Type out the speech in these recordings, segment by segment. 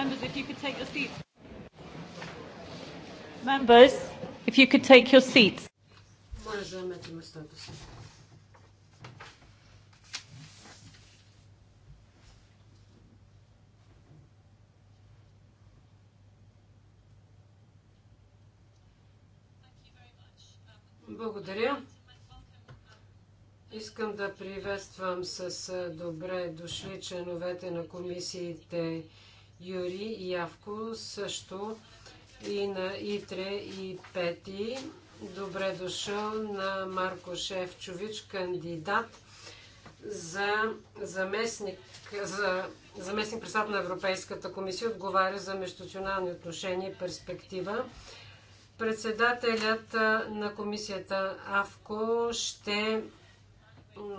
Members, if you could take your seats. Members, if you could take your seats. Благодаря. Искам да приветствам с добре дошли членовете на комисиите Юри Явко също и на Итре и Пети. Добре дошъл на Марко Шевчович, кандидат за заместник, за заместник председател на Европейската комисия, отговаря за междуционални отношения и перспектива. Председателят на комисията АВКО ще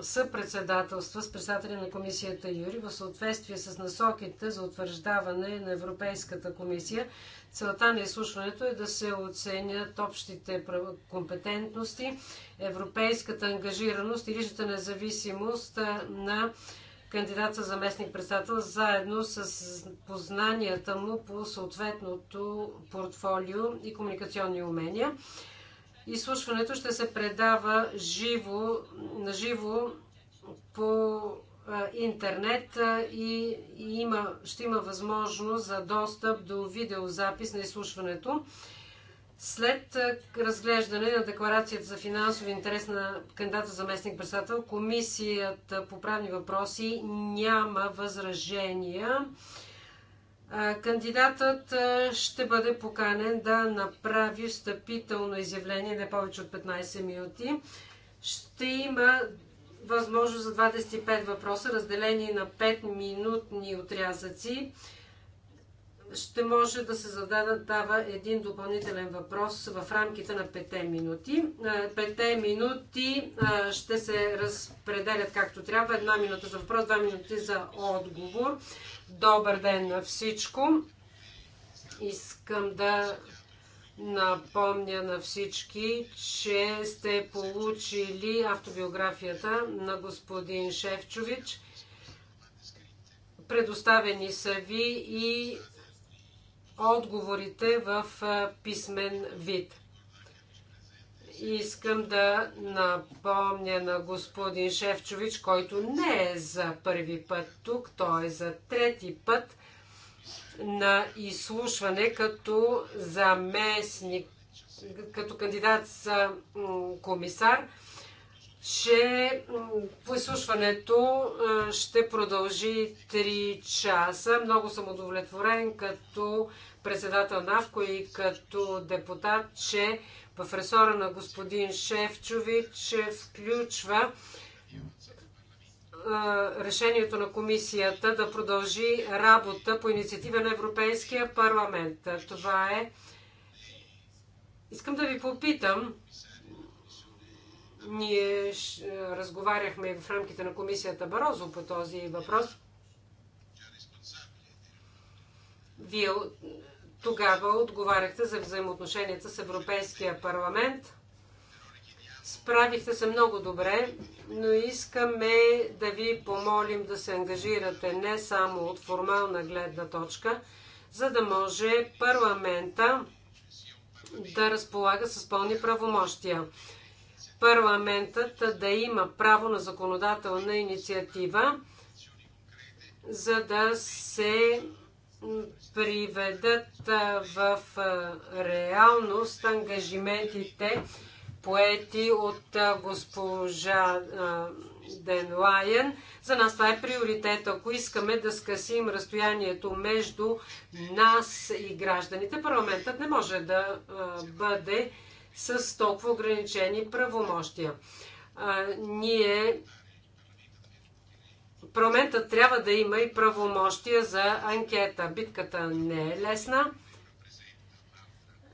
съпредседателства с председателя на комисията Юри в съответствие с насоките за утвърждаване на Европейската комисия. Целта на изслушването е да се оценят общите компетентности, европейската ангажираност и личната независимост на кандидат за заместник председател, заедно с познанията му по съответното портфолио и комуникационни умения. Изслушването ще се предава живо, на живо по интернет и, има, ще има възможност за достъп до видеозапис на изслушването. След разглеждане на декларацията за финансови интерес на кандидата за местник председател, Комисията по правни въпроси няма възражения. Кандидатът ще бъде поканен да направи встъпително изявление не повече от 15 минути. Ще има възможност за 25 въпроса, разделени на 5-минутни отрязъци ще може да се зададе дава един допълнителен въпрос в рамките на 5 минути. 5 е, минути е, ще се разпределят както трябва. Една минута за въпрос, два минути за отговор. Добър ден на всичко. Искам да напомня на всички, че сте получили автобиографията на господин Шевчович. Предоставени са ви и отговорите в писмен вид. Искам да напомня на господин Шевчович, който не е за първи път тук, той е за трети път на изслушване като заместник, като кандидат за комисар че изслушването ще продължи 3 часа. Много съм удовлетворен, като председател на АВКО и като депутат, че в ресора на господин Шефчович включва решението на комисията да продължи работа по инициатива на Европейския парламент. Това е. Искам да ви попитам. Ние разговаряхме в рамките на комисията Барозо по този въпрос. Вие тогава отговаряхте за взаимоотношенията с Европейския парламент. Справихте се много добре, но искаме да ви помолим да се ангажирате не само от формална гледна точка, за да може парламента да разполага с пълни правомощия. Парламентът да има право на законодателна инициатива, за да се приведат в реалност ангажиментите, поети от госпожа Ден Лайен. За нас това е приоритет, ако искаме да скъсим разстоянието между нас и гражданите. Парламентът не може да бъде с толкова ограничени правомощия. Ние Парламентът трябва да има и правомощия за анкета. Битката не е лесна,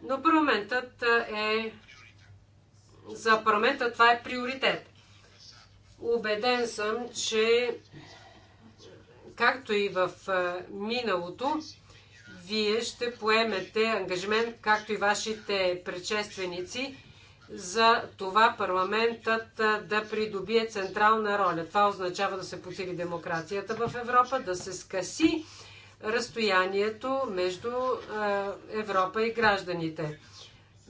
но парламентът е. За парламента това е приоритет. Убеден съм, че както и в миналото, вие ще поемете ангажимент, както и вашите предшественици, за това парламентът да придобие централна роля. Това означава да се посили демокрацията в Европа, да се скъси разстоянието между Европа и гражданите.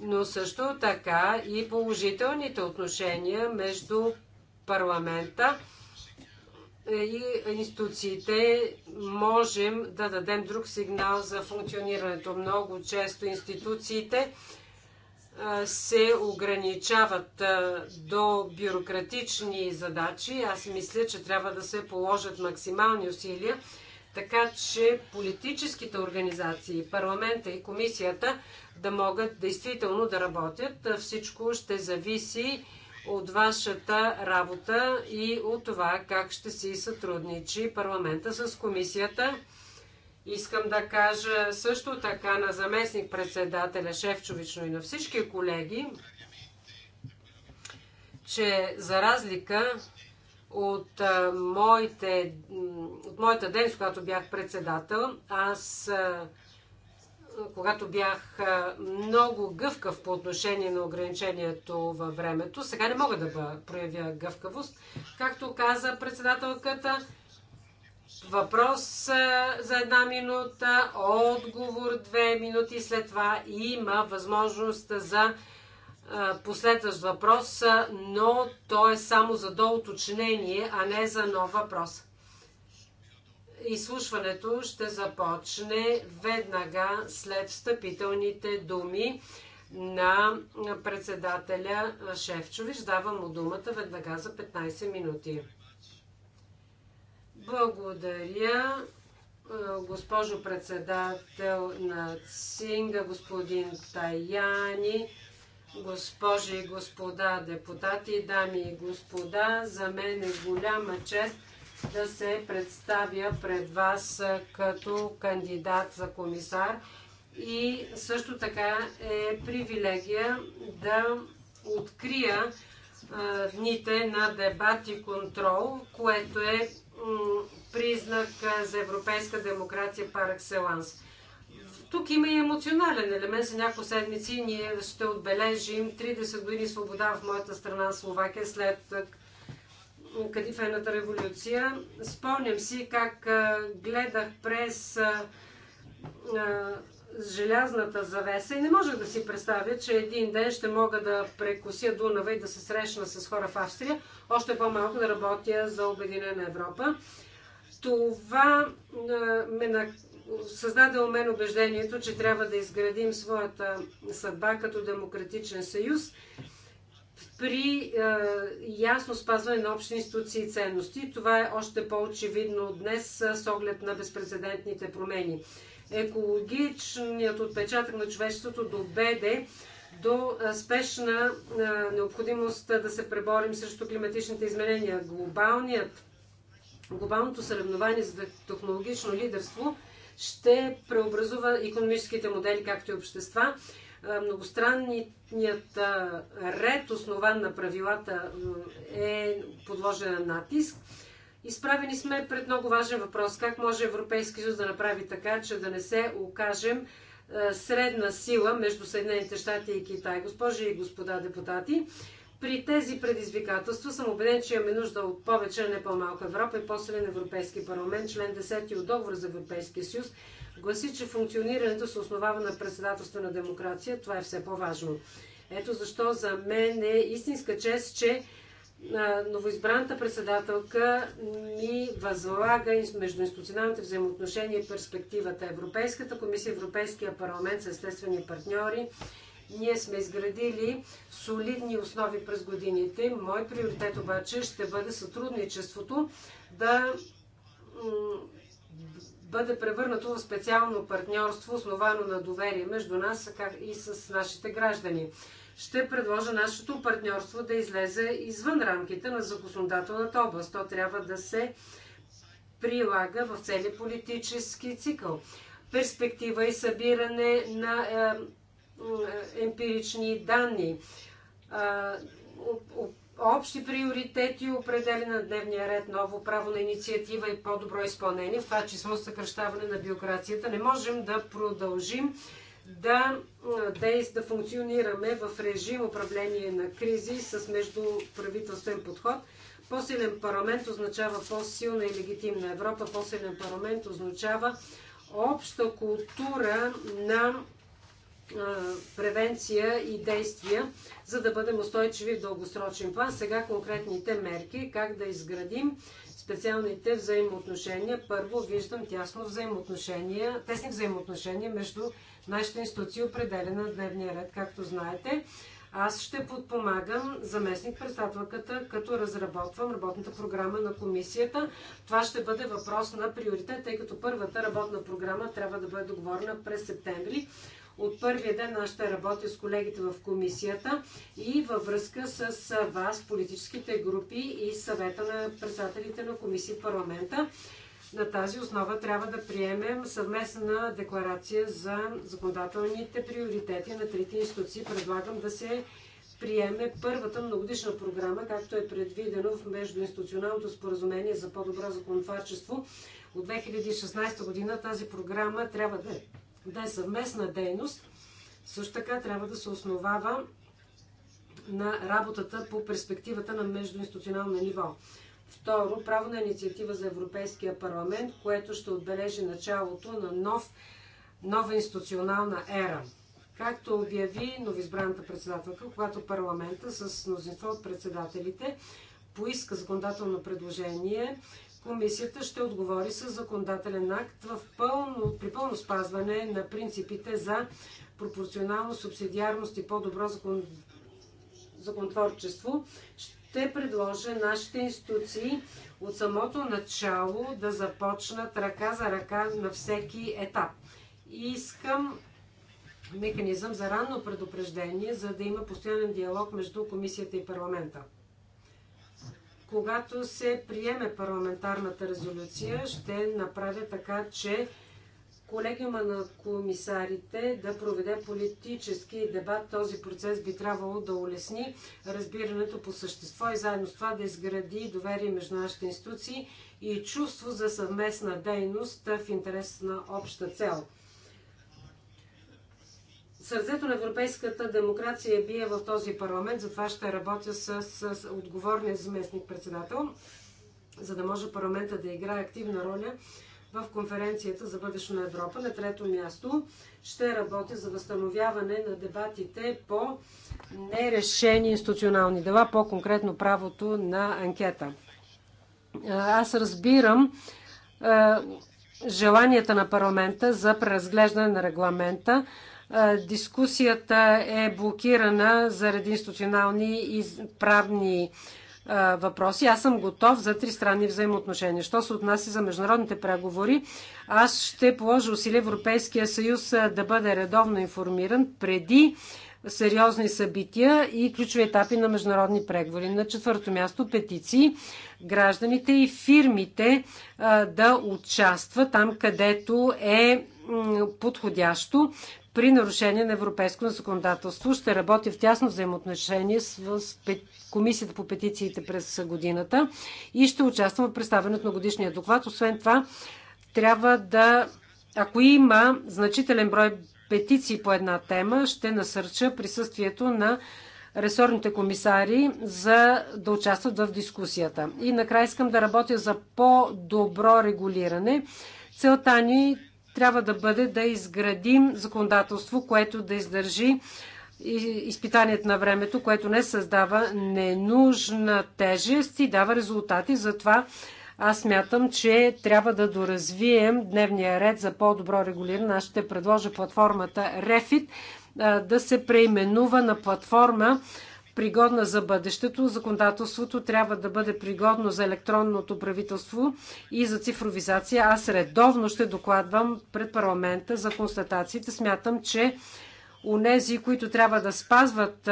Но също така и положителните отношения между парламента и институциите можем да дадем друг сигнал за функционирането. Много често институциите се ограничават до бюрократични задачи. Аз мисля, че трябва да се положат максимални усилия, така че политическите организации, парламента и комисията да могат действително да работят. Всичко ще зависи от вашата работа и от това как ще си сътрудничи парламента с комисията. Искам да кажа също така на заместник председателя Шефчовично и на всички колеги, че за разлика от, моите, от моята ден, когато бях председател, аз когато бях много гъвкав по отношение на ограничението във времето, сега не мога да проявя гъвкавост. Както каза председателката, Въпрос за една минута, отговор две минути, след това има възможност за последващ въпрос, но то е само за доуточнение, а не за нов въпрос. Изслушването ще започне веднага след встъпителните думи на председателя Шефчович. Давам му думата веднага за 15 минути. Благодаря, госпожо председател на Цинга, господин Таяни, госпожи и господа депутати, дами и господа. За мен е голяма чест да се представя пред вас като кандидат за комисар и също така е привилегия да открия дните на дебат и контрол, което е признак за европейска демокрация пар екселанс. Тук има и емоционален елемент. За няколко седмици ние ще отбележим 30 години свобода в моята страна Словакия след Кадифената революция. Спомням си как гледах през желязната завеса и не можех да си представя, че един ден ще мога да прекося Дунава и да се срещна с хора в Австрия, още по-малко да работя за Обединена Европа. Това ме създаде у мен убеждението, че трябва да изградим своята съдба като демократичен съюз при е, ясно спазване на общи институции и ценности. Това е още по-очевидно днес с оглед на безпредседентните промени екологичният отпечатък на човечеството доведе до спешна необходимост да се преборим срещу климатичните изменения. Глобалният, глобалното съревнование за технологично лидерство ще преобразува економическите модели, както и общества. Многостранният ред, основан на правилата, е подложен на натиск Изправени сме пред много важен въпрос. Как може Европейски съюз да направи така, че да не се окажем е, средна сила между Съединените щати и Китай? Госпожи и господа депутати, при тези предизвикателства съм убеден, че имаме нужда от повече, а не по малка Европа и е по-силен Европейски парламент. Член 10 от договора за Европейския съюз гласи, че функционирането се основава на председателство на демокрация. Това е все по-важно. Ето защо за мен е истинска чест, че новоизбраната председателка ни възлага между институционалните взаимоотношения и перспективата. Европейската комисия, Европейския парламент са естествени партньори. Ние сме изградили солидни основи през годините. Мой приоритет обаче ще бъде сътрудничеството да бъде превърнато в специално партньорство, основано на доверие между нас и с нашите граждани ще предложа нашето партньорство да излезе извън рамките на законодателната област. То трябва да се прилага в целия политически цикъл. Перспектива и събиране на е, е, емпирични данни, е, общи приоритети, определени на дневния ред, ново право на инициатива и по-добро изпълнение, в това число съкръщаване на бюрокрацията. Не можем да продължим да, да функционираме в режим управление на кризи с междуправителствен подход. По-силен парламент означава по-силна и легитимна Европа. По-силен парламент означава обща култура на превенция и действия, за да бъдем устойчиви в дългосрочен план. Сега конкретните мерки, как да изградим специалните взаимоотношения. Първо виждам тясно взаимоотношения, тесни взаимоотношения между нашите институции, определена на дневния ред, както знаете. Аз ще подпомагам заместник-председателката, като разработвам работната програма на комисията. Това ще бъде въпрос на приоритет, тъй като първата работна програма трябва да бъде договорена през септември. От първия ден аз ще работя с колегите в комисията и във връзка с вас, политическите групи и съвета на председателите на комисии в парламента. На тази основа трябва да приемем съвместна декларация за законодателните приоритети на трите институции. Предлагам да се приеме първата многодишна програма, както е предвидено в Междуинституционалното споразумение за по-добро законотворчество. от 2016 година. Тази програма трябва да е да е съвместна дейност, също така трябва да се основава на работата по перспективата на междуинституционално ниво. Второ, право на инициатива за Европейския парламент, което ще отбележи началото на нов, нова институционална ера. Както обяви новизбраната председателка, когато парламента с мнозинство от председателите поиска законодателно предложение Комисията ще отговори с законодателен акт в пълно, при пълно спазване на принципите за пропорционално субсидиарност и по-добро закон, законотворчество. Ще предложа нашите институции от самото начало да започнат ръка за ръка на всеки етап. Искам механизъм за ранно предупреждение, за да има постоянен диалог между комисията и парламента. Когато се приеме парламентарната резолюция, ще направя така, че колегиума на комисарите да проведе политически дебат. Този процес би трябвало да улесни разбирането по същество и заедно с това да изгради доверие между нашите институции и чувство за съвместна дейност в интерес на обща цел сърцето на европейската демокрация бие в този парламент, затова ще работя с, с отговорния заместник-председател, за да може парламента да играе активна роля в конференцията за бъдещето на Европа. На трето място ще работя за възстановяване на дебатите по нерешени институционални дела, по-конкретно правото на анкета. Аз разбирам е, желанията на парламента за преразглеждане на регламента, Дискусията е блокирана заради институционални и правни въпроси. Аз съм готов за тристранни взаимоотношения. Що се отнася за международните преговори, аз ще положа усилия Европейския съюз да бъде редовно информиран преди сериозни събития и ключови етапи на международни преговори. На четвърто място петиции. Гражданите и фирмите да участват там, където е подходящо при нарушение на европейското законодателство. Ще работи в тясно взаимоотношение с, с Комисията по петициите през годината и ще участвам в представенето на годишния доклад. Освен това, трябва да, ако има значителен брой петиции по една тема, ще насърча присъствието на ресорните комисари за да участват в дискусията. И накрая искам да работя за по-добро регулиране. Целта ни трябва да бъде да изградим законодателство, което да издържи изпитанието на времето, което не създава ненужна тежест и дава резултати. Затова аз мятам, че трябва да доразвием дневния ред за по-добро регулиране. Аз ще предложа платформата Refit да се преименува на платформа пригодна за бъдещето. Законодателството трябва да бъде пригодно за електронното правителство и за цифровизация. Аз редовно ще докладвам пред парламента за констатациите. Смятам, че унези, които трябва да спазват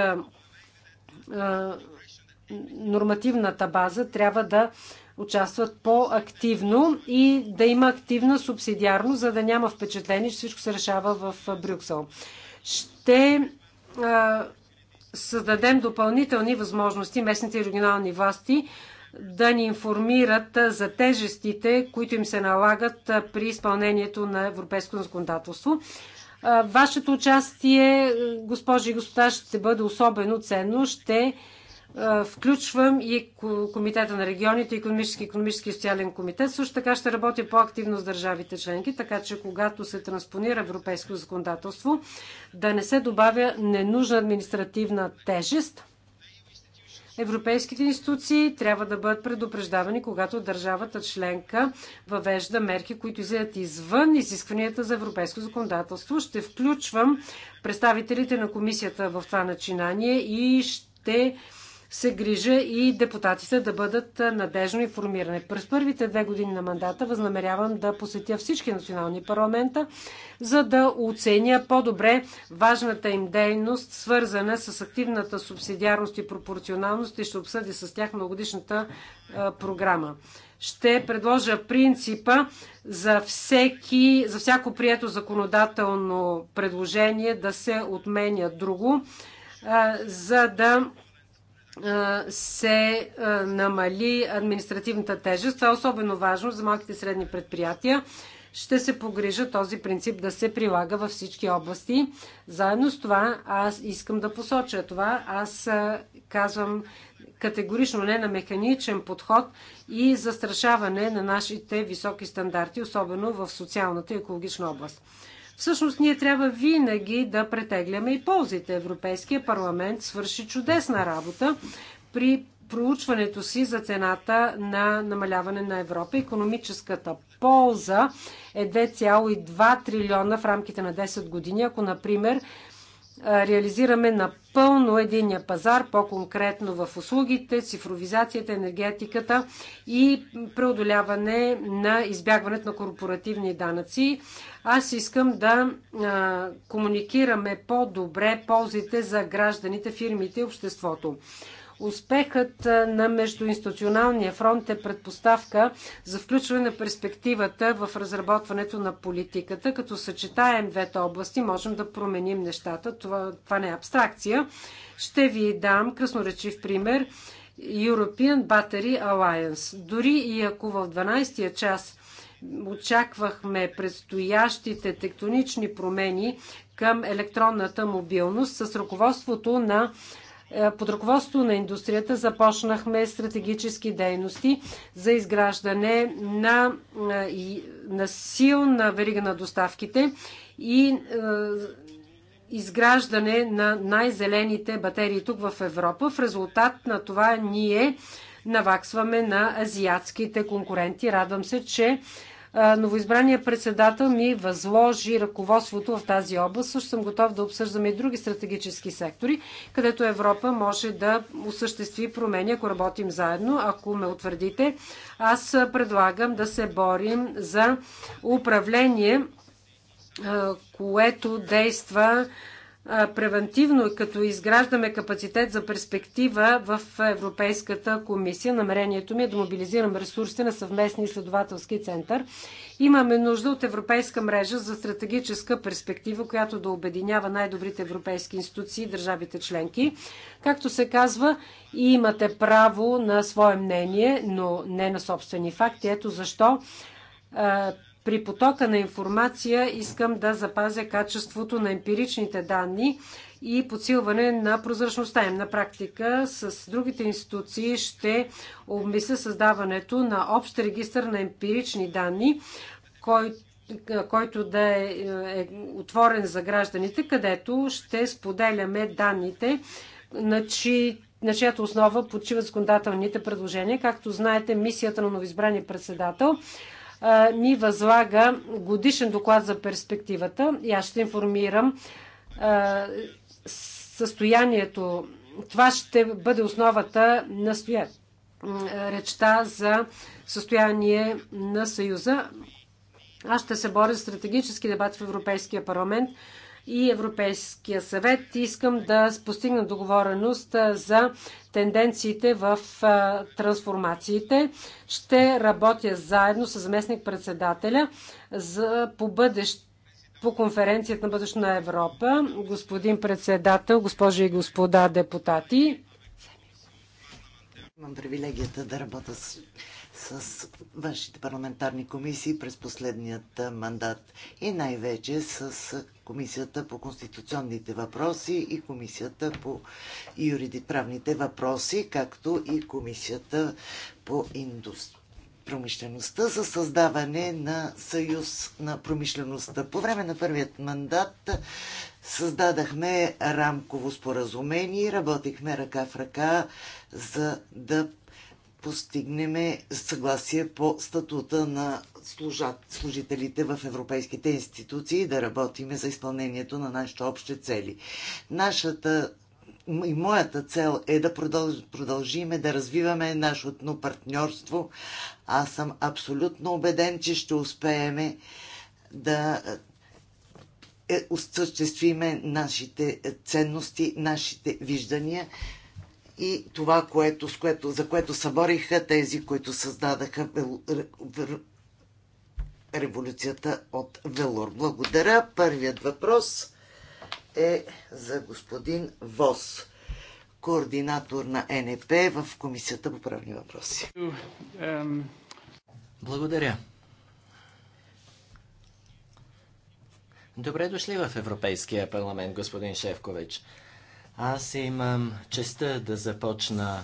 нормативната база, трябва да участват по-активно и да има активна субсидиарност, за да няма впечатление, че всичко се решава в Брюксел. Ще създадем допълнителни възможности местните и регионални власти да ни информират за тежестите, които им се налагат при изпълнението на европейското законодателство. Вашето участие, госпожи и господа, ще бъде особено ценно. Ще включвам и Комитета на регионите, економически, економически и социален комитет. Също така ще работя по-активно с държавите членки, така че когато се транспонира европейско законодателство, да не се добавя ненужна административна тежест. Европейските институции трябва да бъдат предупреждавани, когато държавата членка въвежда мерки, които излизат извън изискванията за европейско законодателство. Ще включвам представителите на комисията в това начинание и ще се грижа и депутатите да бъдат надежно информирани. През първите две години на мандата възнамерявам да посетя всички национални парламента, за да оценя по-добре важната им дейност, свързана с активната субсидиарност и пропорционалност и ще обсъди с тях многодишната програма. Ще предложа принципа за, всеки, за всяко прието законодателно предложение да се отменя друго, за да се намали административната тежест. Това е особено важно за малките и средни предприятия. Ще се погрижа този принцип да се прилага във всички области. Заедно с това аз искам да посоча това. Аз казвам категорично не на механичен подход и застрашаване на нашите високи стандарти, особено в социалната и екологична област. Всъщност ние трябва винаги да претегляме и ползите. Европейския парламент свърши чудесна работа при проучването си за цената на намаляване на Европа. Економическата полза е 2,2 трилиона в рамките на 10 години. Ако, например, реализираме напълно единия пазар, по-конкретно в услугите, цифровизацията, енергетиката и преодоляване на избягването на корпоративни данъци. Аз искам да а, комуникираме по-добре ползите за гражданите, фирмите и обществото. Успехът на междуинституционалния фронт е предпоставка за включване на перспективата в разработването на политиката. Като съчетаем двете области, можем да променим нещата. Това, това не е абстракция. Ще ви дам красноречив пример. European Battery Alliance. Дори и ако в 12-я час очаквахме предстоящите тектонични промени към електронната мобилност с ръководството на е, под ръководство на индустрията започнахме стратегически дейности за изграждане на, е, на силна верига на доставките и е, изграждане на най-зелените батерии тук в Европа. В резултат на това ние наваксваме на азиатските конкуренти. Радвам се, че новоизбрания председател ми възложи ръководството в тази област. Също съм готов да обсъждаме и други стратегически сектори, където Европа може да осъществи промени, ако работим заедно. Ако ме утвърдите, аз предлагам да се борим за управление, което действа превентивно, като изграждаме капацитет за перспектива в Европейската комисия. Намерението ми е да мобилизирам ресурсите на съвместни изследователски център. Имаме нужда от европейска мрежа за стратегическа перспектива, която да обединява най-добрите европейски институции и държавите членки. Както се казва, и имате право на свое мнение, но не на собствени факти. Ето защо при потока на информация искам да запазя качеството на емпиричните данни и подсилване на прозрачността им. На практика с другите институции ще обмисля създаването на общ регистр на емпирични данни, който който да е, е отворен за гражданите, където ще споделяме данните, на, чи, на чиято основа почиват законодателните предложения. Както знаете, мисията на новоизбрания председател ни възлага годишен доклад за перспективата и аз ще информирам състоянието. Това ще бъде основата на стоя... речта за състояние на Съюза. Аз ще се боря за стратегически дебат в Европейския парламент и Европейския съвет. Искам да постигна договореност за тенденциите в трансформациите. Ще работя заедно с заместник-председателя за, по бъдещ по конференцията на бъдещето на Европа. Господин председател, госпожи и господа депутати. Имам привилегията да работя с с външните парламентарни комисии през последният мандат и най-вече с Комисията по конституционните въпроси и Комисията по юридиправните въпроси, както и Комисията по индустрия промишлеността за създаване на съюз на промишлеността. По време на първият мандат създадахме рамково споразумение и работихме ръка в ръка за да постигнем съгласие по статута на служителите в европейските институции и да работим за изпълнението на нашите общи цели. Нашата и моята цел е да продължиме да развиваме нашето партньорство. Аз съм абсолютно убеден, че ще успееме да е, осъществиме нашите ценности, нашите виждания и това, което, с което, за което събориха тези, които създадаха вел... Вел... революцията от Велор. Благодаря. Първият въпрос е за господин Вос, координатор на НП е в Комисията по правни въпроси. Благодаря. Добре дошли в Европейския парламент, господин Шевкович. Аз имам честа да започна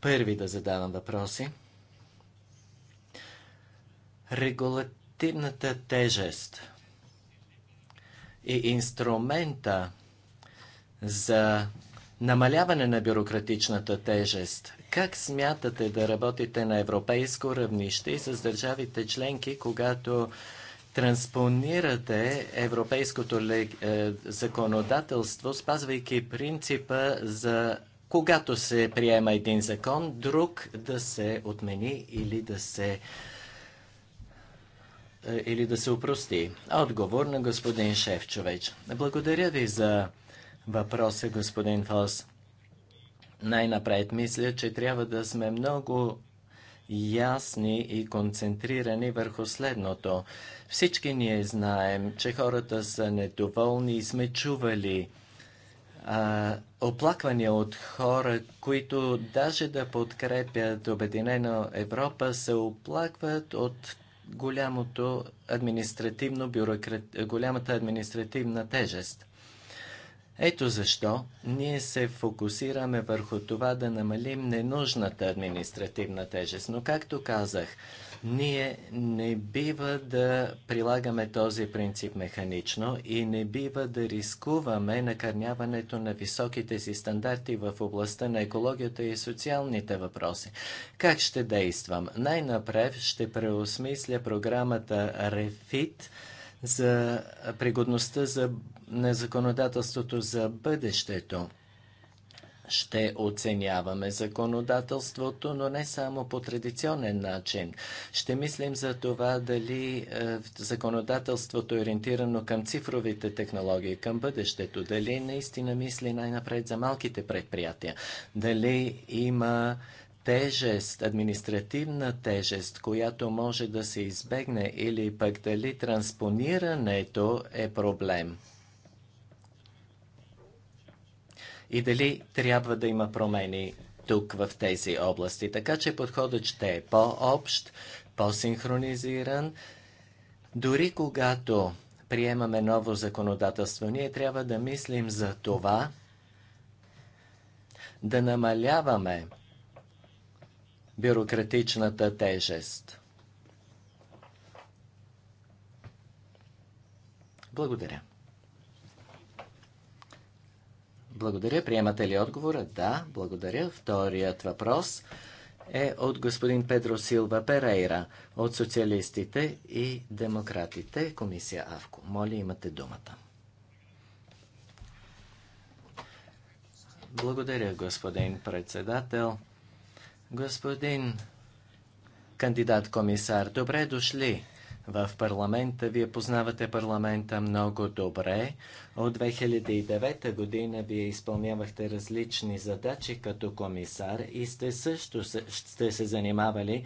първи да задавам въпроси. Регулативната тежест и инструмента за намаляване на бюрократичната тежест. Как смятате да работите на европейско равнище и с държавите членки, когато транспонирате европейското е, законодателство, спазвайки принципа за когато се приема един закон, друг да се отмени или да се е, или да се упрости. Отговор на господин Шефчович. Благодаря ви за въпроса, господин Фос. Най-напред мисля, че трябва да сме много ясни и концентрирани върху следното. Всички ние знаем, че хората са недоволни и сме чували а, оплаквания от хора, които даже да подкрепят Обединена Европа, се оплакват от голямото административно бюрократ... голямата административна тежест. Ето защо ние се фокусираме върху това да намалим ненужната административна тежест. Но както казах, ние не бива да прилагаме този принцип механично и не бива да рискуваме накърняването на високите си стандарти в областта на екологията и социалните въпроси. Как ще действам? Най-напред ще преосмисля програмата REFIT за пригодността за на законодателството за бъдещето. Ще оценяваме законодателството, но не само по традиционен начин. Ще мислим за това дали е, законодателството е ориентирано към цифровите технологии, към бъдещето, дали наистина мисли най-напред за малките предприятия, дали има тежест, административна тежест, която може да се избегне или пък дали транспонирането е проблем. и дали трябва да има промени тук в тези области. Така че подходът ще е по-общ, по-синхронизиран. Дори когато приемаме ново законодателство, ние трябва да мислим за това, да намаляваме бюрократичната тежест. Благодаря. Благодаря. Приемате ли отговора? Да, благодаря. Вторият въпрос е от господин Педро Силва Перейра от Социалистите и Демократите, комисия АВКО. Моля, имате думата. Благодаря, господин председател. Господин кандидат комисар, добре дошли в парламента. Вие познавате парламента много добре. От 2009 година вие изпълнявахте различни задачи като комисар и сте също сте се занимавали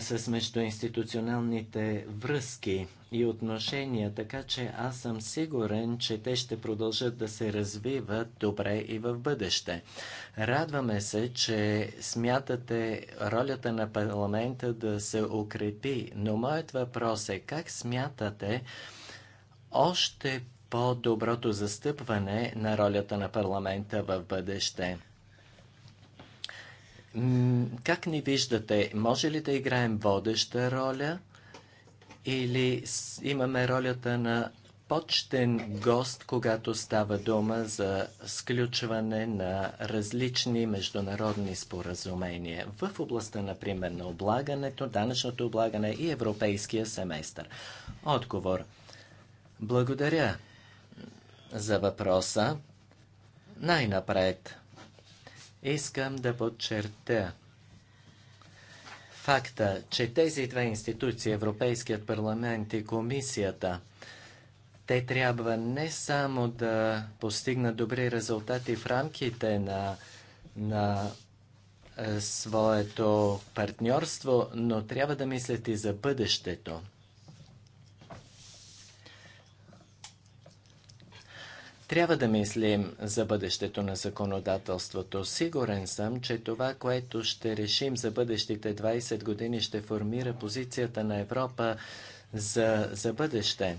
с междуинституционалните връзки и отношения, така че аз съм сигурен, че те ще продължат да се развиват добре и в бъдеще. Радваме се, че смятате ролята на парламента да се укрепи, но моят въпрос е как смятате още по-доброто застъпване на ролята на парламента в бъдеще? Как ни виждате? Може ли да играем водеща роля? Или имаме ролята на почтен гост, когато става дума за сключване на различни международни споразумения в областта, например, на облагането, данъчното облагане и европейския семестър? Отговор. Благодаря за въпроса. Най-напред – Искам да подчертя факта, че тези две институции, Европейският парламент и комисията, те трябва не само да постигнат добри резултати в рамките на, на е, своето партньорство, но трябва да мислят и за бъдещето. Трябва да мислим за бъдещето на законодателството. Сигурен съм, че това, което ще решим за бъдещите 20 години, ще формира позицията на Европа за, за бъдеще.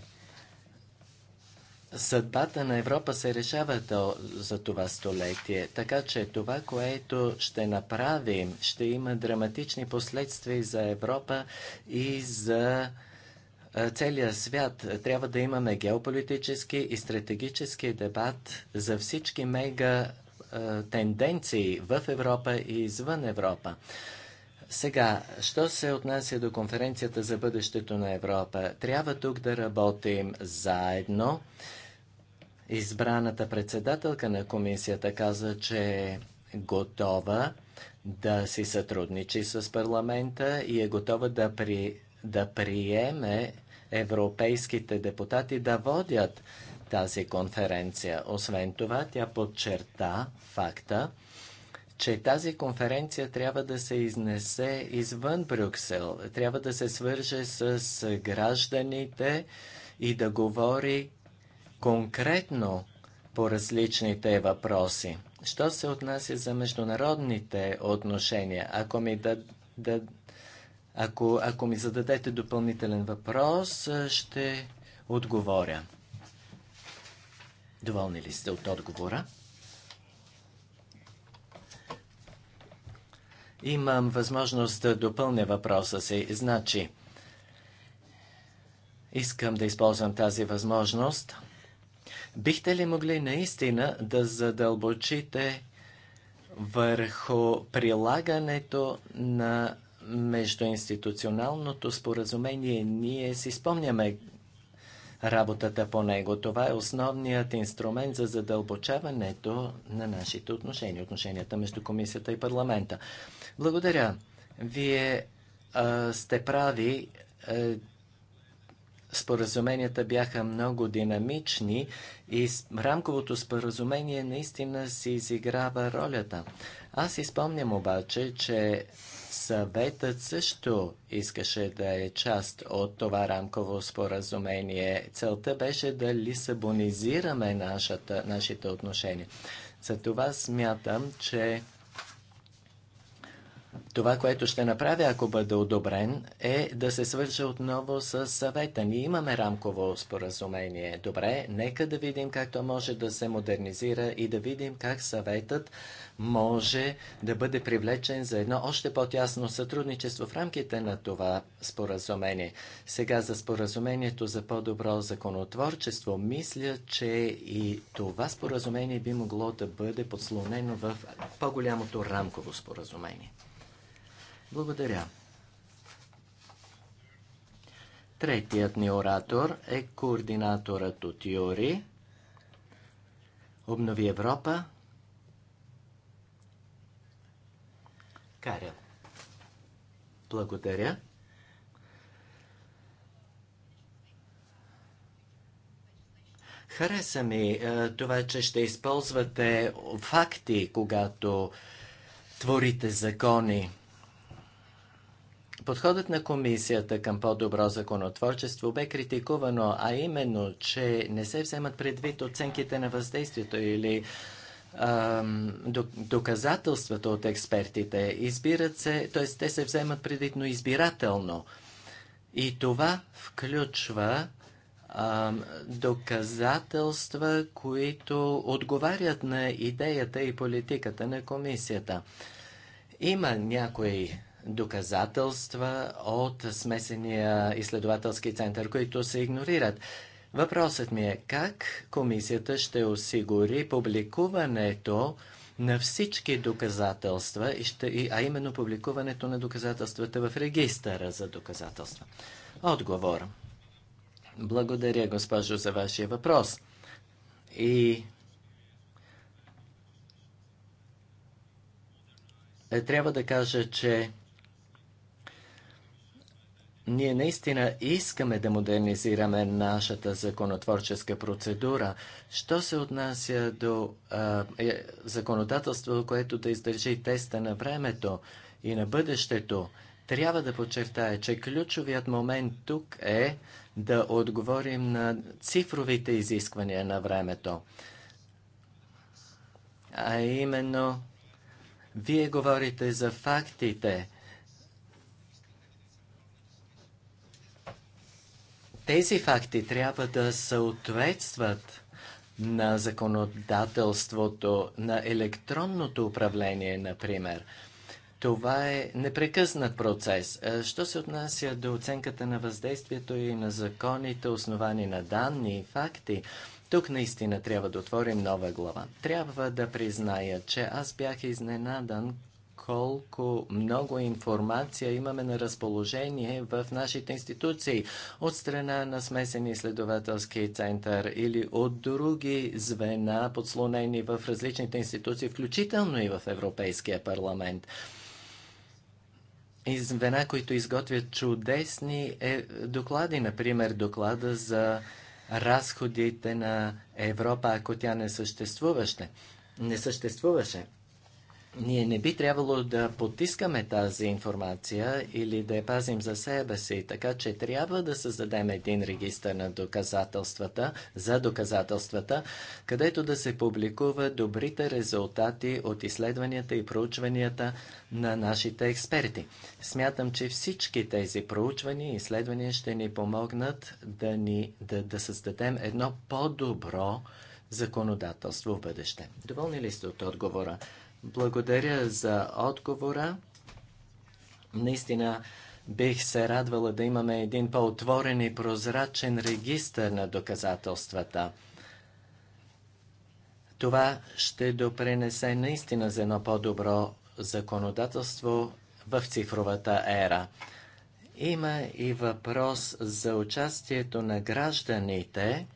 Съдбата на Европа се решава до, за това столетие, така че това, което ще направим, ще има драматични последствия за Европа и за е, целия свят. Е, трябва да имаме геополитически и стратегически дебат за всички мега е, тенденции в Европа и извън Европа. Сега, що се отнася до конференцията за бъдещето на Европа? Трябва тук да работим заедно. Избраната председателка на комисията каза, че е готова да си сътрудничи с парламента и е готова да, при, да приеме европейските депутати да водят тази конференция. Освен това, тя подчерта факта, че тази конференция трябва да се изнесе извън Брюксел, трябва да се свърже с гражданите и да говори конкретно по различните въпроси. Що се отнася за международните отношения? Ако ми да, да ако, ако ми зададете допълнителен въпрос, ще отговоря. Доволни ли сте от отговора? Имам възможност да допълня въпроса си. Значи, искам да използвам тази възможност. Бихте ли могли наистина да задълбочите върху прилагането на междуинституционалното споразумение ние си спомняме работата по него. Това е основният инструмент за задълбочаването на нашите отношения, отношенията между комисията и парламента. Благодаря. Вие а, сте прави. А, споразуменията бяха много динамични и рамковото споразумение наистина си изиграва ролята. Аз изпомням обаче, че Съветът също искаше да е част от това рамково споразумение. Целта беше да лисабонизираме нашата, нашите отношения. Затова смятам, че това, което ще направя, ако бъда одобрен, е да се свържа отново с съвета. Ние имаме рамково споразумение. Добре, нека да видим как то може да се модернизира и да видим как съветът може да бъде привлечен за едно още по-тясно сътрудничество в рамките на това споразумение. Сега за споразумението за по-добро законотворчество, мисля, че и това споразумение би могло да бъде подслонено в по-голямото рамково споразумение. Благодаря. Третият ни оратор е координаторът от Юри. Обнови Европа. Карел. Благодаря. Хареса ми е, това, че ще използвате факти, когато творите закони. Подходът на комисията към по-добро законотворчество бе критикувано, а именно, че не се вземат предвид оценките на въздействието или доказателствата от експертите. Избират се, т.е. те се вземат предвид, но избирателно. И това включва доказателства, които отговарят на идеята и политиката на комисията. Има някои доказателства от смесения изследователски център, които се игнорират. Въпросът ми е как комисията ще осигури публикуването на всички доказателства, а именно публикуването на доказателствата в регистъра за доказателства. Отговор. Благодаря, госпожо, за вашия въпрос. И е, трябва да кажа, че ние наистина искаме да модернизираме нашата законотворческа процедура. Що се отнася до а, е, законодателство, което да издържи теста на времето и на бъдещето, трябва да подчертая, че ключовият момент тук е да отговорим на цифровите изисквания на времето. А именно, вие говорите за фактите, Тези факти трябва да съответстват на законодателството, на електронното управление, например. Това е непрекъснат процес. Е, що се отнася до оценката на въздействието и на законите, основани на данни и факти, тук наистина трябва да отворим нова глава. Трябва да призная, че аз бях изненадан, колко много информация имаме на разположение в нашите институции от страна на смесени изследователски център или от други звена, подслонени в различните институции, включително и в Европейския парламент И звена, които изготвят чудесни е, доклади, например доклада за разходите на Европа, ако тя не съществуваше. Не съществуваше. Ние не би трябвало да потискаме тази информация или да я пазим за себе си, така че трябва да създадем един регистр на доказателствата, за доказателствата, където да се публикува добрите резултати от изследванията и проучванията на нашите експерти. Смятам, че всички тези проучвания и изследвания ще ни помогнат да, ни, да, да създадем едно по-добро законодателство в бъдеще. Доволни ли сте от отговора? Благодаря за отговора. Наистина бих се радвала да имаме един по-отворен и прозрачен регистр на доказателствата. Това ще допренесе наистина за едно по-добро законодателство в цифровата ера. Има и въпрос за участието на гражданите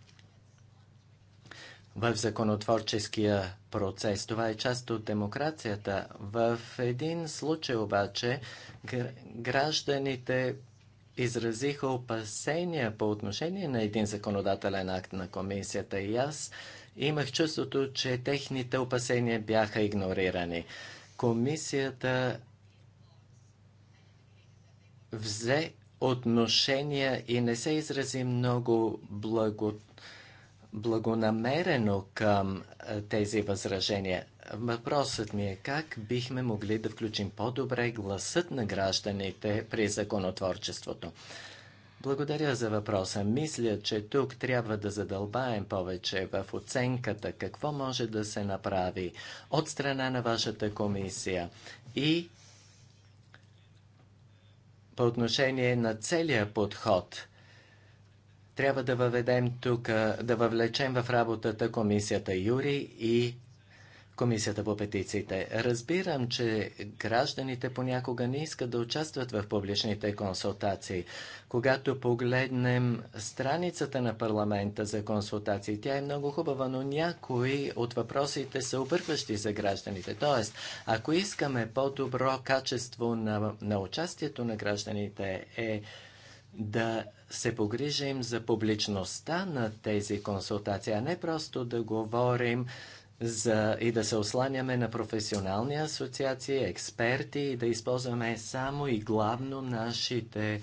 в законотворческия процес. Това е част от демокрацията. В един случай обаче гражданите изразиха опасения по отношение на един законодателен акт на комисията и аз имах чувството, че техните опасения бяха игнорирани. Комисията взе отношения и не се изрази много благо благонамерено към тези възражения. Въпросът ми е как бихме могли да включим по-добре гласът на гражданите при законотворчеството. Благодаря за въпроса. Мисля, че тук трябва да задълбаем повече в оценката какво може да се направи от страна на вашата комисия и по отношение на целия подход – трябва да въведем тук, да въвлечем в работата комисията Юри и Комисията по петициите. Разбирам, че гражданите понякога не искат да участват в публичните консултации. Когато погледнем страницата на парламента за консултации, тя е много хубава, но някои от въпросите са объркващи за гражданите. Тоест, ако искаме по-добро качество на, на участието на гражданите, е да се погрижим за публичността на тези консултации, а не просто да говорим за, и да се осланяме на професионални асоциации, експерти и да използваме само и главно нашите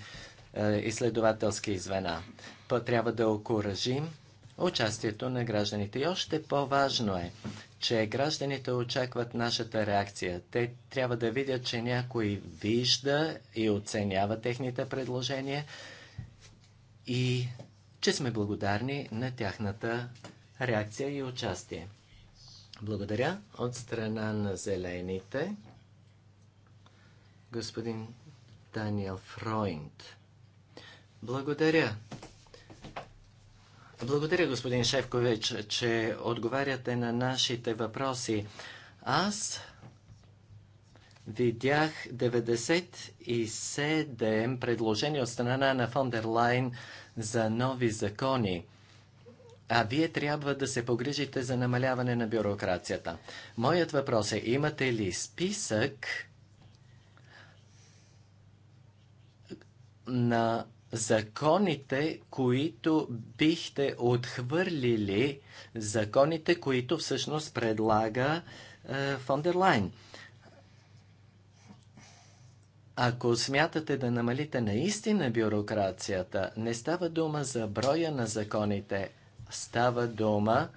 е, изследователски звена. По трябва да окоръжим участието на гражданите. И още по-важно е, че гражданите очакват нашата реакция. Те трябва да видят, че някой вижда и оценява техните предложения, и че сме благодарни на тяхната реакция и участие. Благодаря от страна на зелените господин Даниел Фройнд. Благодаря. Благодаря, господин Шевкович, че отговаряте на нашите въпроси. Аз видях 97 предложения от страна на Фондерлайн за нови закони. А вие трябва да се погрижите за намаляване на бюрокрацията. Моят въпрос е, имате ли списък на законите, които бихте отхвърлили, законите, които всъщност предлага е, Фондерлайн? Лайн? Ако смятате да намалите наистина бюрокрацията, не става дума за броя на законите, става дума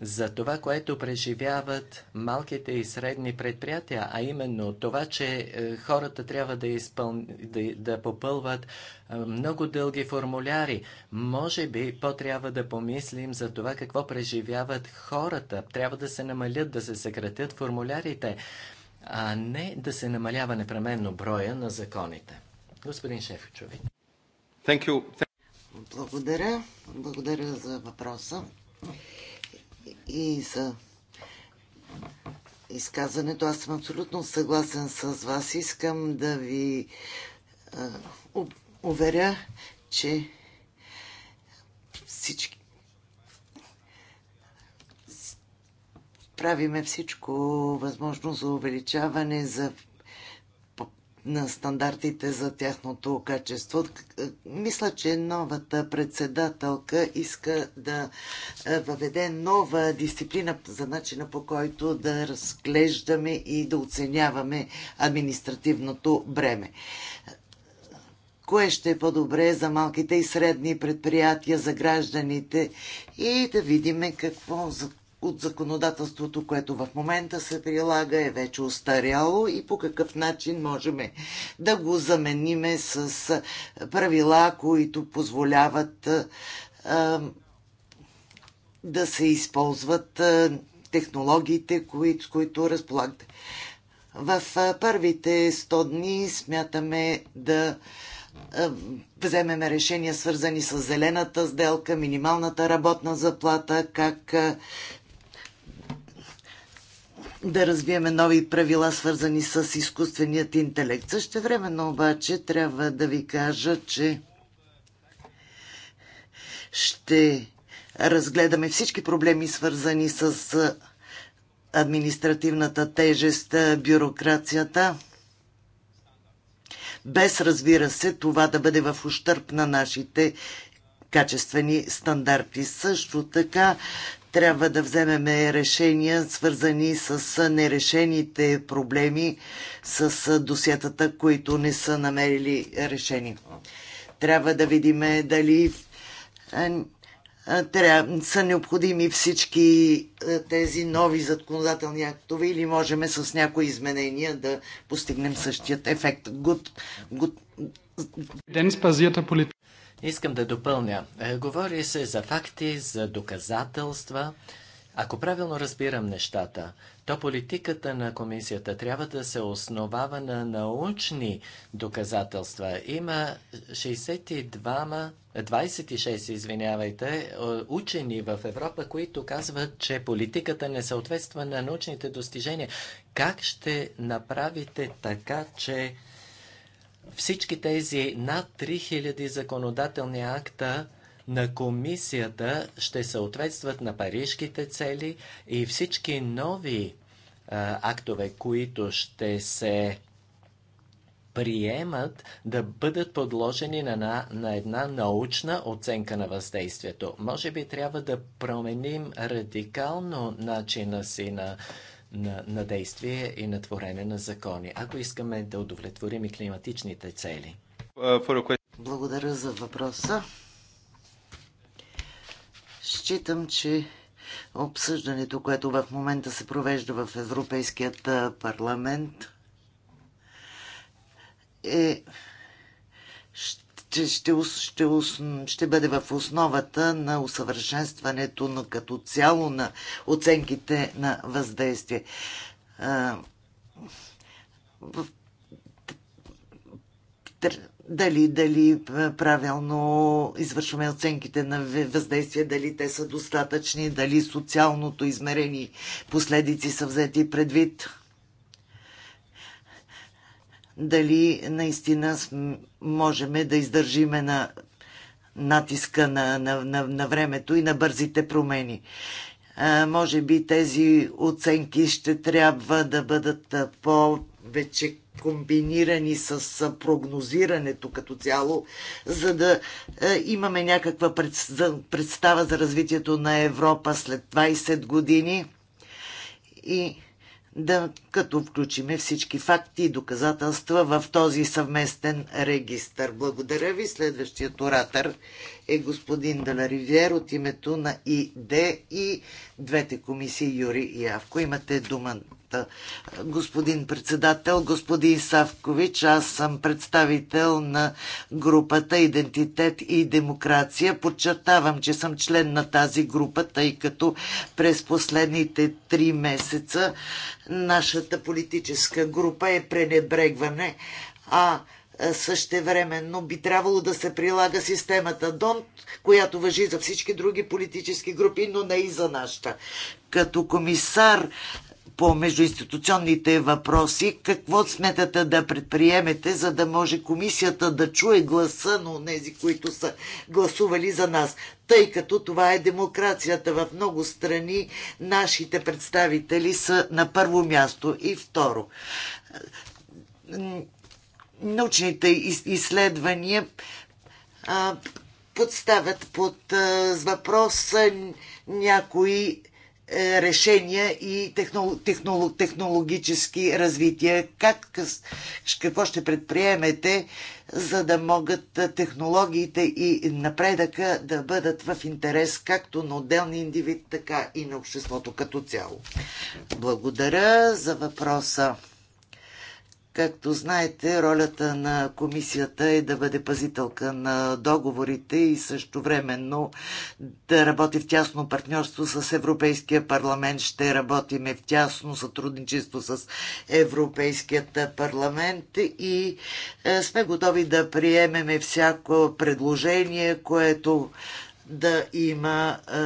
за това, което преживяват малките и средни предприятия, а именно това, че е, хората трябва да, изпъл... да, да попълват е, много дълги формуляри. Може би по-трябва да помислим за това какво преживяват хората. Трябва да се намалят, да се съкратят формулярите а не да се намалява непременно броя на законите. Господин Шефичови. Благодаря. Благодаря за въпроса и за изказането. Аз съм абсолютно съгласен с вас. Искам да ви уверя, че всички правиме всичко възможно за увеличаване за на стандартите за тяхното качество. Мисля, че новата председателка иска да е, въведе нова дисциплина за начина по който да разглеждаме и да оценяваме административното бреме. Кое ще е по-добре за малките и средни предприятия, за гражданите и да видим какво, за от законодателството, което в момента се прилага, е вече устаряло и по какъв начин можем да го замениме с правила, които позволяват а, да се използват а, технологиите, кои, с които разполагате. В а, първите 100 дни смятаме да вземеме решения свързани с зелената сделка, минималната работна заплата, как да развиеме нови правила, свързани с изкуственият интелект. Също времено обаче трябва да ви кажа, че ще разгледаме всички проблеми, свързани с административната тежест, бюрокрацията, без разбира се това да бъде в ущърп на нашите качествени стандарти. Също така трябва да вземем решения, свързани с нерешените проблеми, с досетата, които не са намерили решени. Трябва да видим дали е, е, са необходими всички е, тези нови законодателни актове или можем с някои изменения да постигнем същият ефект. Денис базирата политика. Искам да допълня. Е, говори се за факти, за доказателства. Ако правилно разбирам нещата, то политиката на комисията трябва да се основава на научни доказателства. Има 62, 26, извинявайте, е, учени в Европа, които казват, че политиката не съответства на научните достижения. Как ще направите така, че всички тези над 3000 законодателни акта на комисията ще съответстват на парижките цели и всички нови а, актове, които ще се приемат да бъдат подложени на, на, на една научна оценка на въздействието. Може би трябва да променим радикално начина си на на, на действие и на творене на закони, ако искаме да удовлетворим и климатичните цели? Благодаря за въпроса. Считам, че обсъждането, което в момента се провежда в Европейският парламент, е ще, ще, ще, ще бъде в основата на усъвършенстването на, като цяло на оценките на въздействие. Дали, дали правилно извършваме оценките на въздействие, дали те са достатъчни, дали социалното измерение последици са взети предвид дали наистина можем да издържиме на натиска на, на, на, на времето и на бързите промени. А, може би тези оценки ще трябва да бъдат повече комбинирани с прогнозирането като цяло, за да имаме някаква представа за развитието на Европа след 20 години и да като включиме всички факти и доказателства в този съвместен регистр. Благодаря ви. Следващият оратор е господин Даларивиер от името на ИД и двете комисии Юри и Авко. Имате дума, господин председател, господин Савкович. Аз съм представител на групата Идентитет и демокрация. Подчертавам, че съм член на тази група, тъй като през последните три месеца нашата политическа група е пренебрегване, а същевременно би трябвало да се прилага системата ДОНТ, която въжи за всички други политически групи, но не и за нашата. Като комисар по междуинституционните въпроси, какво сметате да предприемете, за да може комисията да чуе гласа на тези, които са гласували за нас? Тъй като това е демокрацията в много страни, нашите представители са на първо място. И второ, научните изследвания подставят под въпрос някои е, решения и технологически развития. Как, какво ще предприемете, за да могат е, технологиите и напредъка да бъдат в интерес както на отделни индивид, така и на обществото като цяло? Благодаря за въпроса. Както знаете, ролята на комисията е да бъде пазителка на договорите и също времено да работи в тясно партньорство с Европейския парламент. Ще работиме в тясно сътрудничество с Европейският парламент и е, сме готови да приемеме всяко предложение, което да има е,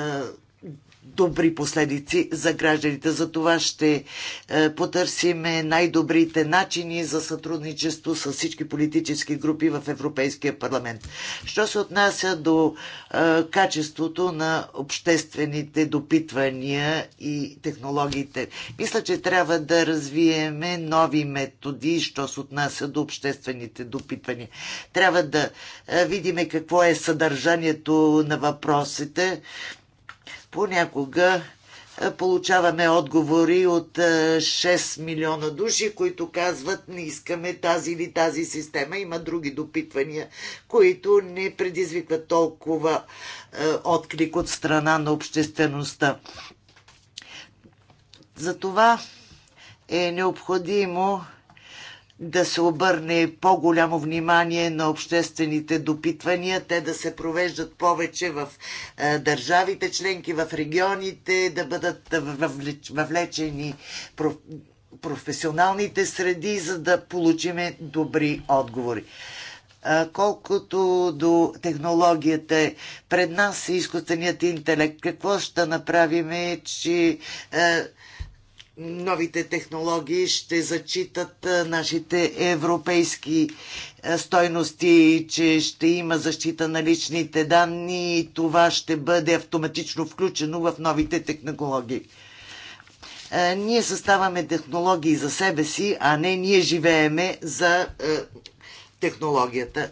добри последици за гражданите. За това ще е, потърсим най-добрите начини за сътрудничество с всички политически групи в Европейския парламент. Що се отнася до е, качеството на обществените допитвания и технологиите, мисля, че трябва да развиеме нови методи, що се отнася до обществените допитвания. Трябва да е, видиме какво е съдържанието на въпросите, Понякога е, получаваме отговори от 6 е, милиона души, които казват не искаме тази или тази система. Има други допитвания, които не предизвикват толкова е, отклик от страна на обществеността. Затова е необходимо да се обърне по-голямо внимание на обществените допитвания, те да се провеждат повече в е, държавите членки, в регионите, да бъдат въвлечени професионалните среди, за да получиме добри отговори. Е, колкото до технологията пред нас е изкуственият интелект, какво ще направим, че е, новите технологии ще зачитат нашите европейски стойности, че ще има защита на личните данни и това ще бъде автоматично включено в новите технологии. Ние съставаме технологии за себе си, а не ние живееме за технологията.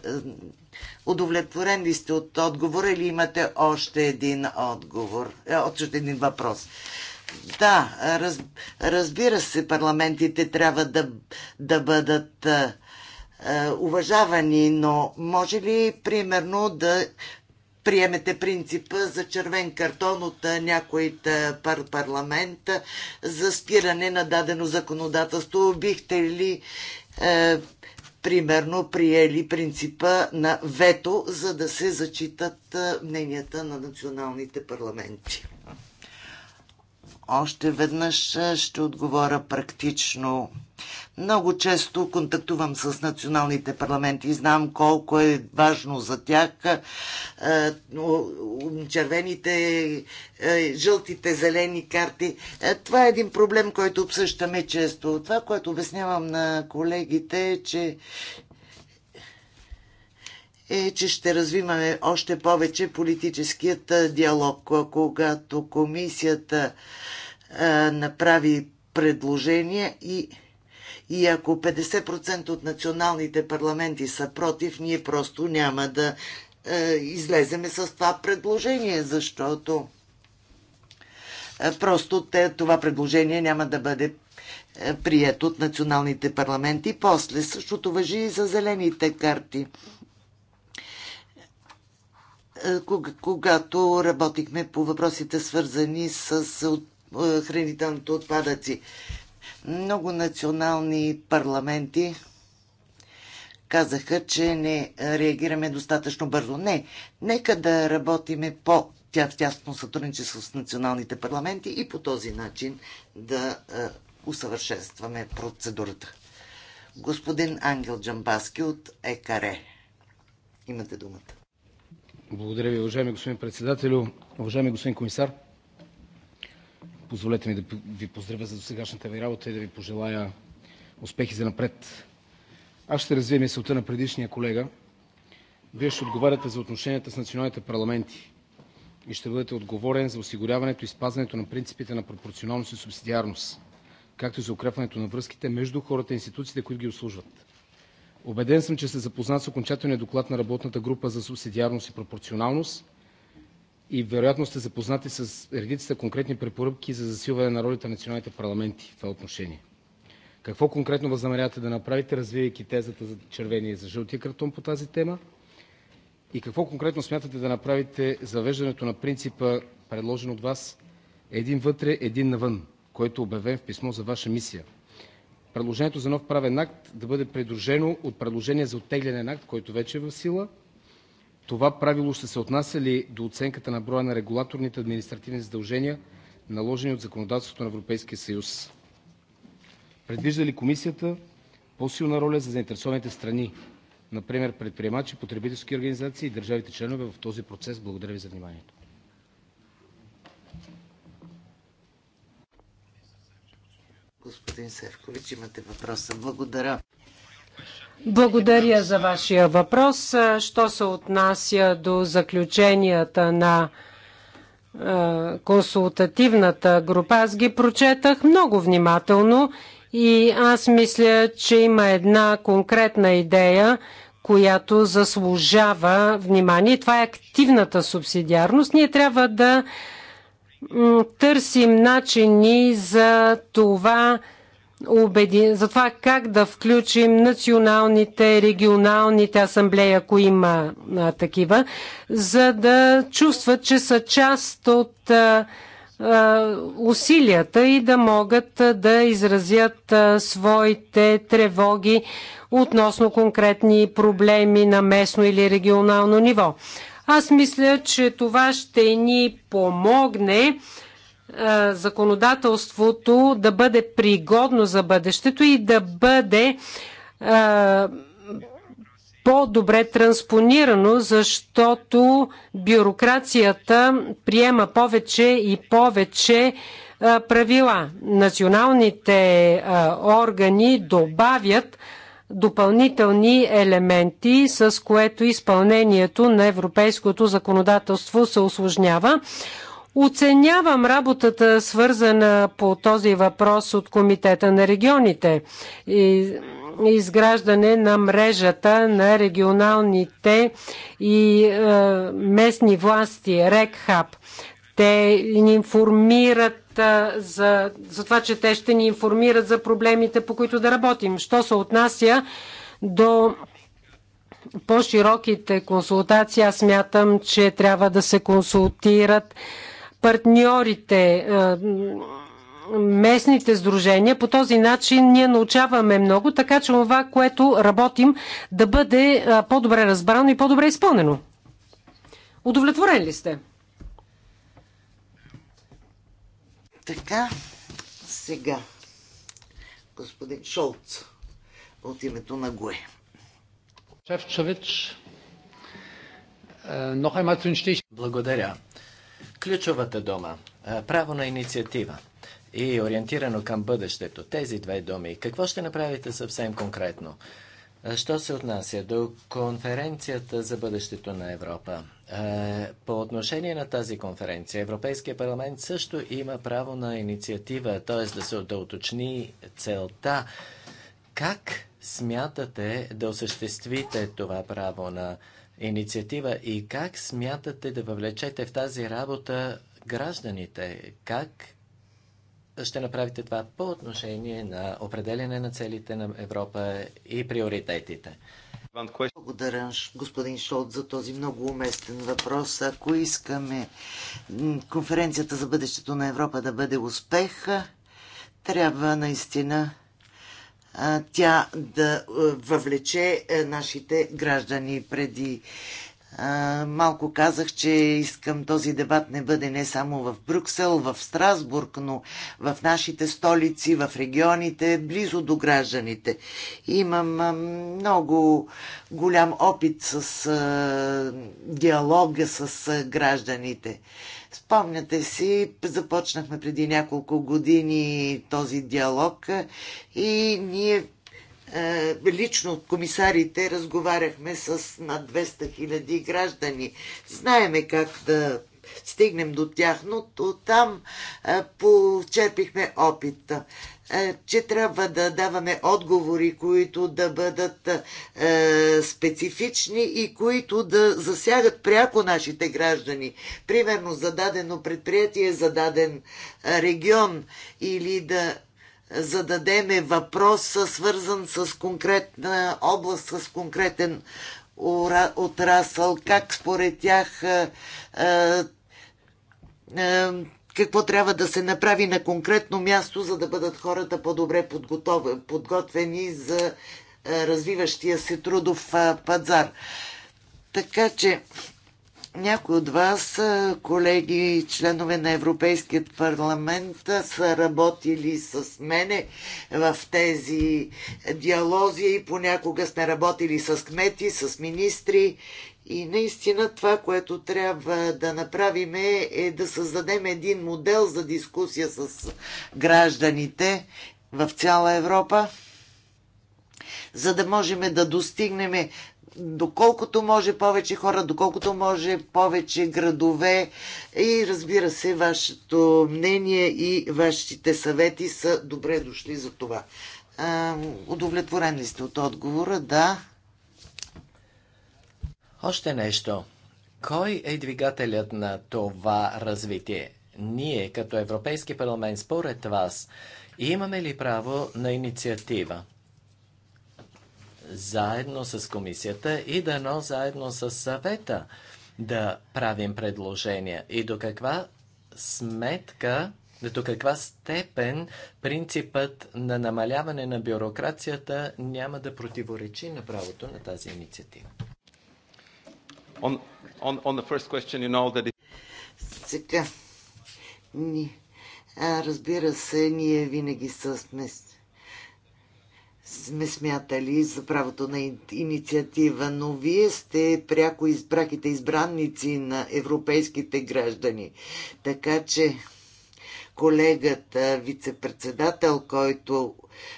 Удовлетворен ли сте от отговора или имате още един отговор, е, още един въпрос? Да, раз, разбира се, парламентите трябва да, да бъдат а, уважавани, но може ли, примерно, да приемете принципа за червен картон от някой пар парламент за спиране на дадено законодателство? Бихте ли, а, примерно, приели принципа на вето, за да се зачитат мненията на националните парламенти? Още веднъж ще отговоря практично. Много често контактувам с националните парламенти и знам колко е важно за тях червените, жълтите, зелени карти. Е, това е един проблем, който обсъщаме често. Това, което обяснявам на колегите е, че е, че ще развиваме още повече политическият диалог. Когато комисията направи предложения и, и ако 50% от националните парламенти са против, ние просто няма да а, излеземе с това предложение, защото просто те, това предложение няма да бъде прието от националните парламенти. После същото въжи и за зелените карти. Е, когато работихме по въпросите свързани с е, хранителните отпадъци. Много национални парламенти казаха, че не реагираме достатъчно бързо. Не, нека да работиме по тя в тясно сътрудничество с националните парламенти и по този начин да е, усъвършенстваме процедурата. Господин Ангел Джамбаски от ЕКАРЕ. Имате думата. Благодаря Ви, уважаеми господин председателю. Уважаеми господин комисар, позволете ми да Ви поздравя за досегашната Ви работа и да Ви пожелая успехи за напред. Аз ще развия мисълта на предишния колега. Вие ще отговаряте за отношенията с националните парламенти и ще бъдете отговорен за осигуряването и спазването на принципите на пропорционалност и субсидиарност, както и за укрепването на връзките между хората и институциите, които ги обслужват. Убеден съм, че сте запознат с окончателния доклад на работната група за субсидиарност и пропорционалност и вероятно сте запознати с редицата конкретни препоръки за засилване на ролята на националните парламенти в това отношение. Какво конкретно възнамерявате да направите, развивайки тезата за червения и за жълтия картон по тази тема? И какво конкретно смятате да направите за на принципа, предложен от Вас „един вътре, един навън“, който е обявен в писмо за Ваша мисия предложението за нов правен акт да бъде придружено от предложение за на акт, който вече е в сила. Това правило ще се отнася ли до оценката на броя на регулаторните административни задължения, наложени от законодателството на Европейския съюз? Предвижда ли Комисията по-силна роля за заинтересованите страни, например предприемачи, потребителски организации и държавите членове, в този процес? Благодаря Ви за вниманието. Господин Севкович, имате въпроса. Благодаря. Благодаря за вашия въпрос. Що се отнася до заключенията на е, консултативната група, аз ги прочетах много внимателно и аз мисля, че има една конкретна идея, която заслужава внимание. Това е активната субсидиарност. Ние трябва да търсим начини за това, за това как да включим националните, регионалните асамблеи, ако има а, такива, за да чувстват, че са част от а, а, усилията и да могат да изразят а, своите тревоги относно конкретни проблеми на местно или регионално ниво. Аз мисля, че това ще ни помогне е, законодателството да бъде пригодно за бъдещето и да бъде е, по-добре транспонирано, защото бюрокрацията приема повече и повече е, правила. Националните органи добавят допълнителни елементи, с което изпълнението на европейското законодателство се осложнява. Оценявам работата, свързана по този въпрос от Комитета на регионите и изграждане на мрежата на регионалните и е, местни власти, РЕКХАП. Те ни информират за, за това, че те ще ни информират за проблемите, по които да работим. Що се отнася до по-широките консултации, аз мятам, че трябва да се консултират партньорите, местните сдружения. По този начин ние научаваме много, така че това, което работим, да бъде по-добре разбрано и по-добре изпълнено. Удовлетворен ли сте? Така, сега господин Шолц от името на ГУЕ. Шефчович, е, благодаря. Ключовата дума е, – право на инициатива и ориентирано към бъдещето. Тези две думи. Какво ще направите съвсем конкретно? Е, що се отнася до конференцията за бъдещето на Европа? Е, по отношение на тази конференция, Европейския парламент също има право на инициатива, т.е. да се да уточни целта. Как смятате да осъществите това право на инициатива и как смятате да въвлечете в тази работа гражданите? Как ще направите това по отношение на определене на целите на Европа и приоритетите? Благодаря, господин Шолт, за този много уместен въпрос. Ако искаме конференцията за бъдещето на Европа да бъде успех, трябва наистина тя да въвлече нашите граждани преди малко казах, че искам този дебат не бъде не само в Брюксел, в Страсбург, но в нашите столици, в регионите, близо до гражданите. Имам много голям опит с диалога с гражданите. Спомняте си, започнахме преди няколко години този диалог и ние е, лично от комисарите разговаряхме с над 200 хиляди граждани. Знаеме как да стигнем до тях, но там е, почерпихме опит, е, че трябва да даваме отговори, които да бъдат специфични и които да засягат пряко нашите граждани. Примерно за дадено предприятие, за даден регион или да зададеме въпрос, свързан с конкретна област, с конкретен отрасъл, как според тях какво трябва да се направи на конкретно място, за да бъдат хората по-добре подготвени за развиващия се трудов пазар. Така че някои от вас, колеги, членове на Европейският парламент, са работили с мене в тези диалози и понякога сме работили с кмети, с министри. И наистина това, което трябва да направим е, е да създадем един модел за дискусия с гражданите в цяла Европа за да можем да достигнем доколкото може повече хора, доколкото може повече градове и разбира се, вашето мнение и вашите съвети са добре дошли за това. А, удовлетворен ли сте от отговора? Да. Още нещо. Кой е двигателят на това развитие? Ние, като Европейски парламент, според вас, имаме ли право на инициатива? заедно с комисията и дано заедно с съвета да правим предложения и до каква сметка, до каква степен принципът на намаляване на бюрокрацията няма да противоречи на правото на тази инициатива. On, on, on the first question, you know that it... Сега, ни, а, разбира се, ние винаги сме сме смятали за правото на инициатива, но вие сте пряко избраките избранници на европейските граждани. Така че колегата, вице-председател, който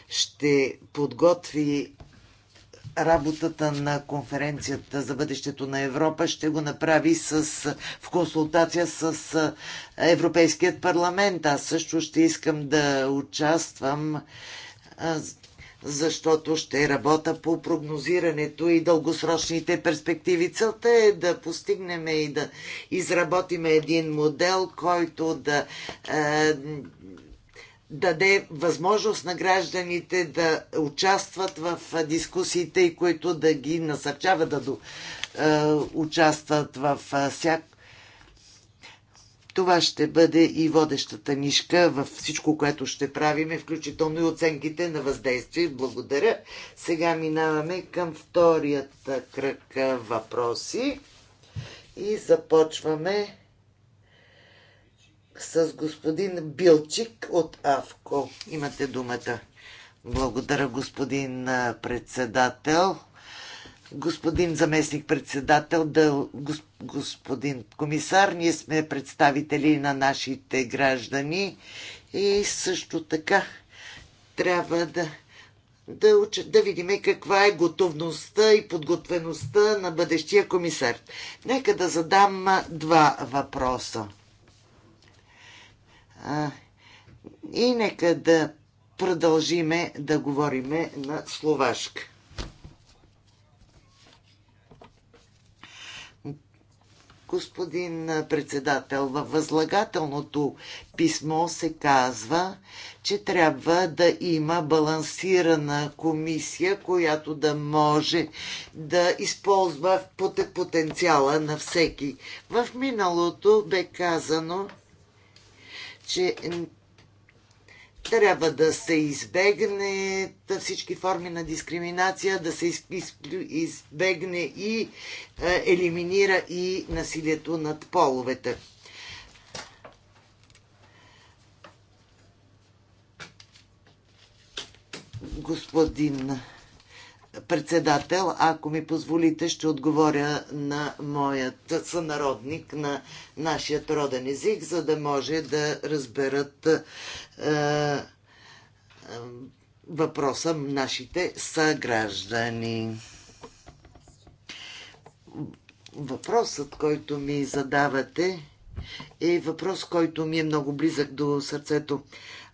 ще подготви работата на конференцията за бъдещето на Европа ще го направи с, в консултация с Европейският парламент. Аз също ще искам да участвам защото ще работя по прогнозирането и дългосрочните перспективи. Целта е да постигнем и да изработим един модел, който да е, даде възможност на гражданите да участват в дискусиите и които да ги насърчават да до, е, участват в е, всяк, това ще бъде и водещата нишка във всичко, което ще правим, включително и оценките на въздействие. Благодаря. Сега минаваме към вторият кръг въпроси и започваме с господин Билчик от АВКО. Имате думата. Благодаря, господин председател господин заместник-председател, да, господин комисар, ние сме представители на нашите граждани и също така трябва да, да, да видим каква е готовността и подготвеността на бъдещия комисар. Нека да задам два въпроса. А, и нека да продължиме да говориме на словашка. господин председател. Във възлагателното писмо се казва, че трябва да има балансирана комисия, която да може да използва потенциала на всеки. В миналото бе казано, че трябва да се избегне всички форми на дискриминация, да се избегне и е, елиминира и насилието над половете. Господин председател, ако ми позволите, ще отговоря на моят сънародник, на нашия роден език, за да може да разберат е, е, въпроса нашите съграждани. Въпросът, който ми задавате, е въпрос, който ми е много близък до сърцето.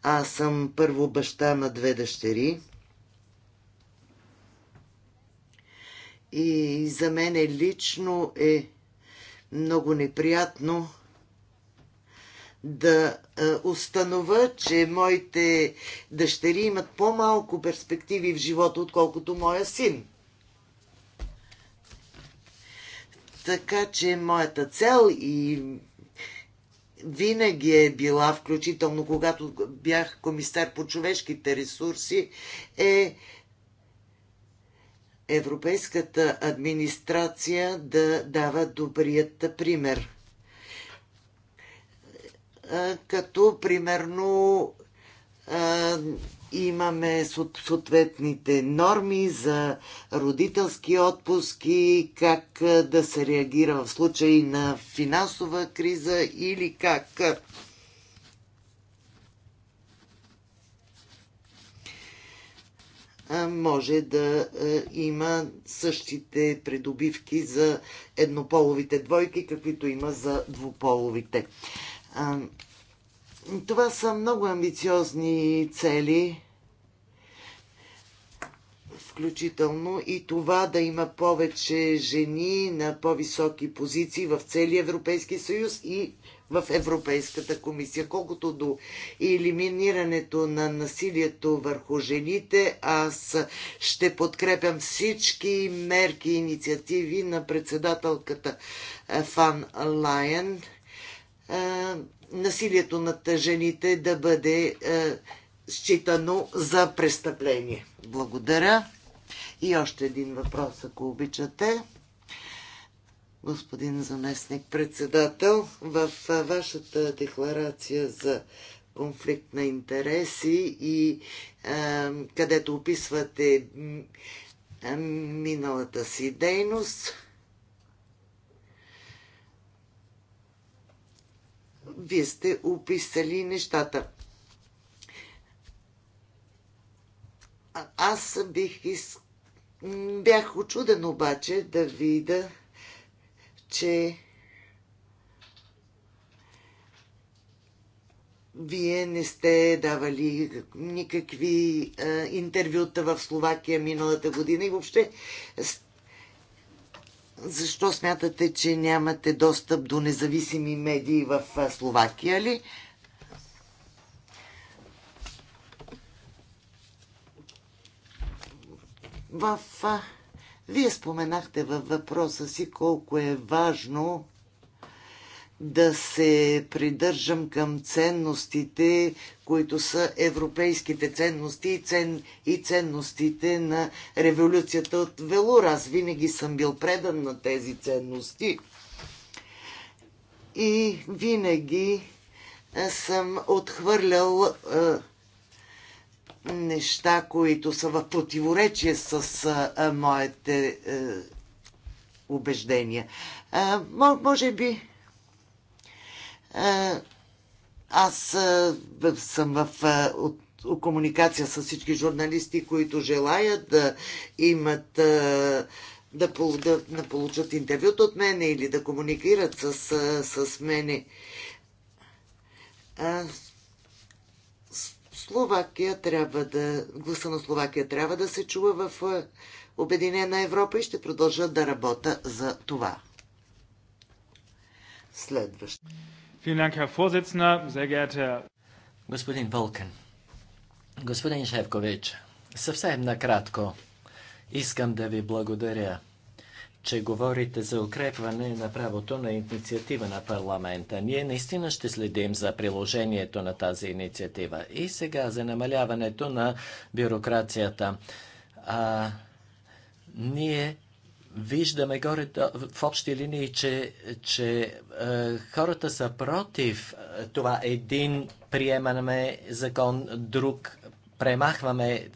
Аз съм първо баща на две дъщери – И за мен лично е много неприятно да е, установя, че моите дъщери имат по-малко перспективи в живота, отколкото моя син. Така че моята цел и винаги е била, включително когато бях комисар по човешките ресурси, е европейската администрация да дава добрият пример. Като примерно имаме съответните норми за родителски отпуски, как да се реагира в случай на финансова криза или как може да има същите придобивки за еднополовите двойки, каквито има за двуполовите. Това са много амбициозни цели, включително и това да има повече жени на по-високи позиции в целия Европейски съюз и в Европейската комисия. Колкото до елиминирането на насилието върху жените, аз ще подкрепям всички мерки и инициативи на председателката е, Фан Лайен. Е, насилието над жените да бъде е, считано за престъпление. Благодаря. И още един въпрос, ако обичате господин заместник председател. В вашата декларация за конфликт на интереси и е, където описвате миналата си дейност, вие сте описали нещата. Аз бих из... бях очуден обаче да видя че вие не сте давали никакви а, интервюта в Словакия миналата година и въобще защо смятате, че нямате достъп до независими медии в Словакия ли? В а, вие споменахте във въпроса си колко е важно да се придържам към ценностите, които са европейските ценности и, цен, и ценностите на революцията от Велур. Аз винаги съм бил предан на тези ценности и винаги съм отхвърлял неща, които са в противоречие с а, моите а, убеждения. А, може би а, аз а, съм в а, от, комуникация с всички журналисти, които желаят да имат а, да, да, да получат интервюто от мене или да комуникират с, с, с мене. А, Словакия трябва да, гласа на Словакия трябва да се чува в е, Обединена Европа и ще продължа да работя за това. Следващо. Господин Волкен, господин Шевкович, съвсем накратко искам да ви благодаря че говорите за укрепване на правото на инициатива на парламента. Ние наистина ще следим за приложението на тази инициатива. И сега за намаляването на бюрокрацията. А, ние виждаме горе в общи линии, че, че е, хората са против това. Един приемаме закон, друг премахваме. Е,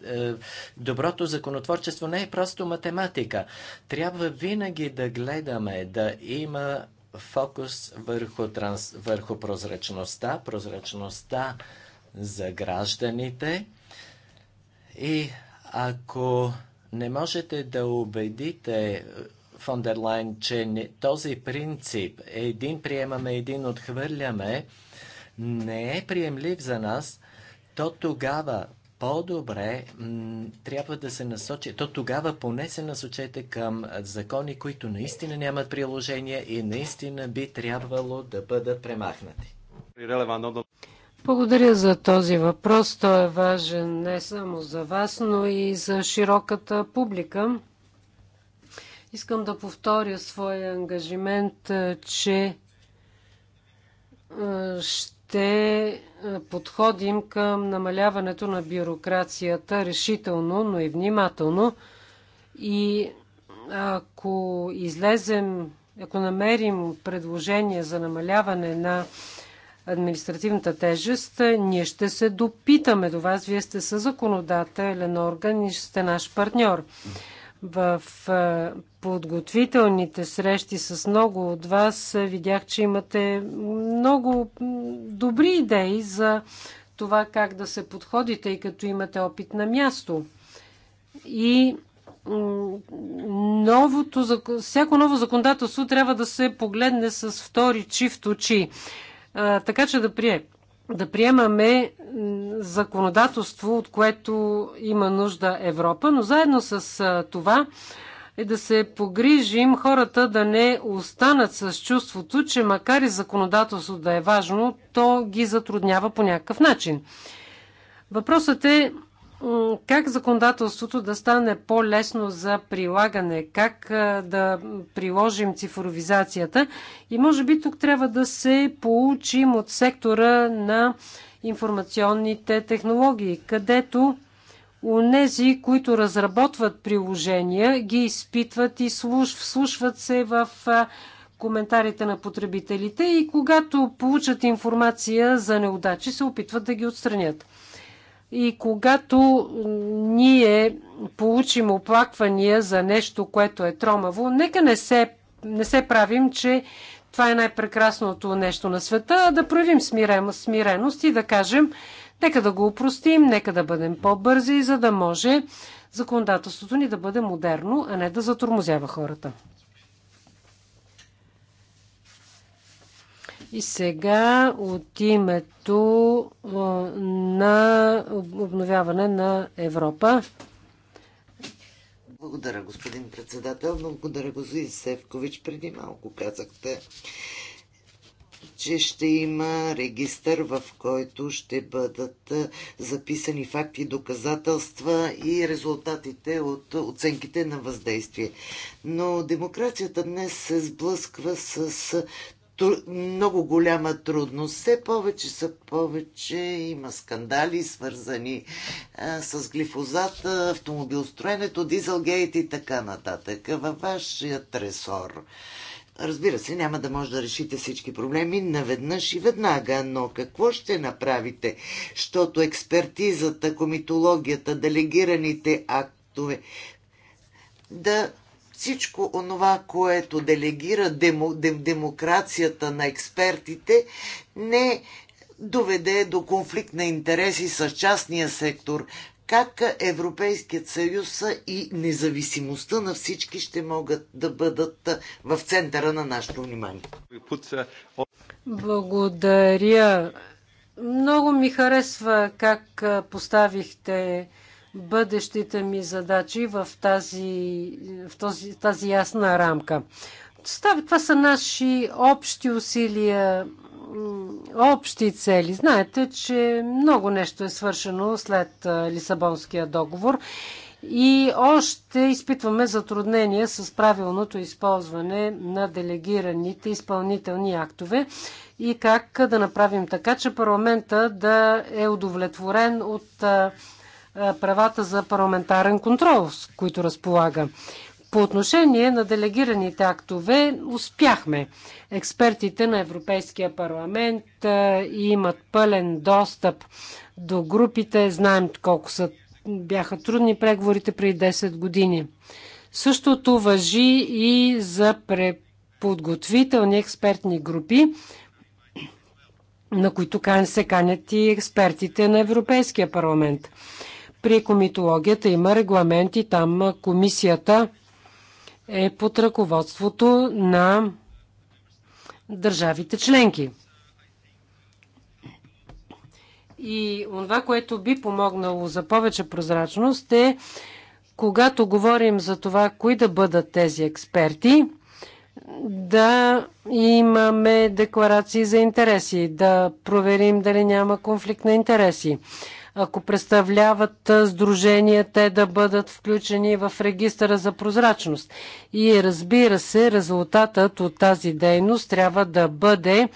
доброто законотворчество не е просто математика. Трябва винаги да гледаме да има фокус върху, транс, върху прозрачността, прозрачността за гражданите. И ако не можете да убедите Фондерлайн, че не, този принцип един приемаме, един отхвърляме, не е приемлив за нас, то тогава по-добре трябва да се насочи, то тогава поне се насочете към закони, които наистина нямат приложение и наистина би трябвало да бъдат премахнати. Благодаря за този въпрос. Той е важен не само за вас, но и за широката публика. Искам да повторя своя ангажимент, че ще ще е, подходим към намаляването на бюрокрацията решително, но и внимателно. И ако излезем, ако намерим предложение за намаляване на административната тежест, ние ще се допитаме до вас. Вие сте със законодателен орган и сте наш партньор. В подготвителните срещи с много от вас видях, че имате много добри идеи за това как да се подходите, и като имате опит на място. И новото, всяко ново законодателство трябва да се погледне с втори чифт очи, така че да приеме да приемаме законодателство, от което има нужда Европа, но заедно с това е да се погрижим хората да не останат с чувството, че макар и законодателство да е важно, то ги затруднява по някакъв начин. Въпросът е как законодателството да стане по-лесно за прилагане, как да приложим цифровизацията и може би тук трябва да се получим от сектора на информационните технологии, където Унези, които разработват приложения, ги изпитват и слушват се в коментарите на потребителите и когато получат информация за неудачи, се опитват да ги отстранят. И когато ние получим оплаквания за нещо, което е тромаво, нека не се, не се правим, че това е най-прекрасното нещо на света, а да проявим смирен, смиреност и да кажем, нека да го упростим, нека да бъдем по-бързи, за да може законодателството ни да бъде модерно, а не да затормозява хората. И сега от името на обновяване на Европа. Благодаря, господин председател. Благодаря, господин Севкович. Преди малко казахте, че ще има регистър, в който ще бъдат записани факти, доказателства и резултатите от оценките на въздействие. Но демокрацията днес се сблъсква с много голяма трудност. Все повече са повече, има скандали, свързани а, с глифозата, автомобилстроенето, дизелгейт и така нататък. Във вашия тресор. Разбира се, няма да може да решите всички проблеми наведнъж и веднага, но какво ще направите, защото експертизата, комитологията, делегираните актове да всичко онова, което делегира демо, дем, демокрацията на експертите, не доведе до конфликт на интереси с частния сектор. Как Европейският съюз и независимостта на всички ще могат да бъдат в центъра на нашето внимание? Благодаря. Много ми харесва как поставихте бъдещите ми задачи в тази, в този, тази ясна рамка. Става, това са наши общи усилия, общи цели. Знаете, че много нещо е свършено след Лисабонския договор и още изпитваме затруднения с правилното използване на делегираните изпълнителни актове и как да направим така, че парламента да е удовлетворен от правата за парламентарен контрол, с които разполага. По отношение на делегираните актове успяхме. Експертите на Европейския парламент имат пълен достъп до групите. Знаем колко са, бяха трудни преговорите преди 10 години. Същото въжи и за подготвителни експертни групи, на които се канят и експертите на Европейския парламент. При комитологията има регламенти, там комисията е под ръководството на държавите членки. И това, което би помогнало за повече прозрачност е, когато говорим за това, кои да бъдат тези експерти, да имаме декларации за интереси, да проверим дали няма конфликт на интереси, ако представляват сдружения, те да бъдат включени в регистъра за прозрачност. И разбира се, резултатът от тази дейност трябва да бъде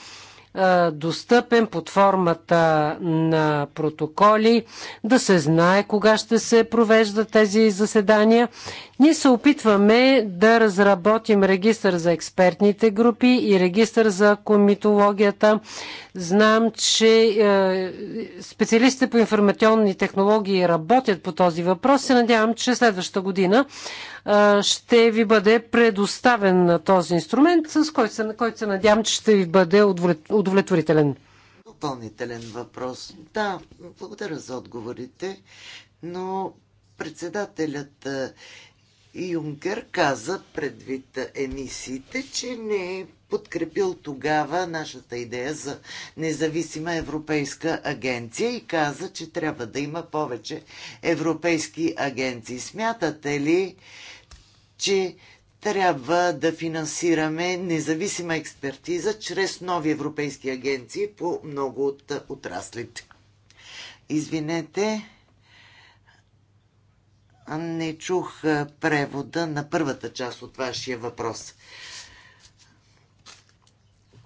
е, достъпен под формата на протоколи, да се знае кога ще се провеждат тези заседания. Ние се опитваме да разработим регистър за експертните групи и регистър за комитологията. Знам, че е, специалистите по информационни технологии работят по този въпрос. Се надявам, че следващата година ще ви бъде предоставен на този инструмент, с който се, който се надявам, че ще ви бъде удовлетворителен. Допълнителен въпрос. Да, благодаря за отговорите, но председателят Юнкер каза предвид емисиите, че не е подкрепил тогава нашата идея за независима европейска агенция и каза, че трябва да има повече европейски агенции. Смятате ли, че трябва да финансираме независима експертиза чрез нови европейски агенции по много от отраслите. Извинете, не чух превода на първата част от вашия въпрос.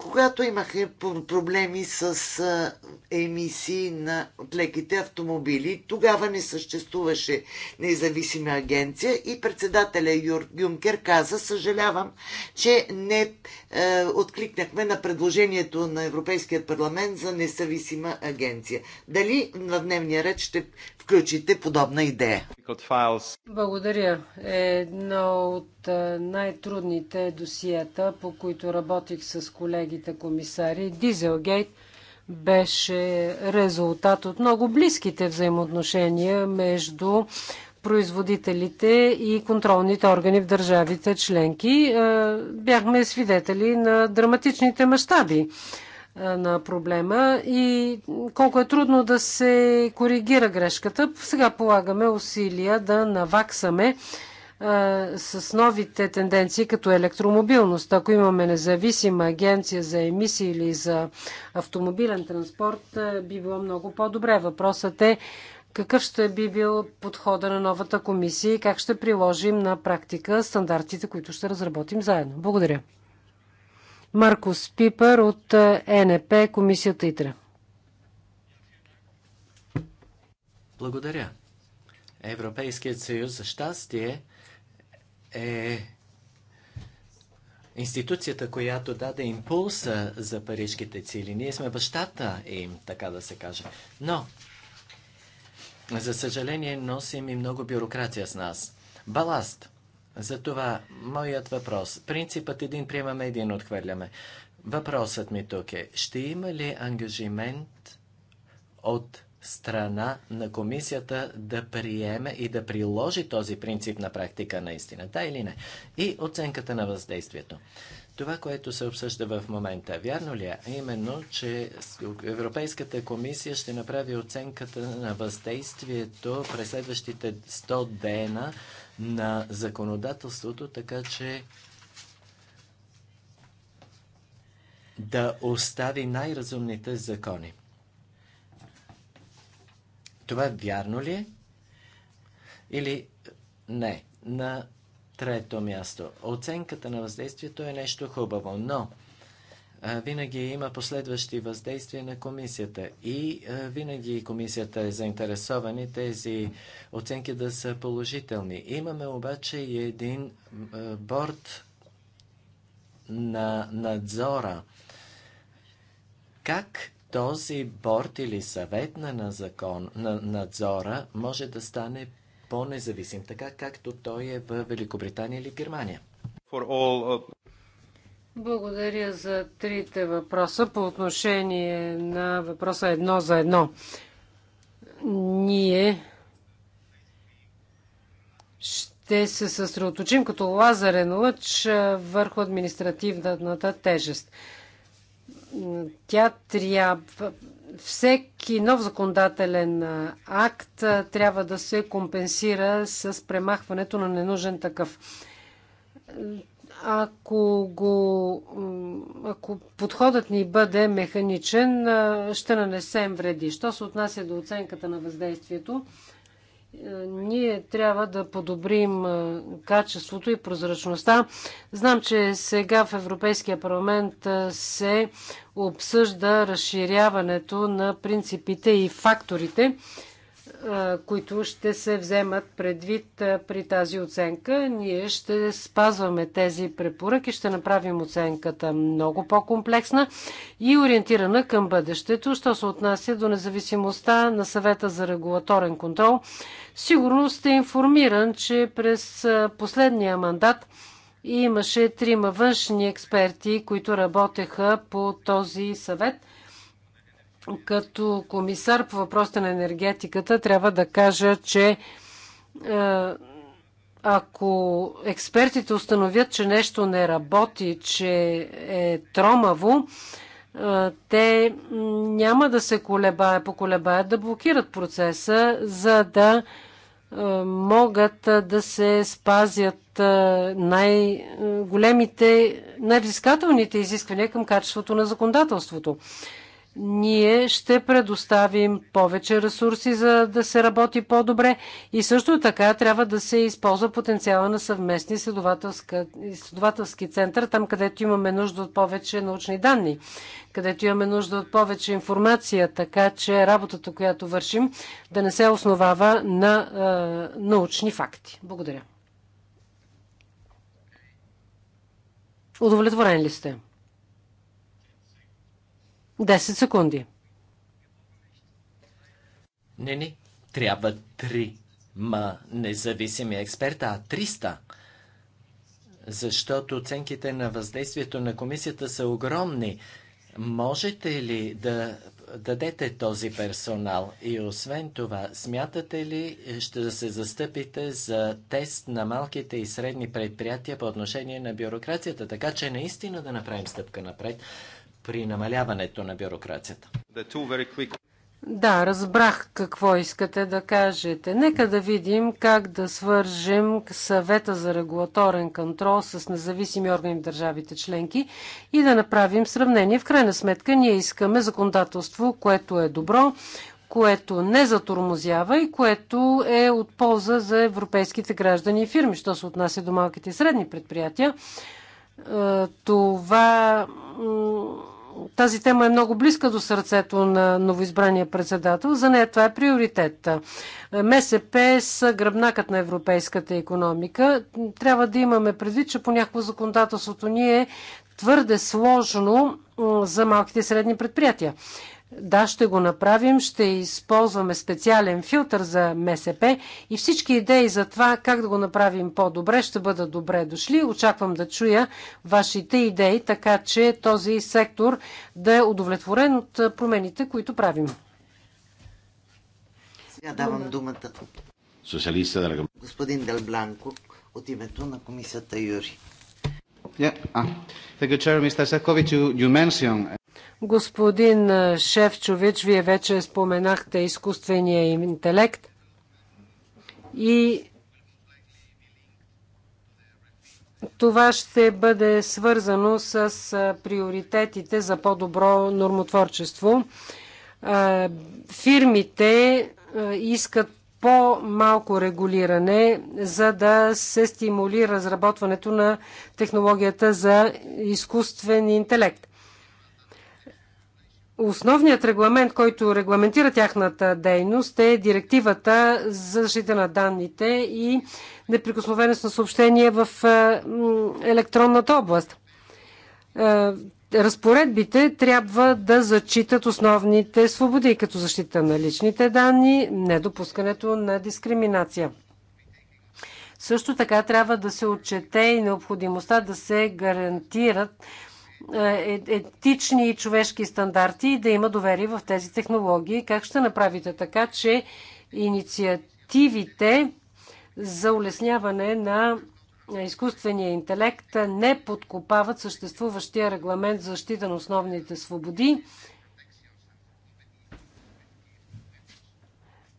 Когато имахме проблеми с емисии на леките автомобили, тогава не съществуваше независима агенция и председателя Юр, Юнкер каза, съжалявам, че не а, откликнахме на предложението на Европейския парламент за независима агенция. Дали на дневния ред ще включите подобна идея? Благодаря. Е едно от най-трудните досиета, по които работих с колеги другите комисари. Дизелгейт беше резултат от много близките взаимоотношения между производителите и контролните органи в държавите членки. Е, бяхме свидетели на драматичните мащаби е, на проблема и колко е трудно да се коригира грешката. Сега полагаме усилия да наваксаме с новите тенденции като електромобилност. Ако имаме независима агенция за емисии или за автомобилен транспорт, би било много по-добре. Въпросът е какъв ще би бил подхода на новата комисия и как ще приложим на практика стандартите, които ще разработим заедно. Благодаря. Маркус Пипър от ЕНП, комисията ИТРА. Благодаря. Европейският съюз за щастие е институцията, която даде импулса за парижките цели. Ние сме бащата им, така да се каже. Но, за съжаление, носим и много бюрокрация с нас. Баласт. Затова, моят въпрос. Принципът един приемаме, един отхвърляме. Въпросът ми тук е, ще има ли ангажимент от страна на комисията да приеме и да приложи този принцип на практика наистина, да или не. И оценката на въздействието. Това, което се обсъжда в момента, вярно ли е? Именно, че Европейската комисия ще направи оценката на въздействието през следващите 100 дена на законодателството, така че да остави най-разумните закони. Това е вярно ли е? Или не? На трето място. Оценката на въздействието е нещо хубаво, но винаги има последващи въздействия на комисията и винаги комисията е заинтересована тези оценки да са положителни. Имаме обаче и един борт на надзора. Как този борт или съвет на, на, закон, на надзора може да стане по-независим, така както той е в Великобритания или в Германия. All... Uh, Благодаря за трите въпроса по отношение на въпроса едно за едно. Ние ще се съсредоточим като лазарен лъч върху административната тежест тя трябва. Всеки нов законодателен акт трябва да се компенсира с премахването на ненужен такъв. Ако, го, ако подходът ни бъде механичен, ще нанесем вреди. Що се отнася до оценката на въздействието, е, ние трябва да подобрим е, качеството и прозрачността. Знам, че сега в Европейския парламент е, се обсъжда разширяването на принципите и факторите, които ще се вземат предвид при тази оценка. Ние ще спазваме тези препоръки, ще направим оценката много по-комплексна и ориентирана към бъдещето, що се отнася до независимостта на съвета за регулаторен контрол. Сигурно сте информиран, че през последния мандат имаше трима външни експерти, които работеха по този съвет – като комисар по въпросите на енергетиката трябва да кажа, че е, ако експертите установят, че нещо не работи, че е тромаво, е, те няма да се колебае, поколебаят да блокират процеса, за да е, могат да се спазят най-големите, най-взискателните изисквания към качеството на законодателството ние ще предоставим повече ресурси, за да се работи по-добре и също така трябва да се използва потенциала на съвместни изследователски център, там където имаме нужда от повече научни данни, където имаме нужда от повече информация, така че работата, която вършим, да не се основава на е, научни факти. Благодаря. Удовлетворен ли сте? 10 секунди. Не, не. Трябва 3 ма независими експерта, а 300 защото оценките на въздействието на комисията са огромни. Можете ли да дадете този персонал и освен това, смятате ли е, ще се застъпите за тест на малките и средни предприятия по отношение на бюрокрацията, така че наистина да направим стъпка напред при намаляването на бюрокрацията. Да, разбрах какво искате да кажете. Нека да видим как да свържем съвета за регулаторен контрол с независими органи в държавите членки и да направим сравнение. В крайна сметка ние искаме законодателство, което е добро, което не затормозява и което е от полза за европейските граждани и фирми, що се отнася до малките и средни предприятия. Е, това тази тема е много близка до сърцето на новоизбрания председател. За нея това е приоритет. МСП са гръбнакът на европейската економика. Трябва да имаме предвид, че понякога законодателството ни е твърде сложно за малките и средни предприятия. Да, ще го направим. Ще използваме специален филтър за МСП и всички идеи за това как да го направим по-добре ще бъдат добре дошли. Очаквам да чуя вашите идеи, така че този сектор да е удовлетворен от промените, които правим. Сега давам думата. Социалиста Господин Дълбланко, от името на комисията Юри. Господин Шефчович, вие вече споменахте изкуствения интелект и това ще бъде свързано с uh, приоритетите за по-добро нормотворчество. Uh, фирмите uh, искат по-малко регулиране, за да се стимулира разработването на технологията за изкуствен интелект. Основният регламент, който регламентира тяхната дейност е директивата за защита на данните и неприкосновеност на съобщения в електронната област. Е, разпоредбите трябва да зачитат основните свободи, като защита на личните данни, недопускането на дискриминация. Също така трябва да се отчете и необходимостта да се гарантират е, е, етични и човешки стандарти и да има доверие в тези технологии. Как ще направите така, че инициативите за улесняване на изкуствения интелект не подкопават съществуващия регламент за защита на основните свободи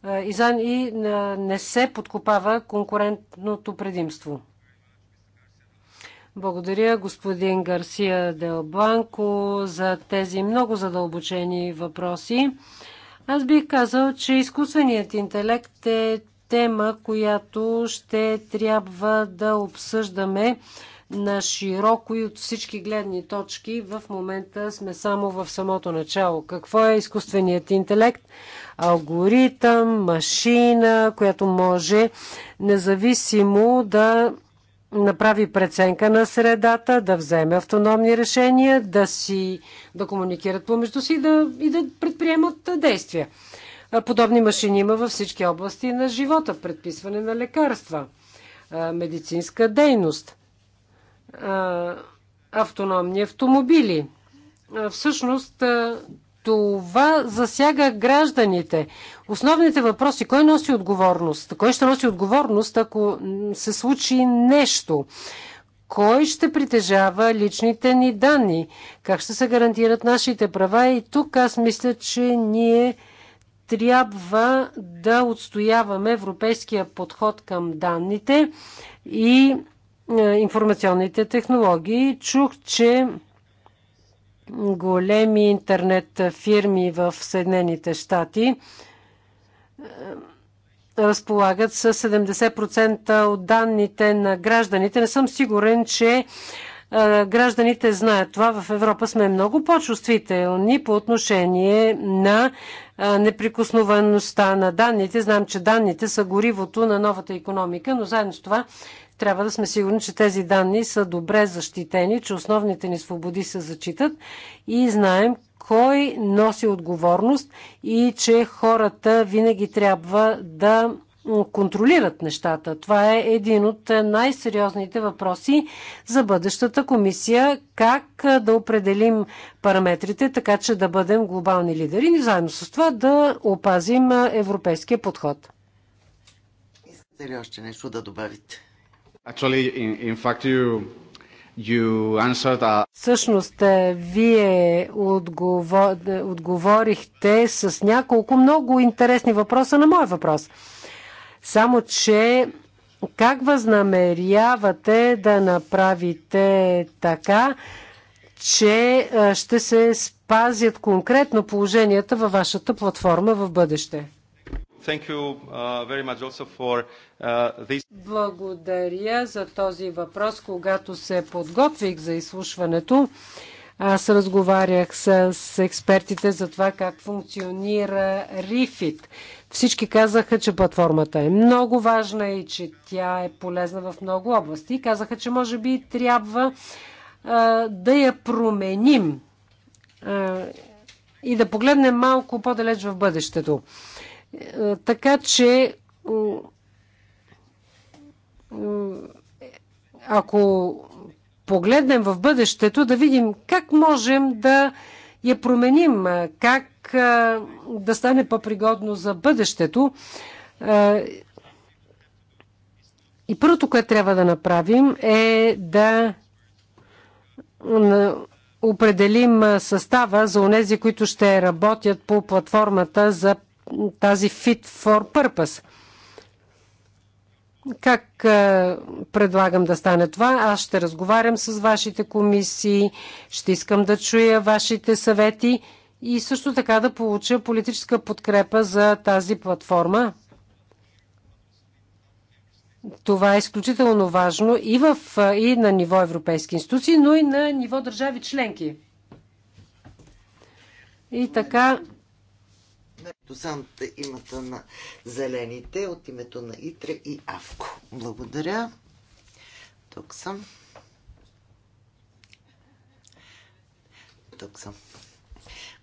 и не се подкопава конкурентното предимство. Благодаря господин Гарсия Делбланко за тези много задълбочени въпроси. Аз бих казал, че изкуственият интелект е тема, която ще трябва да обсъждаме на широко и от всички гледни точки. В момента сме само в самото начало. Какво е изкуственият интелект? Алгоритъм, машина, която може независимо да направи преценка на средата, да вземе автономни решения, да си да комуникират помежду си да, и да предприемат действия. Подобни машини има във всички области на живота. Предписване на лекарства, медицинска дейност, автономни автомобили. Всъщност, това засяга гражданите. Основните въпроси, кой носи отговорност? Кой ще носи отговорност, ако се случи нещо? Кой ще притежава личните ни данни? Как ще се гарантират нашите права? И тук аз мисля, че ние трябва да отстояваме европейския подход към данните и е, информационните технологии. Чух, че големи интернет фирми в Съединените щати е, разполагат с 70% от данните на гражданите. Не съм сигурен, че е, гражданите знаят това. В Европа сме много по-чувствителни по отношение на неприкосновеността на данните. Знам, че данните са горивото на новата економика, но заедно с това трябва да сме сигурни, че тези данни са добре защитени, че основните ни свободи се зачитат и знаем кой носи отговорност и че хората винаги трябва да контролират нещата. Това е един от най-сериозните въпроси за бъдещата комисия. Как да определим параметрите, така че да бъдем глобални лидери и заедно с това да опазим европейския подход. Искате ли още нещо да добавите? Actually, in, in fact, you, you uh, Всъщност, е, вие отговор... отговорихте с няколко много интересни въпроса на моя въпрос. Само, че как възнамерявате да направите така, че ще се спазят конкретно положенията във вашата платформа в бъдеще? For, uh, this... Благодаря за този въпрос. Когато се подготвих за изслушването, аз разговарях с, с експертите за това как функционира РИФИТ всички казаха, че платформата е много важна и че тя е полезна в много области. казаха, че може би трябва а, да я променим а, и да погледнем малко по-далеч в бъдещето. А, така че ако погледнем в бъдещето, да видим как можем да я променим, как да стане по-пригодно за бъдещето. И първото, което трябва да направим е да определим състава за онези, които ще работят по платформата за тази Fit for Purpose – как е, предлагам да стане това? Аз ще разговарям с вашите комисии, ще искам да чуя вашите съвети и също така да получа политическа подкрепа за тази платформа. Това е изключително важно и, в, е, и на ниво европейски институции, но и на ниво държави членки. И така, Досант имата на зелените от името на Итре и Авко. Благодаря. Тук съм. Тук съм.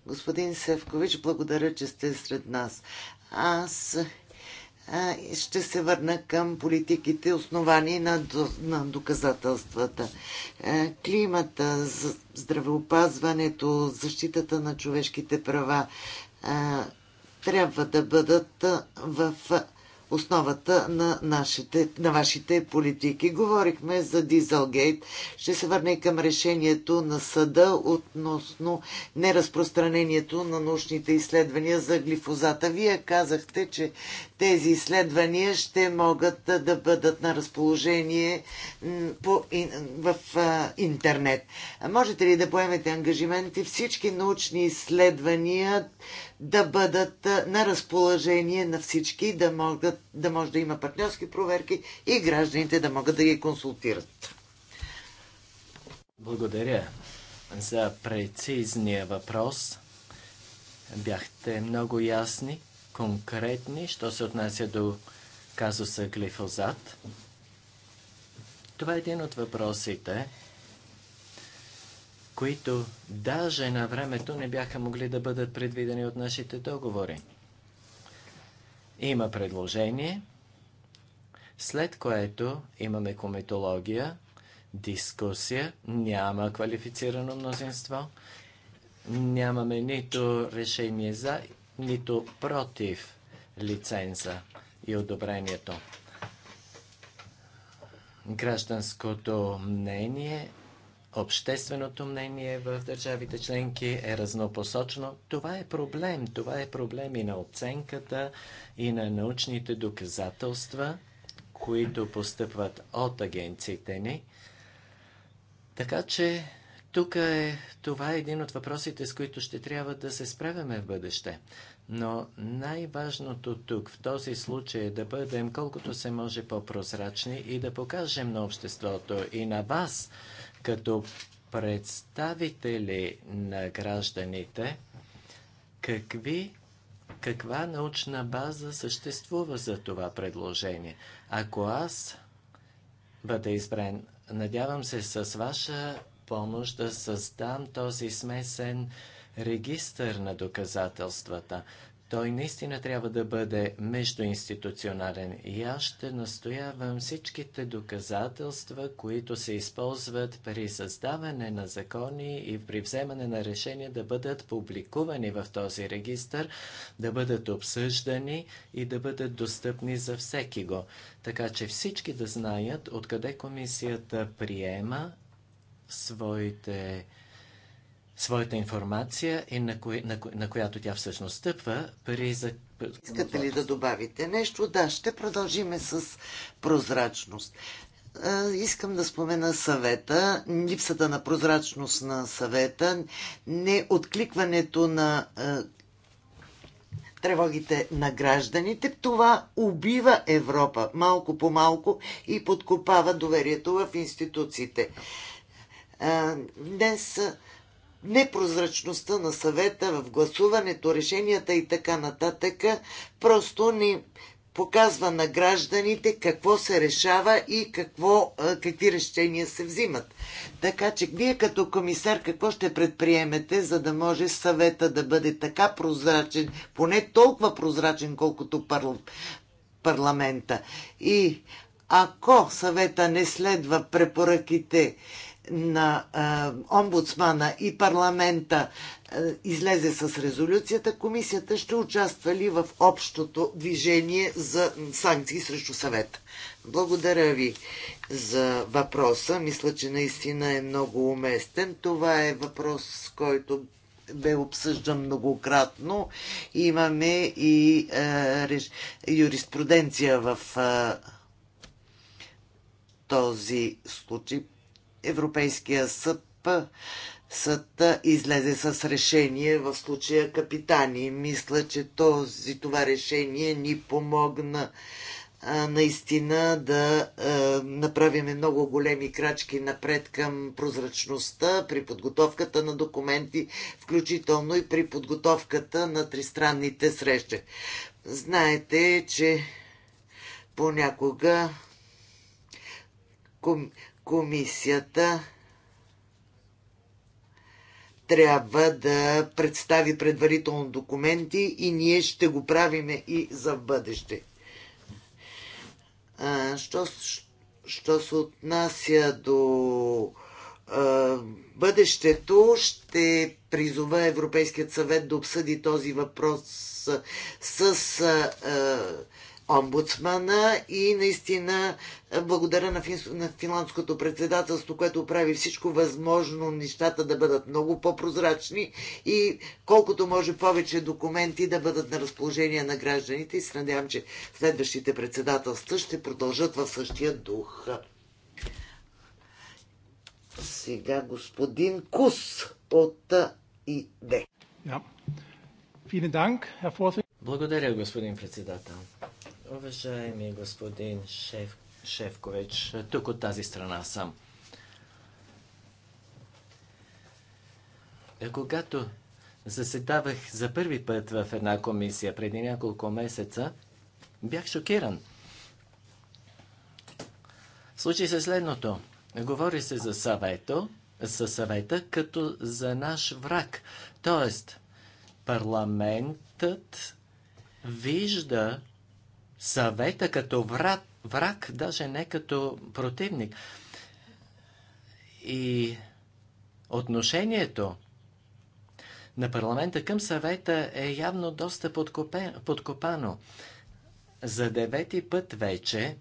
Господин Севкович, благодаря, че сте сред нас. Аз ще се върна към политиките, основани на, на доказателствата. Е, климата, здравеопазването, защитата на човешките права, е, трябва да бъдат в основата на, нашите, на вашите политики. Говорихме за Дизелгейт. Ще се върне към решението на съда относно неразпространението на научните изследвания за глифозата. Вие казахте, че тези изследвания ще могат да бъдат на разположение в интернет. Можете ли да поемете ангажименти всички научни изследвания да бъдат на разположение на всички, да, могат, да може да има партньорски проверки и гражданите да могат да ги консултират? Благодаря за прецизния въпрос. Бяхте много ясни конкретни, що се отнася до казуса глифозат. Това е един от въпросите, които даже на времето не бяха могли да бъдат предвидени от нашите договори. Има предложение, след което имаме кометология, дискусия, няма квалифицирано мнозинство, нямаме нито решение за нито против лиценза и одобрението. Гражданското мнение, общественото мнение в държавите членки е разнопосочно. Това е проблем. Това е проблем и на оценката, и на научните доказателства, които постъпват от агенциите ни. Така че тук е, това е един от въпросите, с които ще трябва да се справяме в бъдеще. Но най-важното тук в този случай е да бъдем колкото се може по-прозрачни и да покажем на обществото и на вас, като представители на гражданите, какви, каква научна база съществува за това предложение. Ако аз бъда избран, надявам се с ваша помощ да създам този смесен регистър на доказателствата. Той наистина трябва да бъде междуинституционален и аз ще настоявам всичките доказателства, които се използват при създаване на закони и при вземане на решения да бъдат публикувани в този регистр, да бъдат обсъждани и да бъдат достъпни за всеки го. Така че всички да знаят откъде комисията приема своите, своята информация и на, кои, на, на която тя всъщност стъпва при за... Искате ли да добавите нещо? Да, ще продължиме с прозрачност. Искам да спомена съвета, липсата на прозрачност на съвета, не откликването на тревогите на гражданите. Това убива Европа малко по малко и подкопава доверието в институциите днес непрозрачността на съвета в гласуването, решенията и така нататък просто ни показва на гражданите какво се решава и какво, какви решения се взимат. Така че вие като комисар какво ще предприемете, за да може съвета да бъде така прозрачен, поне толкова прозрачен, колкото парл... парламента. И ако съвета не следва препоръките на омбудсмана и парламента излезе с резолюцията, комисията ще участва ли в общото движение за санкции срещу съвета? Благодаря ви за въпроса. Мисля, че наистина е много уместен. Това е въпрос, който бе обсъждан многократно. Имаме и е, юриспруденция в е, този случай Европейския съд, съд излезе с решение в случая Капитани. Мисля, че този, това решение ни помогна а, наистина да а, направим много големи крачки напред към прозрачността при подготовката на документи, включително и при подготовката на тристранните срещи. Знаете, че понякога комисията трябва да представи предварително документи и ние ще го правиме и за бъдеще. А, що, що се отнася до а, бъдещето, ще призова Европейският съвет да обсъди този въпрос с, с а, омбудсмана и наистина е, благодаря на, фин, на финландското председателство, което прави всичко възможно нещата да бъдат много по-прозрачни и колкото може повече документи да бъдат на разположение на гражданите и се надявам, че следващите председателства ще продължат в същия дух. Сега господин Кус от е, ИД. Yeah. Благодаря, господин председател. Уважаеми господин Шеф, Шефкович, тук от тази страна съм. Когато заседавах за първи път в една комисия преди няколко месеца, бях шокиран. Случи се следното. Говори се за съвето, за съвета като за наш враг. Тоест, парламентът вижда съвета като враг, враг, даже не като противник. И отношението на парламента към съвета е явно доста подкопано. За девети път вече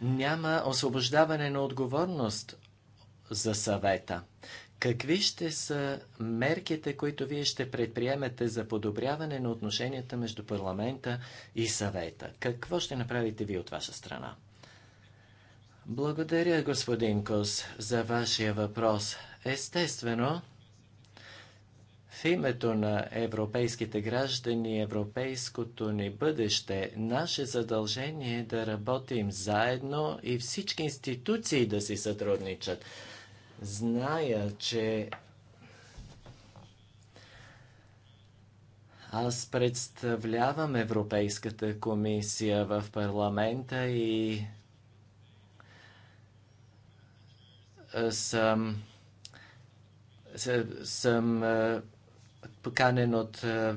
няма освобождаване на отговорност за съвета. Какви ще са мерките, които вие ще предприемете за подобряване на отношенията между парламента и съвета? Какво ще направите вие от ваша страна? Благодаря, господин Кос, за вашия въпрос. Естествено, в името на европейските граждани, европейското ни бъдеще, наше задължение е да работим заедно и всички институции да си сътрудничат. Зная, че Аз представлявам Европейската комисия в парламента и съм, съм е, поканен от е,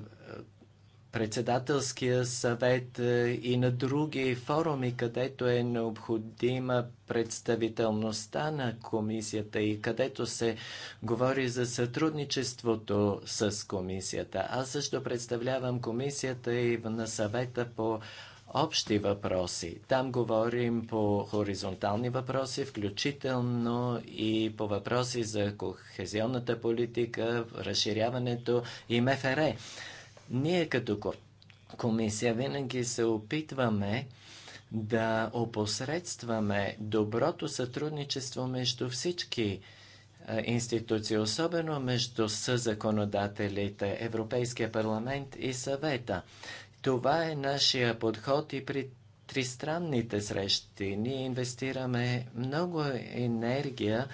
председателския съвет е, и на други форуми, където е необходима представителността на комисията и където се говори за сътрудничеството с комисията. Аз също представлявам комисията и на съвета по общи въпроси. Там говорим по хоризонтални въпроси, включително и по въпроси за кохезионната политика, разширяването и МФР. Ние като комисия винаги се опитваме да опосредстваме доброто сътрудничество между всички е, институции, особено между съзаконодателите, Европейския парламент и съвета. Това е нашия подход и при тристранните срещи. Ние инвестираме много енергия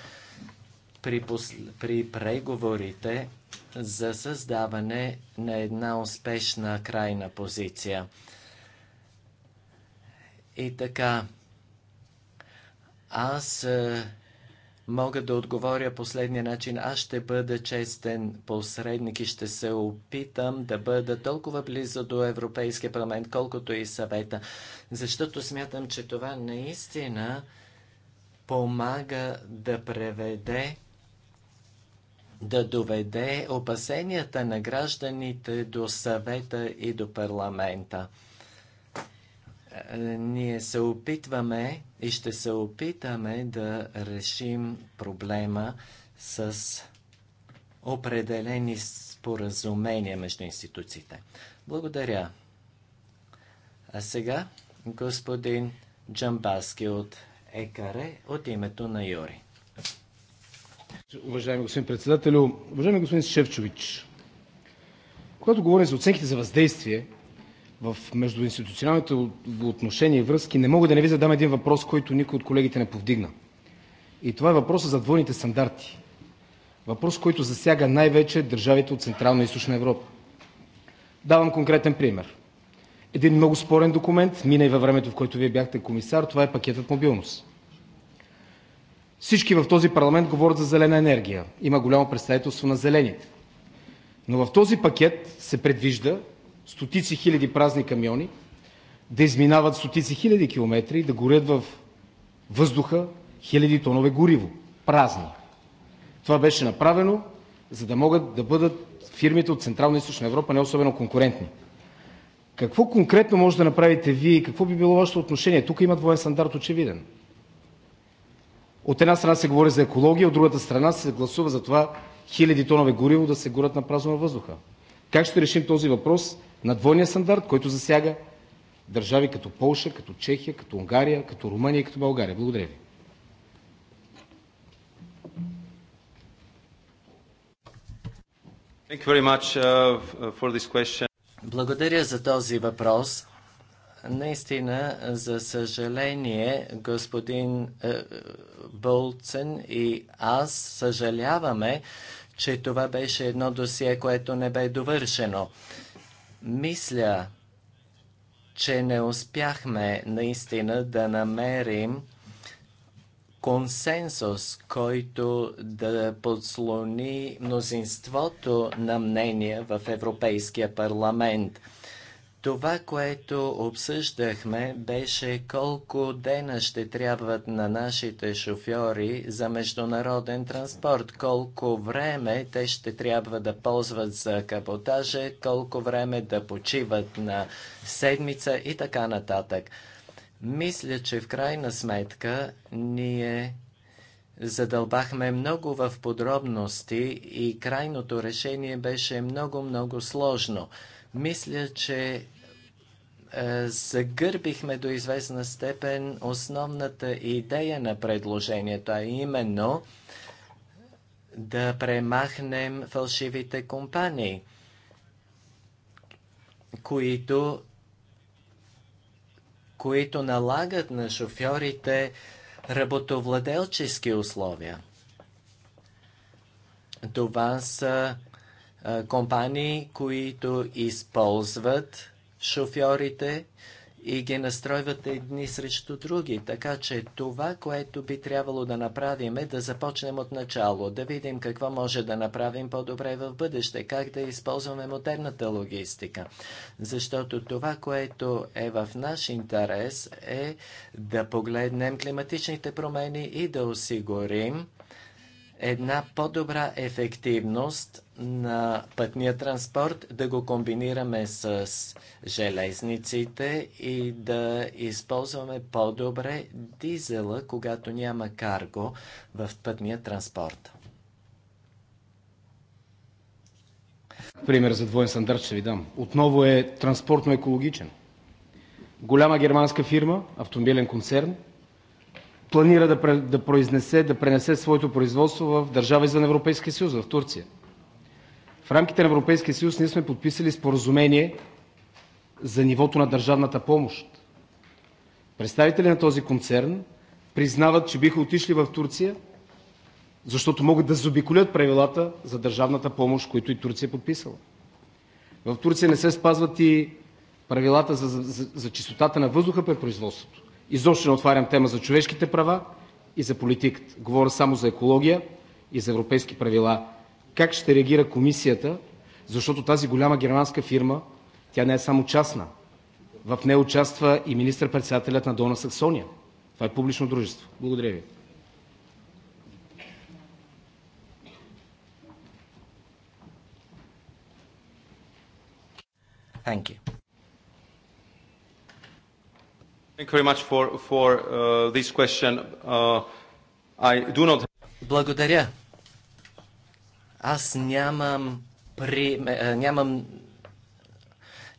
при, посл... при преговорите за създаване на една успешна крайна позиция. И така, аз е, мога да отговоря последния начин. Аз ще бъда честен посредник и ще се опитам да бъда толкова близо до Европейския парламент, колкото и съвета, защото смятам, че това наистина помага да преведе да доведе опасенията на гражданите до съвета и до парламента. Е, ние се опитваме и ще се опитаме да решим проблема с определени споразумения между институциите. Благодаря. А сега господин Джамбаски от ЕКАРЕ от името на Юри. Уважаеми господин председател, уважаеми господин Шефчович, когато говорим за оценките за въздействие в междуинституционалните отношения и връзки, не мога да не Ви задам един въпрос, който никой от колегите не повдигна. И това е въпросът за двойните стандарти – въпрос, който засяга най-вече държавите от Централна и Източна Европа. Давам конкретен пример. Един много спорен документ мина и във времето, в което Вие бяхте комисар – това е пакетът „Мобилност“. Всички в този парламент говорят за зелена енергия, има голямо представителство на зелените, но в този пакет се предвижда стотици хиляди празни камиони да изминават стотици хиляди километри и да горят във въздуха хиляди тонове гориво – празни. Това беше направено, за да могат да бъдат фирмите от Централна и Източна Европа не особено конкурентни. Какво конкретно може да направите Вие и какво би било Вашето отношение? Тук има двоен стандарт очевиден. От една страна, се говори за екология, от другата страна, се гласува за това хиляди тонове гориво да се горят празно на въздуха. Как ще решим този въпрос на двойния стандарт, който засяга държави като Полша, като Чехия, като Унгария, като Румъния и като България? Благодаря Ви. Uh, Благодаря за този въпрос. Наистина, за съжаление, господин е, Болцен и аз съжаляваме, че това беше едно досие, което не бе довършено. Мисля, че не успяхме наистина да намерим консенсус, който да подслони мнозинството на мнения в Европейския парламент – това, което обсъждахме, беше колко дена ще трябват на нашите шофьори за международен транспорт, колко време те ще трябва да ползват за каботаже, колко време да почиват на седмица и така нататък. Мисля, че в крайна сметка ние задълбахме много в подробности и крайното решение беше много-много сложно – мисля, че е, загърбихме до известна степен основната идея на предложението, а именно да премахнем фалшивите компании, които, които налагат на шофьорите работовладелчески условия. Това са компании, които използват шофьорите и ги настройват едни срещу други. Така че това, което би трябвало да направим е да започнем от начало, да видим какво може да направим по-добре в бъдеще, как да използваме модерната логистика. Защото това, което е в наш интерес е да погледнем климатичните промени и да осигурим една по-добра ефективност на пътния транспорт, да го комбинираме с железниците и да използваме по-добре дизела, когато няма карго в пътния транспорт. Пример за двоен стандарт ще ви дам. Отново е транспортно-екологичен. Голяма германска фирма, автомобилен концерн, планира да пренесе своето производство в държава извън Европейския съюз – в Турция. В рамките на Европейския съюз ние сме подписали споразумение за нивото на държавната помощ. Представители на този концерн признават, че биха отишли в Турция, защото могат да заобиколят правилата за държавната помощ, които и Турция е подписала. В Турция не се спазват и правилата за чистотата на въздуха при производството. Изобщо не отварям тема за човешките права и за политиката. Говоря само за екология и за европейски правила. Как ще реагира Комисията, защото тази голяма германска фирма тя не е само частна, в нея участва и министър-председателят на Долна Саксония. Това е публично дружество. Благодаря Ви. Thank you. Uh, uh, Благодаря. Аз нямам, при... Е, е, нямам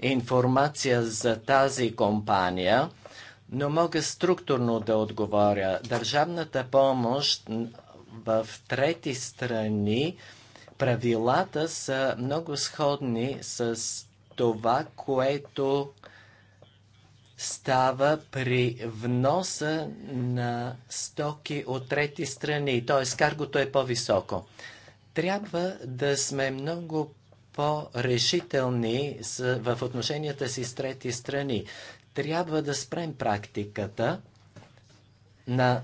информация за тази компания, но мога структурно да отговоря. Държавната помощ в трети страни, правилата са много сходни с това, което става при вноса на стоки от трети страни, т.е. каргото е по-високо. Трябва да сме много по-решителни в отношенията си с трети страни. Трябва да спрем практиката на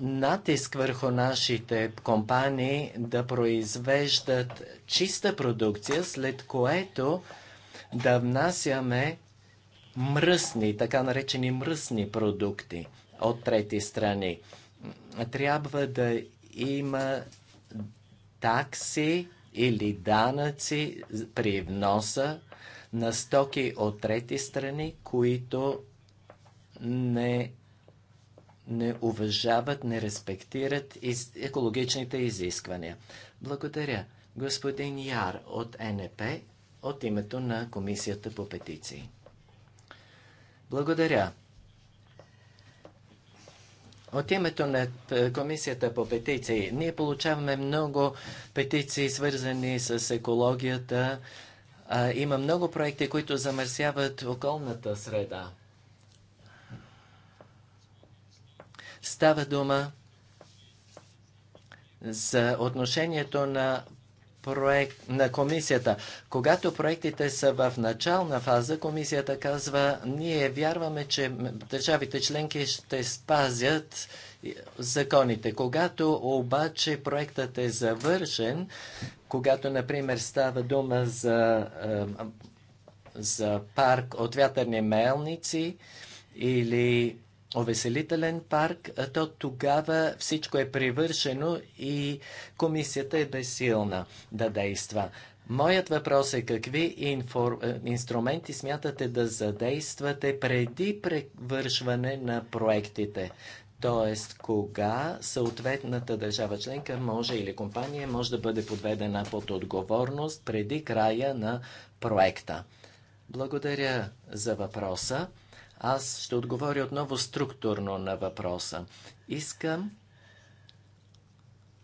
натиск върху нашите компании да произвеждат чиста продукция, след което да внасяме мръсни, така наречени мръсни продукти от трети страни. Трябва да има такси или данъци при вноса на стоки от трети страни, които не, не уважават, не респектират из, екологичните изисквания. Благодаря. Господин Яр от НП от името на Комисията по петиции. Благодаря. От името на е, Комисията по петиции ние получаваме много петиции, свързани с екологията. има много проекти, които замърсяват околната среда. Става дума за отношението на проект, на комисията. Когато проектите са в начална фаза, комисията казва, ние вярваме, че държавите членки ще спазят е, законите. Когато обаче проектът е завършен, когато, например, става дума за, е, за парк от вятърни мелници или увеселителен парк, то тогава всичко е привършено и комисията е безсилна да действа. Моят въпрос е какви инфор... Е, инструменти смятате да задействате преди превършване на проектите? Тоест, кога съответната държава членка може или компания може да бъде подведена под отговорност преди края на проекта? Благодаря за въпроса. Аз ще отговоря отново структурно на въпроса. Искам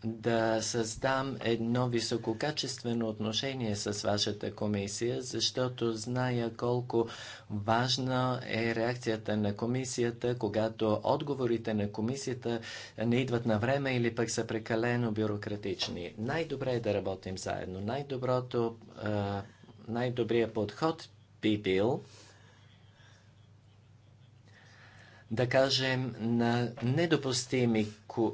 да създам едно висококачествено отношение с вашата комисия, защото зная колко важна е реакцията на комисията, когато отговорите на комисията не идват на време или пък са прекалено бюрократични. Най-добре е да работим заедно. Най-доброто, най-добрият подход би бил да кажем, на недопустими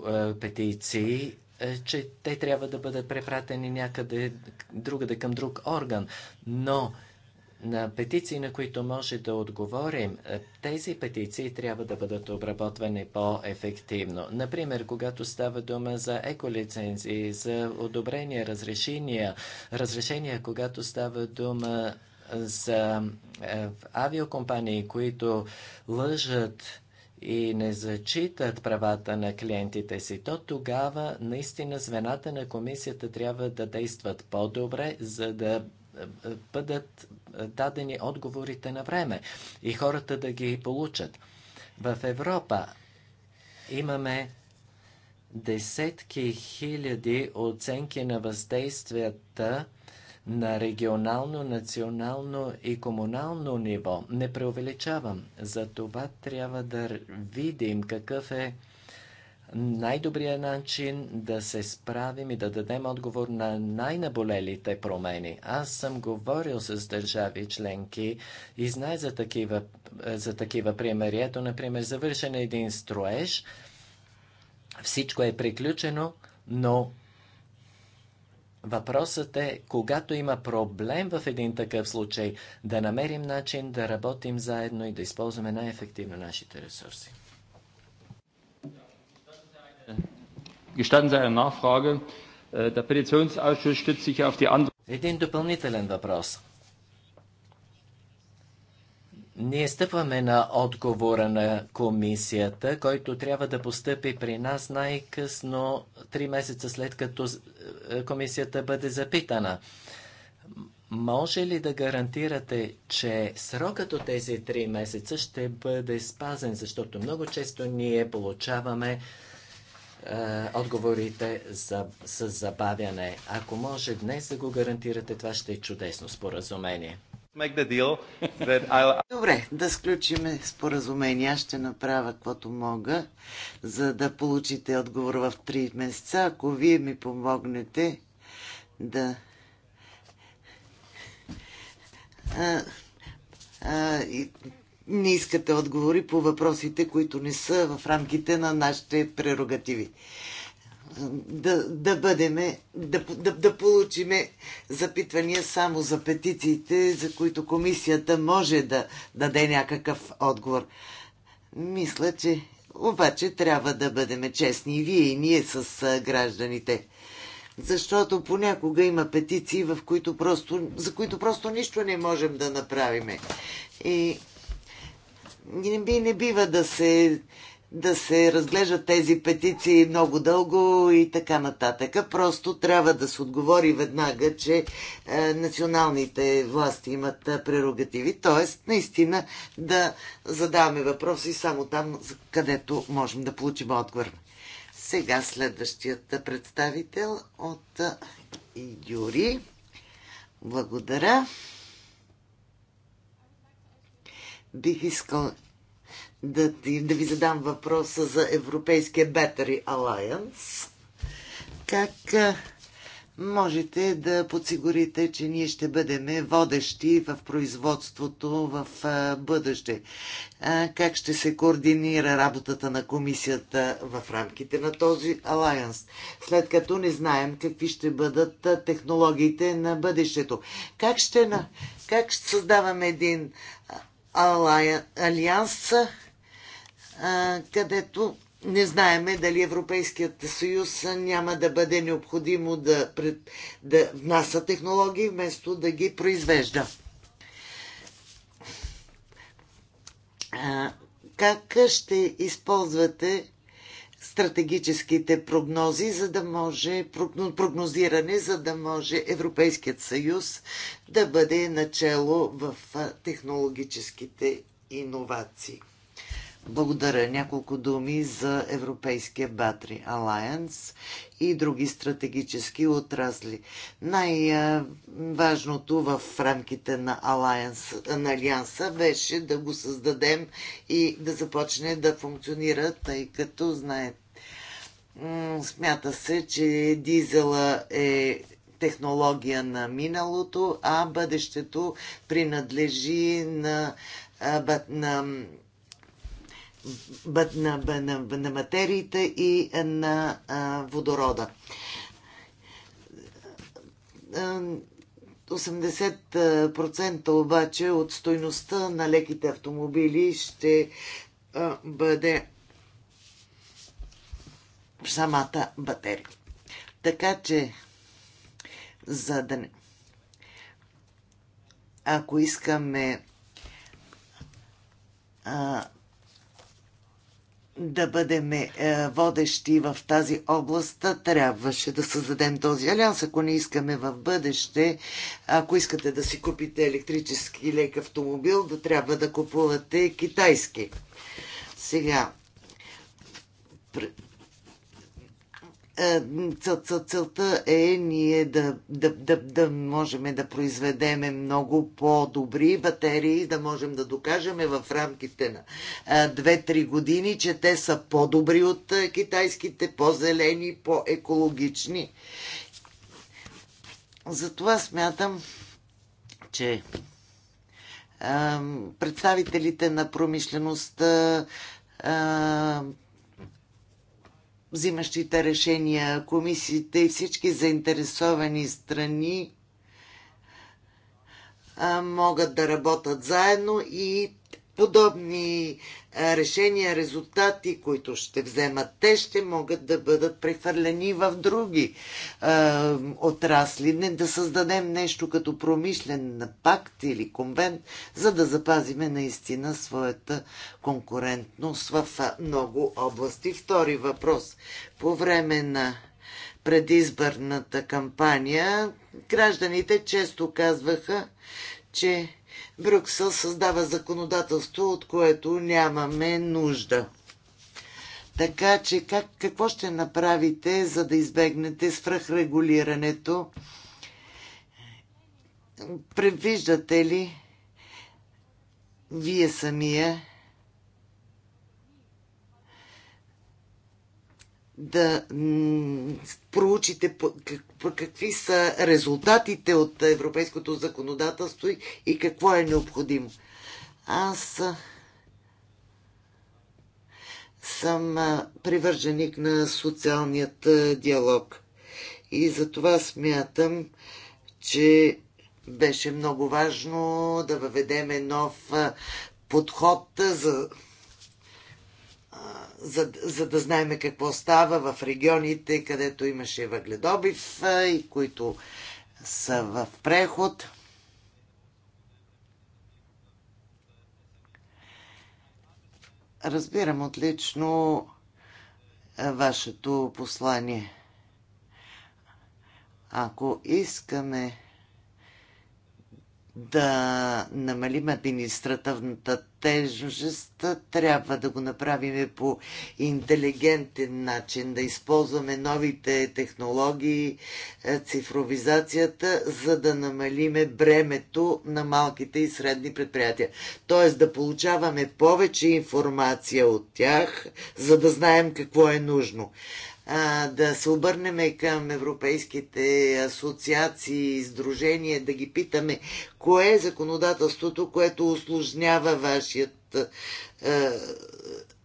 е, петиции, е, че те трябва да бъдат препратени някъде другаде към друг орган. Но на петиции, на които може да отговорим, е, тези петиции трябва да бъдат обработвани по-ефективно. Например, когато става дума за еколицензии, за одобрения, разрешения, разрешения, когато става дума за авиокомпании, които лъжат и не зачитат правата на клиентите си, то тогава наистина звената на комисията трябва да действат по-добре, за да е, е, бъдат е, дадени отговорите на време и хората да ги получат. В Европа имаме десетки хиляди оценки на въздействията на регионално, национално и комунално ниво. Не преувеличавам. За това трябва да видим какъв е най-добрият начин да се справим и да дадем отговор на най-наболелите промени. Аз съм говорил с държави членки и знае за такива, за такива примери. Ето, например, завършен е един строеж, всичко е приключено, но Въпросът е, когато има проблем в един такъв случай, да намерим начин да работим заедно и да използваме най-ефективно нашите ресурси. Äh, един допълнителен въпрос. Ние стъпваме на отговора на комисията, който трябва да постъпи при нас най-късно три месеца след като е, комисията бъде запитана. Може ли да гарантирате, че срокът от тези три месеца ще бъде спазен? Защото много често ние получаваме е, отговорите за, с забавяне. Ако може днес да го гарантирате, това ще е чудесно споразумение. Добре, да сключим споразумение. Аз ще направя каквото мога, за да получите отговор в 3 месеца. Ако вие ми помогнете да... А, а, и не искате отговори по въпросите, които не са в рамките на нашите прерогативи да, да бъдеме, да, да, да получиме запитвания само за петициите, за които комисията може да даде някакъв отговор. Мисля, че обаче трябва да бъдем честни и вие и ние с гражданите. Защото понякога има петиции, в които просто, за които просто нищо не можем да направиме. И не, би, не бива да се да се разглеждат тези петиции много дълго и така нататък. Просто трябва да се отговори веднага, че е, националните власти имат е, прерогативи, т.е. наистина да задаваме въпроси само там, където можем да получим отговор. Сега следващият представител от е, Юри. Благодаря. Бих искал да, да ви задам въпроса за Европейския Battery Alliance. Как можете да подсигурите, че ние ще бъдем водещи в производството в бъдеще? Как ще се координира работата на комисията в рамките на този алайанс? След като не знаем какви ще бъдат технологиите на бъдещето. Как ще, как ще създаваме един алианс, където не знаеме дали Европейският съюз няма да бъде необходимо да, пред, да внася технологии, вместо да ги произвежда. как ще използвате стратегическите прогнози, за да може прогнозиране, за да може Европейският съюз да бъде начало в технологическите иновации? Благодаря. Няколко думи за Европейския Батри Алайанс и други стратегически отрасли. Най-важното в рамките на, Алайанс, на Алианса беше да го създадем и да започне да функционира, тъй като, знаете, смята се, че дизела е технология на миналото, а бъдещето принадлежи на, на на, на, на материите и на а, водорода. 80% обаче от стойността на леките автомобили ще а, бъде самата батерия. Така че, за да не... Ако искаме а, да бъдем е, водещи в тази област, трябваше да създадем този алианс. Ако не искаме в бъдеще, ако искате да си купите електрически лек автомобил, да трябва да купувате китайски. Сега, е, цел, цел, целта е ние да, да, да, да можем да произведеме много по-добри батерии, да можем да докажем в рамките на 2-3 е, години, че те са по-добри от е, китайските, по-зелени, по-екологични. Затова смятам, че представителите на промишлеността взимащите решения, комисиите и всички заинтересовани страни могат да работят заедно и подобни решения, резултати, които ще вземат те, ще могат да бъдат прехвърлени в други е, отрасли. Не да създадем нещо като промишлен пакт или конвент, за да запазиме наистина своята конкурентност в много области. Втори въпрос. По време на предизборната кампания гражданите често казваха, че Брюксел създава законодателство, от което нямаме нужда. Така че как, какво ще направите, за да избегнете свръхрегулирането? Предвиждате ли вие самия да проучите какви са резултатите от европейското законодателство и, какво е необходимо. Аз съм привърженик на социалният диалог. И за това смятам, че беше много важно да въведеме нов подход за за, за да знаеме какво става в регионите, където имаше въгледобив и които са в преход. Разбирам отлично вашето послание. Ако искаме да намалим административната тежест, трябва да го направим по интелигентен начин, да използваме новите технологии, е, цифровизацията, за да намалиме бремето на малките и средни предприятия. Тоест да получаваме повече информация от тях, за да знаем какво е нужно да се обърнем към европейските асоциации, и сдружения, да ги питаме кое е законодателството, което осложнява вашият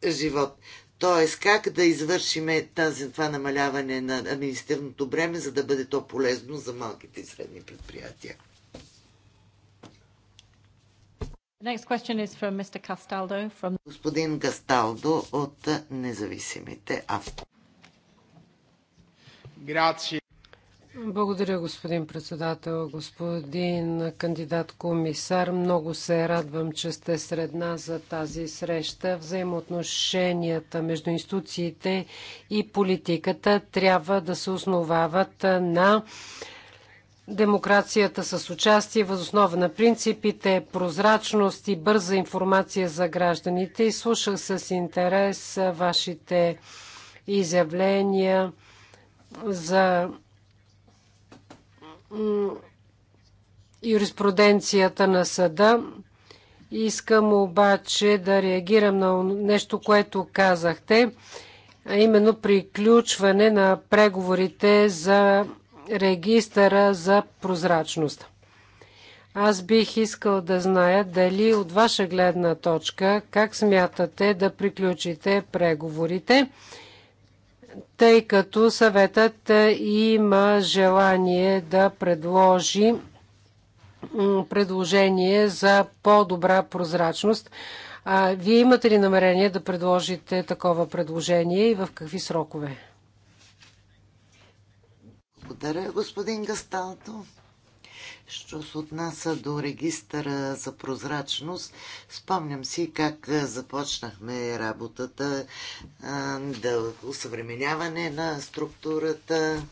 живот. Тоест, как да извършиме тази, това намаляване на административното бреме, за да бъде то полезно за малките и средни предприятия. Next question is from Mr. Castaldo, from... Господин Касталдо от независимите автори. Благодаря, господин председател, господин кандидат комисар. Много се радвам, че сте сред нас за тази среща. Взаимоотношенията между институциите и политиката трябва да се основават на демокрацията с участие, възоснова на принципите, прозрачност и бърза информация за гражданите. И слушах с интерес вашите изявления за юриспруденцията на съда. Искам обаче да реагирам на нещо, което казахте, а именно приключване на преговорите за регистъра за прозрачност. Аз бих искал да зная дали от ваша гледна точка как смятате да приключите преговорите тъй като съветът е, има желание да предложи предложение за по-добра прозрачност. А, вие имате ли намерение да предложите такова предложение и в какви срокове? Благодаря, господин Гасталто. Що се отнася до регистъра за прозрачност, спомням си как започнахме работата да усъвременяване на структурата.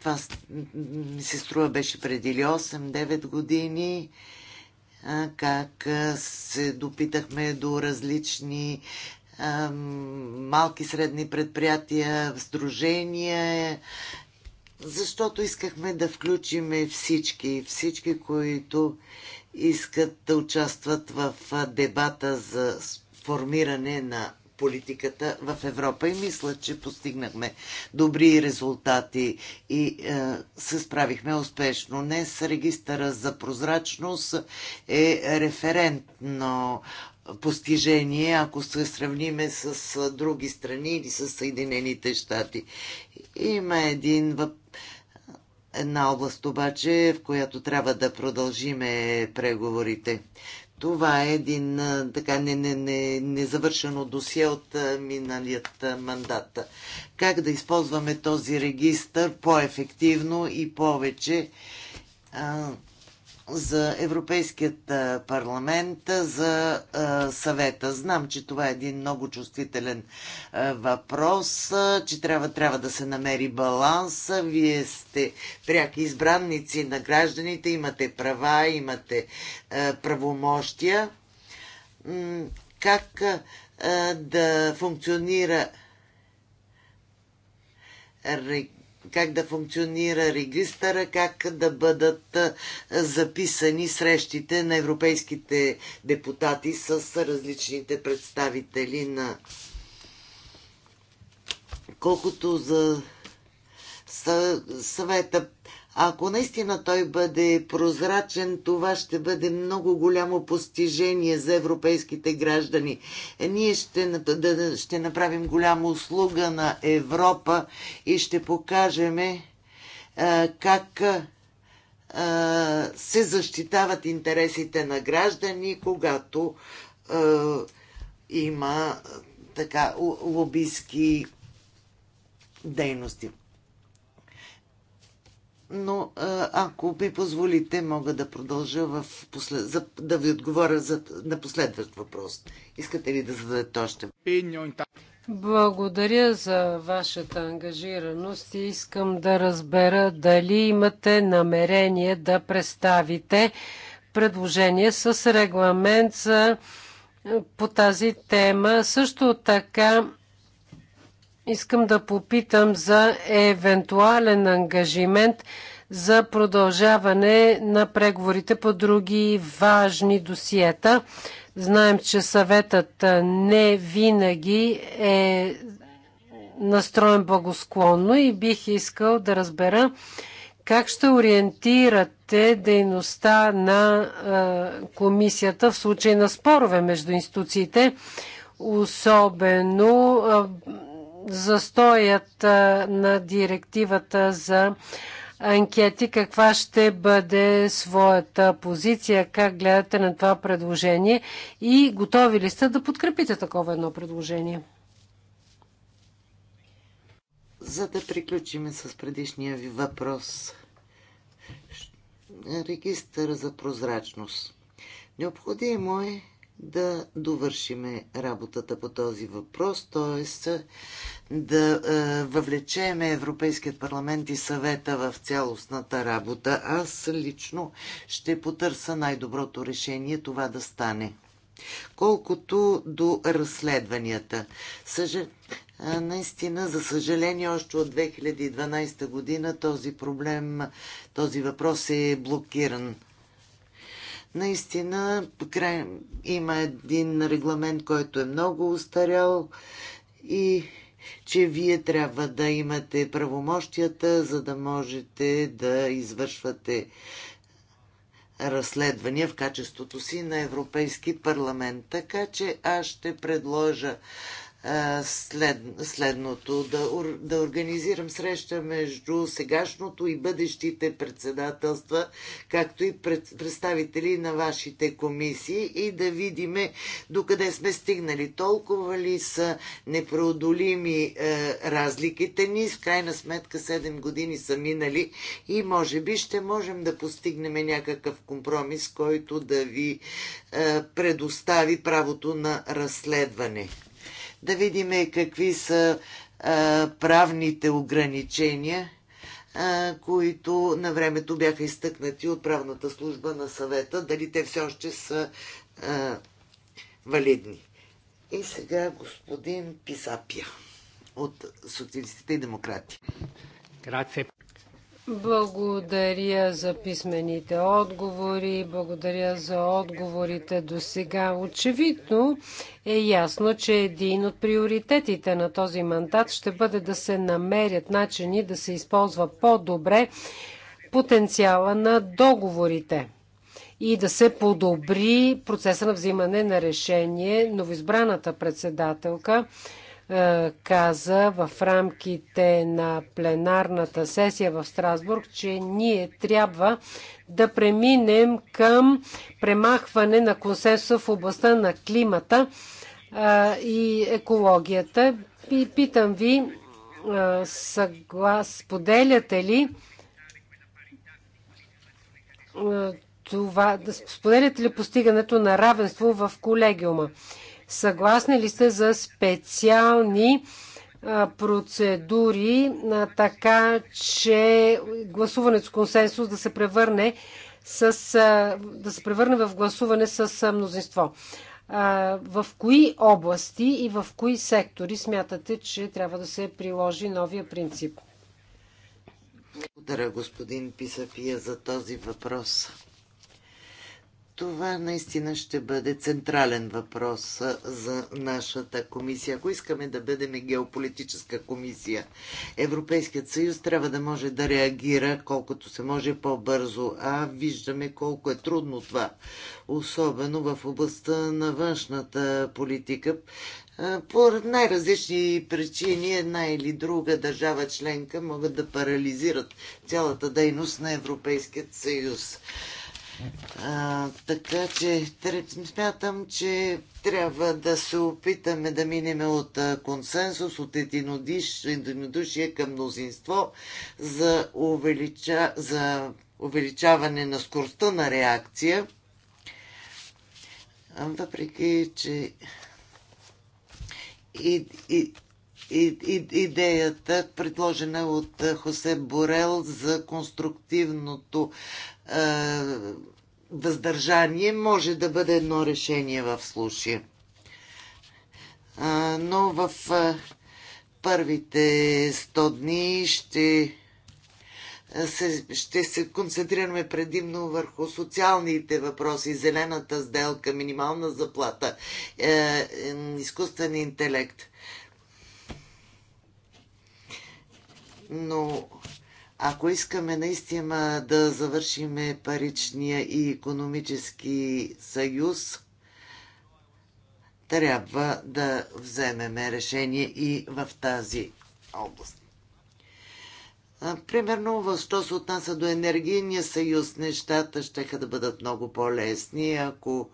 Това ми се струва беше преди 8-9 години как се допитахме до различни малки средни предприятия, сдружения, защото искахме да включим всички, всички, които искат да участват в дебата за формиране на политиката в Европа и мисля, че постигнахме добри резултати и е, се справихме успешно. Днес регистъра за прозрачност е референтно постижение, ако се сравниме с други страни или с Съединените щати. Има един въпрос една област обаче, в която трябва да продължиме преговорите. Това е един така незавършено не, не, не досие от миналият мандат. Как да използваме този регистр по-ефективно и повече а, за Европейският парламент, за съвета. Знам, че това е един много чувствителен въпрос, че трябва, трябва да се намери баланс. Вие сте пряки избранници на гражданите, имате права, имате правомощия. Как да функционира как да функционира регистъра, как да бъдат записани срещите на европейските депутати с различните представители на колкото за съвета ако наистина той бъде прозрачен, това ще бъде много голямо постижение за европейските граждани. Е, ние ще, ще направим голяма услуга на Европа и ще покажем е, как е, се защитават интересите на граждани, когато е, има е, така лобистки дейности но ако ви позволите, мога да продължа в послед... за... да ви отговоря за... на последващ въпрос. Искате ли да зададете още? Благодаря за вашата ангажираност и искам да разбера дали имате намерение да представите предложение с регламент за по тази тема. Също така Искам да попитам за евентуален ангажимент за продължаване на преговорите по други важни досиета. Знаем, че съветът не винаги е настроен благосклонно и бих искал да разбера как ще ориентирате дейността на комисията в случай на спорове между институциите, особено застоят на директивата за анкети, каква ще бъде своята позиция, как гледате на това предложение и готови ли сте да подкрепите такова едно предложение? За да приключим с предишния ви въпрос. Регистър за прозрачност. Необходимо е да довършиме работата по този въпрос, т.е. да е, въвлечеме Европейският парламент и съвета в цялостната работа. Аз лично ще потърса най-доброто решение това да стане. Колкото до разследванията. Съже... Наистина, за съжаление, още от 2012 година този проблем, този въпрос е блокиран. Наистина има един регламент, който е много устарял и че вие трябва да имате правомощията, за да можете да извършвате разследвания в качеството си на Европейски парламент. Така че аз ще предложа след, следното. Да, да организирам среща между сегашното и бъдещите председателства, както и пред, представители на вашите комисии и да видиме докъде сме стигнали. Толкова ли са непреодолими е, разликите ни? В крайна сметка 7 години са минали и може би ще можем да постигнем някакъв компромис, който да ви е, предостави правото на разследване да видим какви са правните ограничения, които на времето бяха изтъкнати от правната служба на съвета, дали те все още са валидни. И сега господин Писапия от Социалистите и Демократи. Грация. Благодаря за писмените отговори, благодаря за отговорите до сега. Очевидно е ясно, че един от приоритетите на този мандат ще бъде да се намерят начини да се използва по-добре потенциала на договорите и да се подобри процеса на взимане на решение. Новоизбраната председателка е, каза в рамките на пленарната сесия в Страсбург, че ние трябва да преминем към премахване на консенсус в областта на климата е, и екологията. И питам ви, е, съглас, споделяте ли това, споделяте ли постигането на равенство в колегиума? Съгласни ли сте за специални процедури, така че гласуването с консенсус да се превърне с, да се превърне в гласуване с мнозинство. В кои области и в кои сектори смятате, че трябва да се приложи новия принцип? Благодаря, господин Писафия, за този въпрос. Това наистина ще бъде централен въпрос за нашата комисия. Ако искаме да бъдем геополитическа комисия, Европейският съюз трябва да може да реагира колкото се може по-бързо, а виждаме колко е трудно това, особено в областта на външната политика. По най-различни причини една или друга държава членка могат да парализират цялата дейност на Европейският съюз. А, така че смятам, че трябва да се опитаме да минеме от консенсус, от единодушие към мнозинство за, увелича, за увеличаване на скоростта на реакция. Въпреки, че и, и, идеята, предложена от Хосе Борел за конструктивното е, въздържание може да бъде едно решение в случая. Е, но в е, първите 100 дни ще се, ще се концентрираме предимно върху социалните въпроси, зелената сделка, минимална заплата, е, е, изкуствен интелект. Но ако искаме наистина да завършим паричния и економически съюз, трябва да вземем решение и в тази област. Примерно, в що се отнася до енергийния съюз, нещата ще да бъдат много по-лесни, ако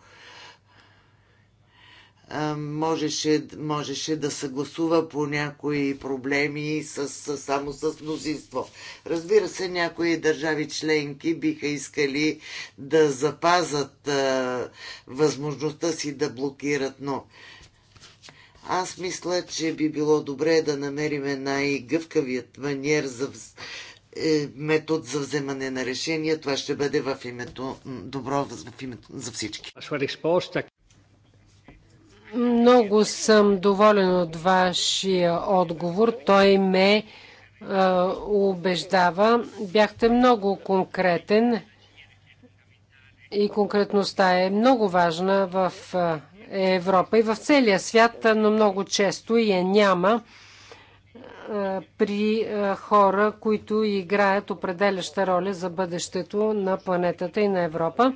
можеше, можеше да съгласува по някои проблеми с, с, само с мнозинство. Разбира се, някои държави членки биха искали да запазат а, възможността си да блокират, но аз мисля, че би било добре да намерим най-гъвкавият маниер за е, метод за вземане на решения. Това ще бъде в името добро в името за всички. Много съм доволен от вашия отговор. Той ме е, убеждава. Бяхте много конкретен и конкретността е много важна в е, Европа и в целия свят, но много често я няма е, при е, хора, които играят определяща роля за бъдещето на планетата и на Европа.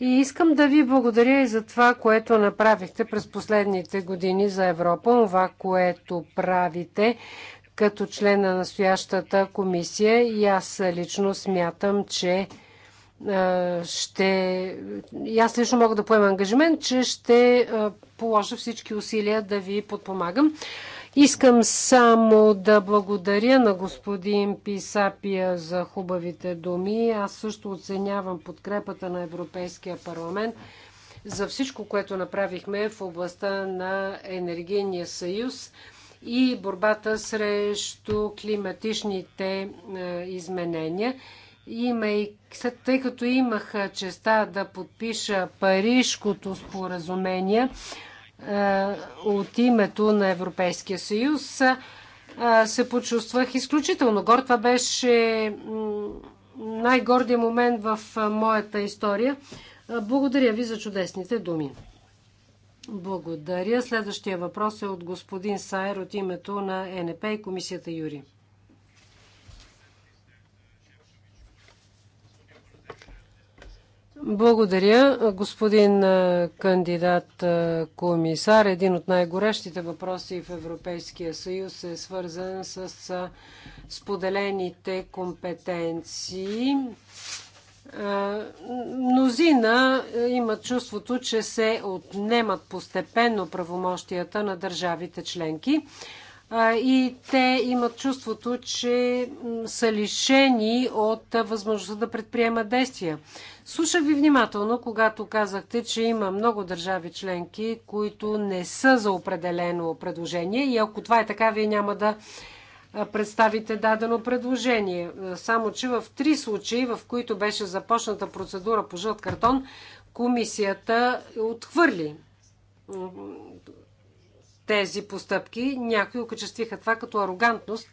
И искам да ви благодаря и за това, което направихте през последните години за Европа, това, което правите като член на настоящата комисия. И аз лично смятам, че ще... И аз лично мога да поема ангажимент, че ще положа всички усилия да ви подпомагам. Искам само да благодаря на господин Писапия за хубавите думи. Аз също оценявам подкрепата на Европейския парламент за всичко, което направихме в областта на енергийния съюз и борбата срещу климатичните е, изменения. Има и, тъй като имах честа да подпиша Парижкото споразумение, е, от името на Европейския съюз, е, се почувствах изключително гор. Това беше най-гордия момент в е, моята история. Благодаря ви за чудесните думи. Благодаря. Следващия въпрос е от господин Сайер от името на НП и комисията Юри. Благодаря, господин кандидат комисар. Един от най-горещите въпроси в Европейския съюз е свързан с споделените компетенции. Мнозина имат чувството, че се отнемат постепенно правомощията на държавите членки и те имат чувството, че са лишени от възможността да предприемат действия. Слушах ви внимателно, когато казахте, че има много държави членки, които не са за определено предложение и ако това е така, вие няма да представите дадено предложение. Само, че в три случаи, в които беше започната процедура по жълт картон, комисията отхвърли тези постъпки. Някои окачествиха това като арогантност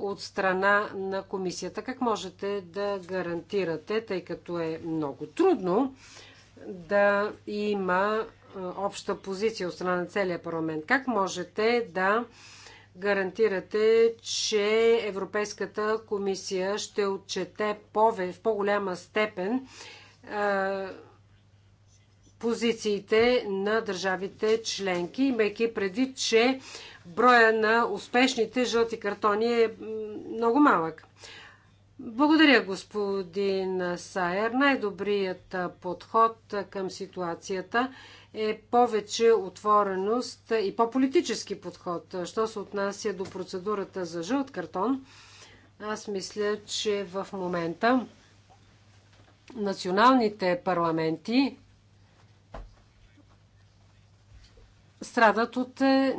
от страна на комисията. Как можете да гарантирате, тъй като е много трудно да има обща позиция от страна на целия парламент? Как можете да гарантирате, че Европейската комисия ще отчете пове, в по-голяма степен позициите на държавите членки, имайки преди че броя на успешните жълти картони е много малък. Благодаря, господин Сайер. Най-добрият подход към ситуацията е повече отвореност и по-политически подход. Що се отнася до процедурата за жълт картон, аз мисля, че в момента националните парламенти страдат от, е,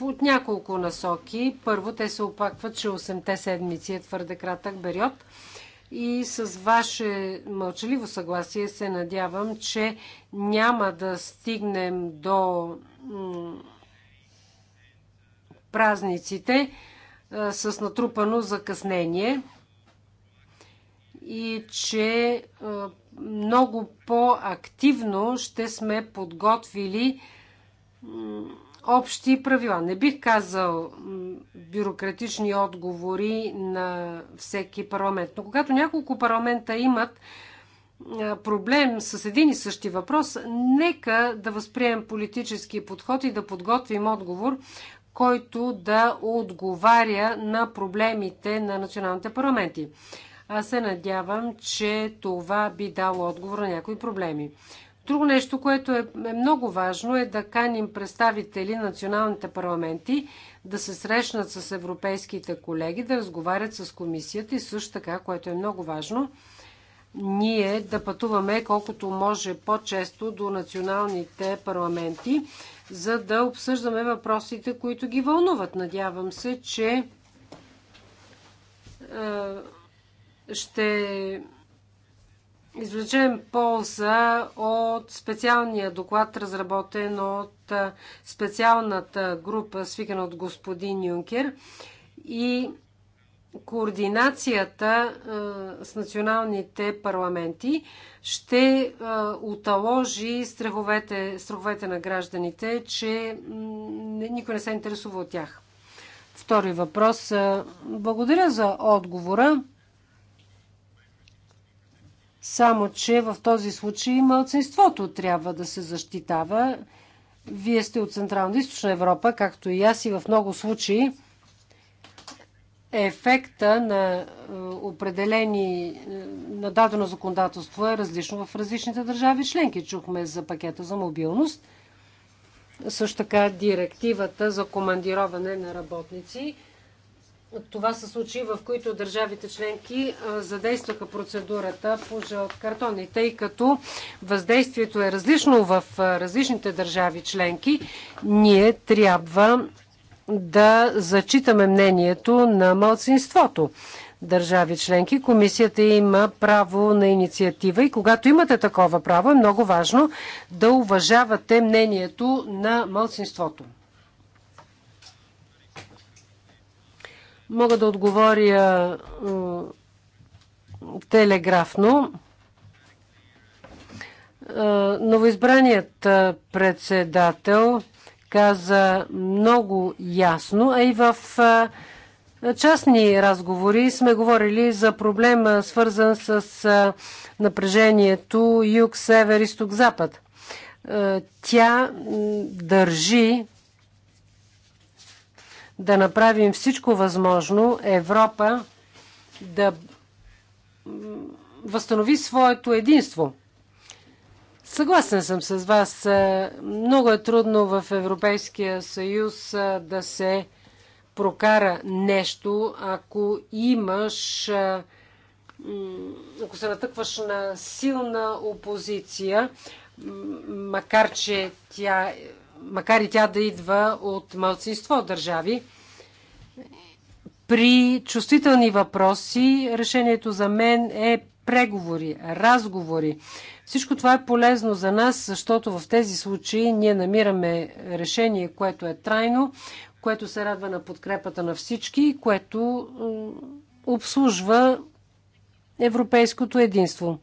от няколко насоки. Първо, те се опакват, че 8-те седмици е твърде кратък период. И с ваше мълчаливо съгласие се надявам, че няма да стигнем до празниците е, с натрупано закъснение и че е, много по-активно ще сме подготвили общи правила. Не бих казал бюрократични отговори на всеки парламент. Но когато няколко парламента имат проблем с един и същи въпрос, нека да възприем политически подход и да подготвим отговор, който да отговаря на проблемите на националните парламенти. Аз се надявам, че това би дало отговор на някои проблеми. Друго нещо, което е, е много важно, е да каним представители на националните парламенти да се срещнат с европейските колеги, да разговарят с комисията и също така, което е много важно, ние да пътуваме колкото може по-често до националните парламенти, за да обсъждаме въпросите, които ги вълнуват. Надявам се, че е, ще извлечем полза от специалния доклад, разработен от специалната група, свикана от господин Юнкер и координацията с националните парламенти ще оталожи страховете, страховете на гражданите, че никой не се интересува от тях. Втори въпрос. Благодаря за отговора. Само, че в този случай мълцинството трябва да се защитава. Вие сте от Централна Източна Европа, както и аз и в много случаи ефекта на е, определени е, на дадено законодателство е различно в различните държави членки. Чухме за пакета за мобилност, също така директивата за командироване на работници – това са случаи, в които държавите членки задействаха процедурата по жълт картон. И тъй като въздействието е различно в различните държави членки, ние трябва да зачитаме мнението на малцинството държави членки. Комисията има право на инициатива и когато имате такова право, е много важно да уважавате мнението на малцинството. Мога да отговоря телеграфно. Новоизбраният председател каза много ясно, а и в частни разговори сме говорили за проблема, свързан с напрежението юг-север-исток-запад. Тя държи да направим всичко възможно Европа да възстанови своето единство. Съгласен съм с вас. Много е трудно в Европейския съюз да се прокара нещо, ако имаш, ако се натъкваш на силна опозиция, макар че тя макар и тя да идва от мълцинство държави. При чувствителни въпроси решението за мен е преговори, разговори. Всичко това е полезно за нас, защото в тези случаи ние намираме решение, което е трайно, което се радва на подкрепата на всички, което обслужва европейското единство.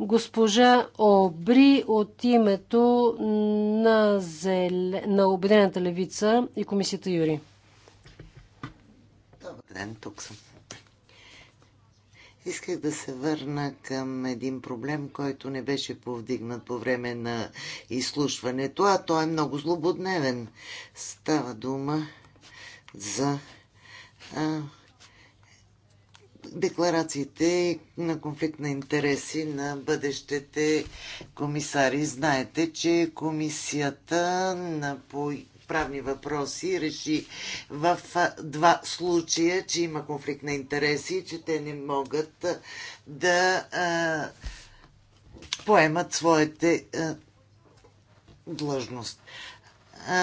Госпожа Обри от името на, Зеле... на Обедената левица и комисията Юри. Добър ден, тук съм. Исках да се върна към един проблем, който не беше повдигнат по време на изслушването, а той е много злободневен. Става дума за а, декларациите на конфликт на интереси на бъдещите комисари. Знаете, че комисията на по правни въпроси реши в два случая, че има конфликт на интереси и че те не могат да а, поемат своите а, длъжност.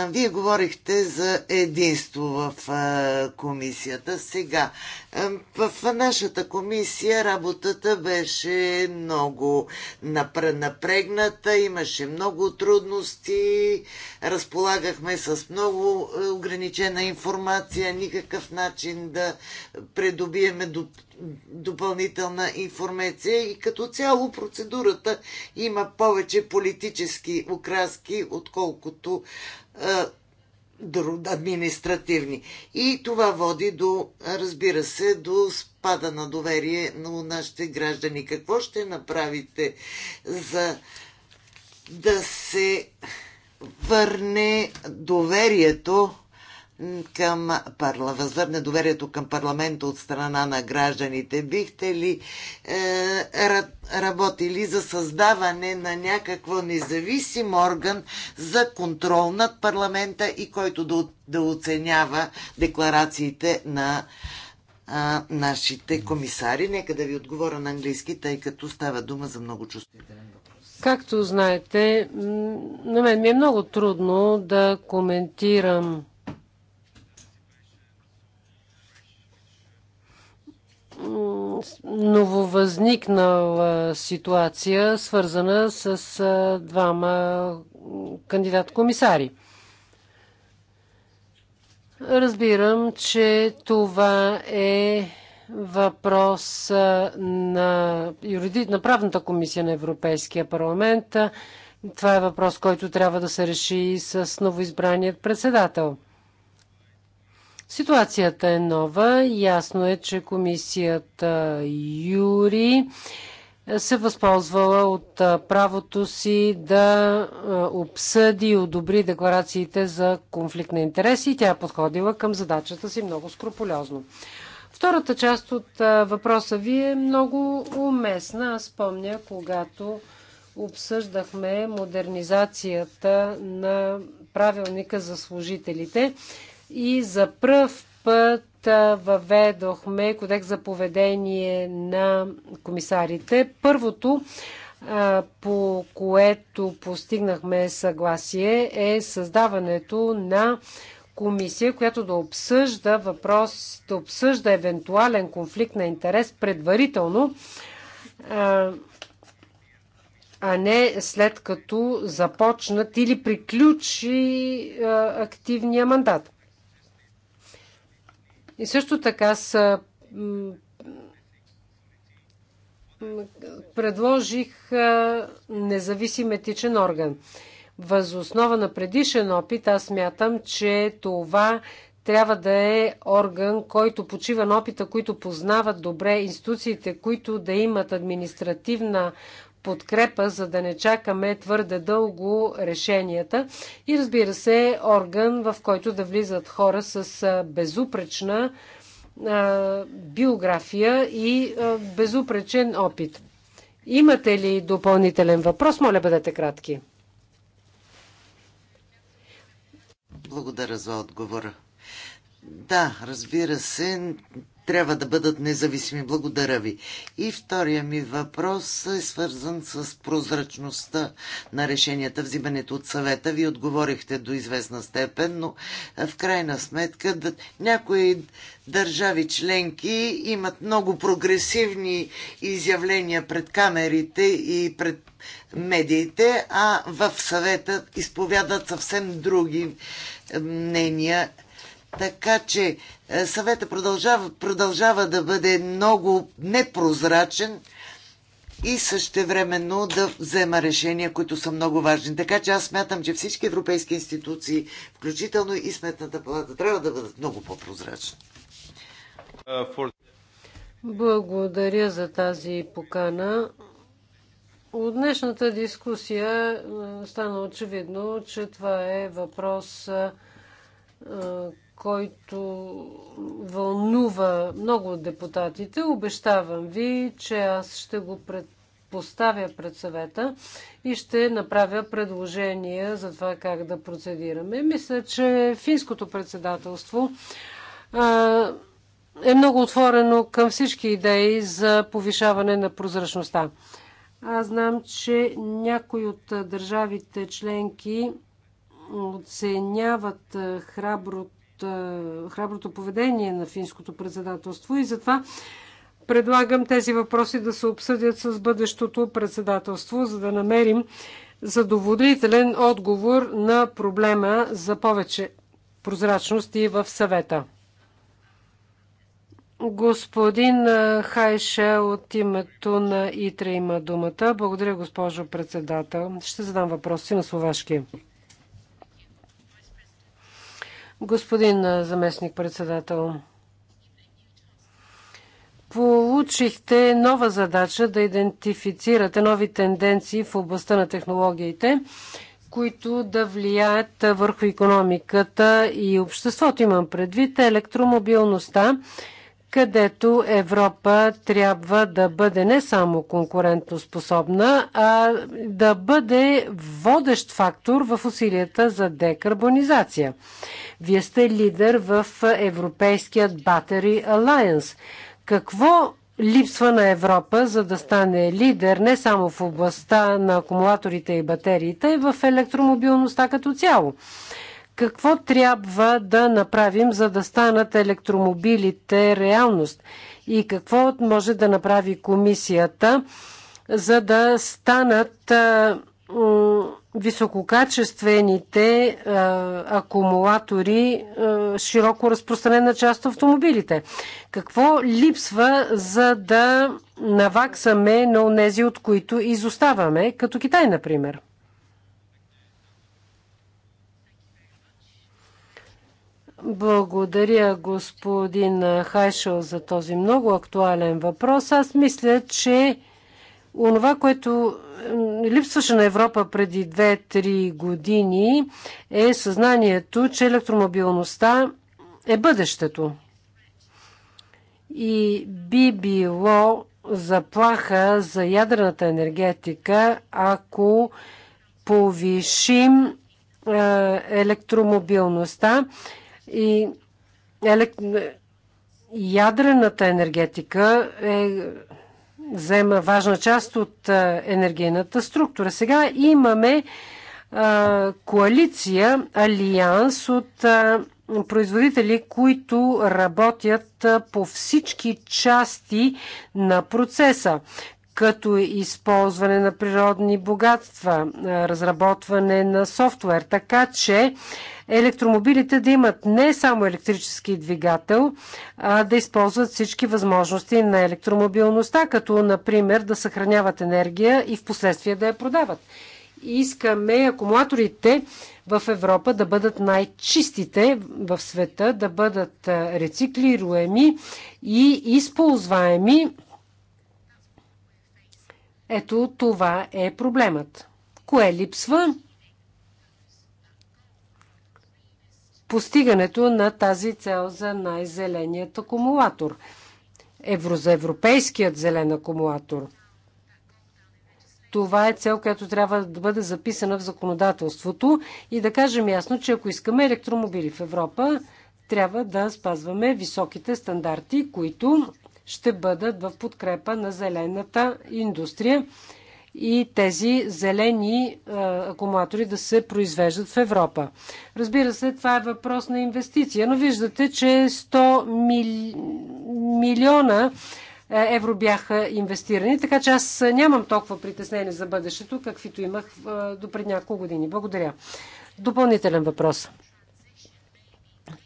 Вие говорихте за единство в комисията. Сега в нашата комисия работата беше много напрегната, имаше много трудности, разполагахме с много е, ограничена информация, никакъв начин да предобиеме допълнителна информация и като цяло процедурата има повече политически окраски, отколкото е, административни. И това води до, разбира се, до спада на доверие на нашите граждани. Какво ще направите за да се върне доверието към парла, възвърне доверието към парламента от страна на гражданите. Бихте ли е, работили за създаване на някакво независим орган за контрол над парламента и който да, да оценява декларациите на а, нашите комисари. Нека да ви отговоря на английски, тъй като става дума за много чувствителен въпрос. Както знаете, на мен ми е много трудно да коментирам нововъзникнала ситуация, свързана с двама кандидат-комисари. Разбирам, че това е въпрос на, юриди... на правната комисия на Европейския парламент. Това е въпрос, който трябва да се реши с новоизбраният председател. Ситуацията е нова. Ясно е, че комисията Юри се възползвала от правото си да обсъди и одобри декларациите за конфликт на интереси и тя е подходила към задачата си много скрупулезно. Втората част от въпроса ви е много уместна. Аз спомня, когато обсъждахме модернизацията на правилника за служителите и за пръв път въведохме кодекс за поведение на комисарите. Първото, по което постигнахме съгласие, е създаването на комисия, която да обсъжда въпрос, да обсъжда евентуален конфликт на интерес предварително, а не след като започнат или приключи активния мандат. И също така са предложих независим етичен орган. Възоснова на предишен опит, аз мятам, че това трябва да е орган, който почива на опита, които познават добре институциите, които да имат административна подкрепа, за да не чакаме твърде дълго решенията и разбира се орган, в който да влизат хора с безупречна биография и безупречен опит. Имате ли допълнителен въпрос? Моля, бъдете кратки. Благодаря за отговора. Да, разбира се, трябва да бъдат независими. Благодаря ви. И втория ми въпрос е свързан с прозрачността на решенията, взимането от съвета. Ви отговорихте до известна степен, но в крайна сметка да, някои държави членки имат много прогресивни изявления пред камерите и пред медиите, а в съвета изповядат съвсем други мнения. Така че е, съвета продължава, продължава да бъде много непрозрачен и същевременно да взема решения, които са много важни. Така че аз смятам, че всички европейски институции, включително и Сметната палата, трябва да бъдат много по-прозрачни. Благодаря за тази покана. От днешната дискусия е, стана очевидно, че това е въпрос, е, който вълнува много от депутатите. Обещавам ви, че аз ще го предпоставя пред съвета и ще направя предложения за това как да процедираме. Мисля, че финското председателство е много отворено към всички идеи за повишаване на прозрачността. Аз знам, че някои от държавите членки оценяват храброто храброто поведение на финското председателство и затова предлагам тези въпроси да се обсъдят с бъдещото председателство, за да намерим задоволителен отговор на проблема за повече прозрачност и в съвета. Господин Хайше от името на ИТРА има думата. Благодаря, госпожо председател. Ще задам въпроси на словашки. Господин заместник председател, получихте нова задача да идентифицирате нови тенденции в областта на технологиите, които да влияят върху економиката и обществото. Имам предвид електромобилността където Европа трябва да бъде не само конкурентоспособна, а да бъде водещ фактор в усилията за декарбонизация. Вие сте лидер в Европейският Battery Alliance. Какво липсва на Европа, за да стане лидер не само в областта на акумулаторите и батериите, и в електромобилността като цяло? Какво трябва да направим, за да станат електромобилите реалност? И какво може да направи комисията, за да станат висококачествените а, акумулатори а, широко разпространена част от автомобилите. Какво липсва, за да наваксаме на онези, от които изоставаме, като Китай, например? Благодаря господин Хайшел за този много актуален въпрос. Аз мисля, че онова, което липсваше на Европа преди 2-3 години е съзнанието, че електромобилността е бъдещето. И би било заплаха за ядрената енергетика, ако повишим е, електромобилността и елек... ядрената енергетика е... взема важна част от енергийната структура. Сега имаме а, коалиция, алианс от а, производители, които работят по всички части на процеса като използване на природни богатства, разработване на софтуер, така че електромобилите да имат не само електрически двигател, а да използват всички възможности на електромобилността, като например да съхраняват енергия и в последствие да я продават. Искаме акумулаторите в Европа да бъдат най-чистите в света, да бъдат рециклируеми и използваеми ето това е проблемът. Кое липсва? Постигането на тази цел за най-зеленият акумулатор. Евро за европейският зелен акумулатор. Това е цел, която трябва да бъде записана в законодателството и да кажем ясно, че ако искаме електромобили в Европа, трябва да спазваме високите стандарти, които ще бъдат в подкрепа на зелената индустрия и тези зелени е, акумулатори да се произвеждат в Европа. Разбира се, това е въпрос на инвестиция, но виждате, че 100 мил... милиона е, евро бяха инвестирани, така че аз нямам толкова притеснение за бъдещето, каквито имах е, до пред няколко години. Благодаря. Допълнителен въпрос.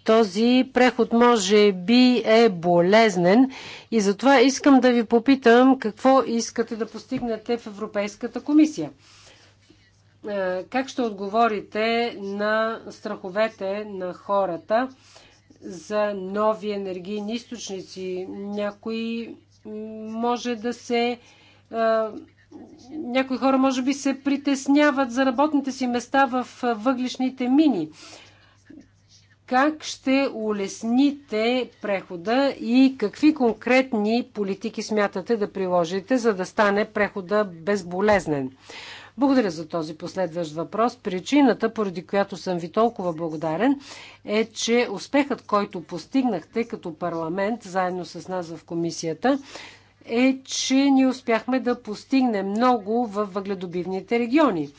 Този преход може би е болезнен и затова искам да ви попитам какво искате да постигнете в Европейската комисия. Е, как ще отговорите на страховете на хората за нови енергийни източници? Някои може да се е, някои хора може би се притесняват за работните си места в въглишните мини. Как ще улесните прехода и какви конкретни политики смятате да приложите, за да стане прехода безболезнен? Благодаря за този последващ въпрос. Причината, поради която съм ви толкова благодарен, е, че успехът, който постигнахте като парламент, заедно с нас в комисията, е, че ни успяхме да постигнем много във въгледобивните региони.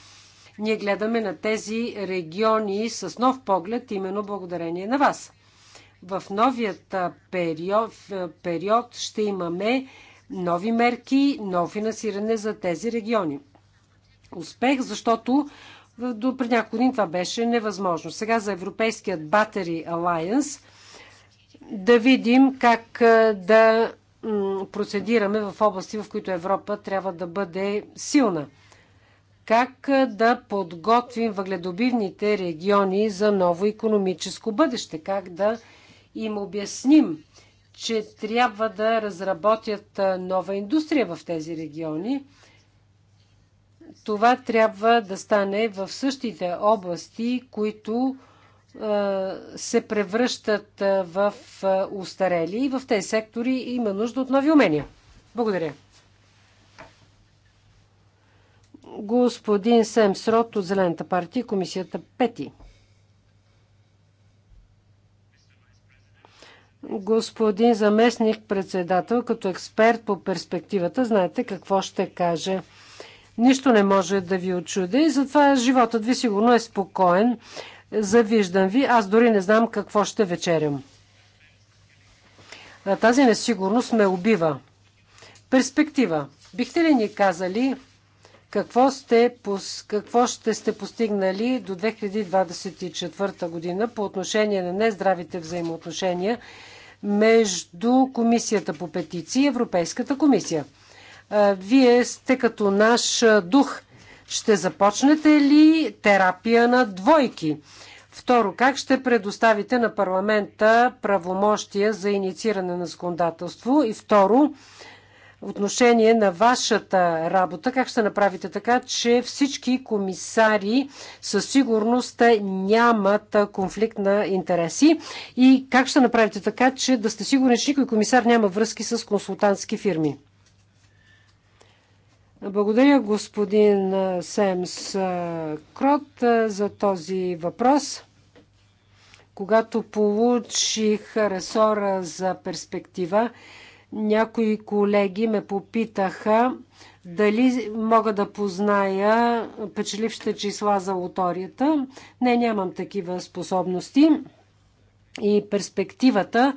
Ние гледаме на тези региони с нов поглед, именно благодарение на вас. В новият период, период ще имаме нови мерки, ново финансиране за тези региони. Успех, защото до пред няколко дни това беше невъзможно. Сега за Европейският Battery Alliance да видим как да процедираме в области, в които Европа трябва да бъде силна как да подготвим въгледобивните региони за ново економическо бъдеще, как да им обясним, че трябва да разработят нова индустрия в тези региони. Това трябва да стане в същите области, които се превръщат в устарели и в тези сектори има нужда от нови умения. Благодаря. Господин Сем Срот от Зелената партия, комисията пети. Господин заместник председател, като експерт по перспективата, знаете какво ще каже. Нищо не може да ви очуди и затова животът ви сигурно е спокоен. Завиждам ви, аз дори не знам какво ще вечерям. Тази несигурност ме убива. Перспектива. Бихте ли ни казали какво, сте, какво ще сте постигнали до 2024 година по отношение на нездравите взаимоотношения между Комисията по петиции и Европейската комисия? Вие сте като наш дух. Ще започнете ли терапия на двойки? Второ, как ще предоставите на парламента правомощия за иницииране на законодателство? И второ, отношение на вашата работа, как ще направите така, че всички комисари със сигурност нямат конфликт на интереси и как ще направите така, че да сте сигурни, че никой комисар няма връзки с консултантски фирми? Благодаря господин Семс Крот за този въпрос. Когато получих ресора за перспектива, някои колеги ме попитаха дали мога да позная печелившите числа за лоторията. Не, нямам такива способности и перспективата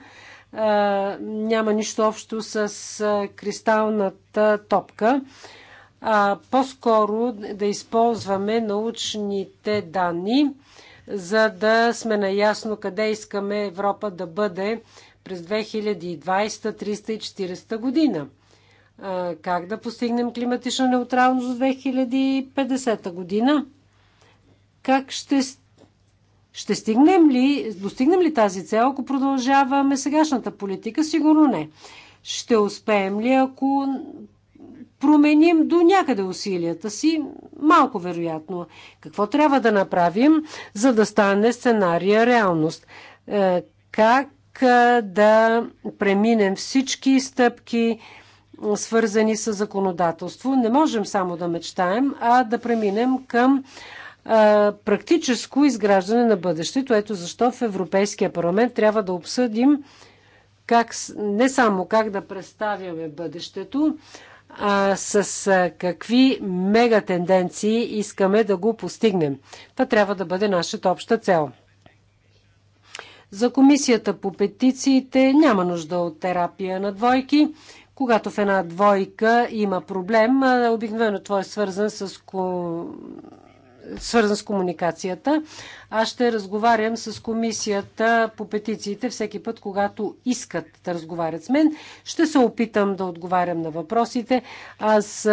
а, няма нищо общо с а, кристалната топка. А, по-скоро да използваме научните данни, за да сме наясно къде искаме Европа да бъде през 2020-340 година? Как да постигнем климатична неутралност в 2050 година? Как ще, ще стигнем ли, достигнем ли тази цел, ако продължаваме сегашната политика? Сигурно не. Ще успеем ли, ако променим до някъде усилията си, малко вероятно. Какво трябва да направим, за да стане сценария реалност? Е, как да преминем всички стъпки, свързани с законодателство. Не можем само да мечтаем, а да преминем към практическо изграждане на бъдещето. Ето защо в Европейския парламент трябва да обсъдим как, не само как да представяме бъдещето, а с какви мегатенденции искаме да го постигнем. Това трябва да бъде нашата обща цел. За комисията по петициите няма нужда от терапия на двойки. Когато в една двойка има проблем, обикновено това е свързан с, ко... свързан с комуникацията. Аз ще разговарям с комисията по петициите всеки път, когато искат да разговарят с мен. Ще се опитам да отговарям на въпросите. Аз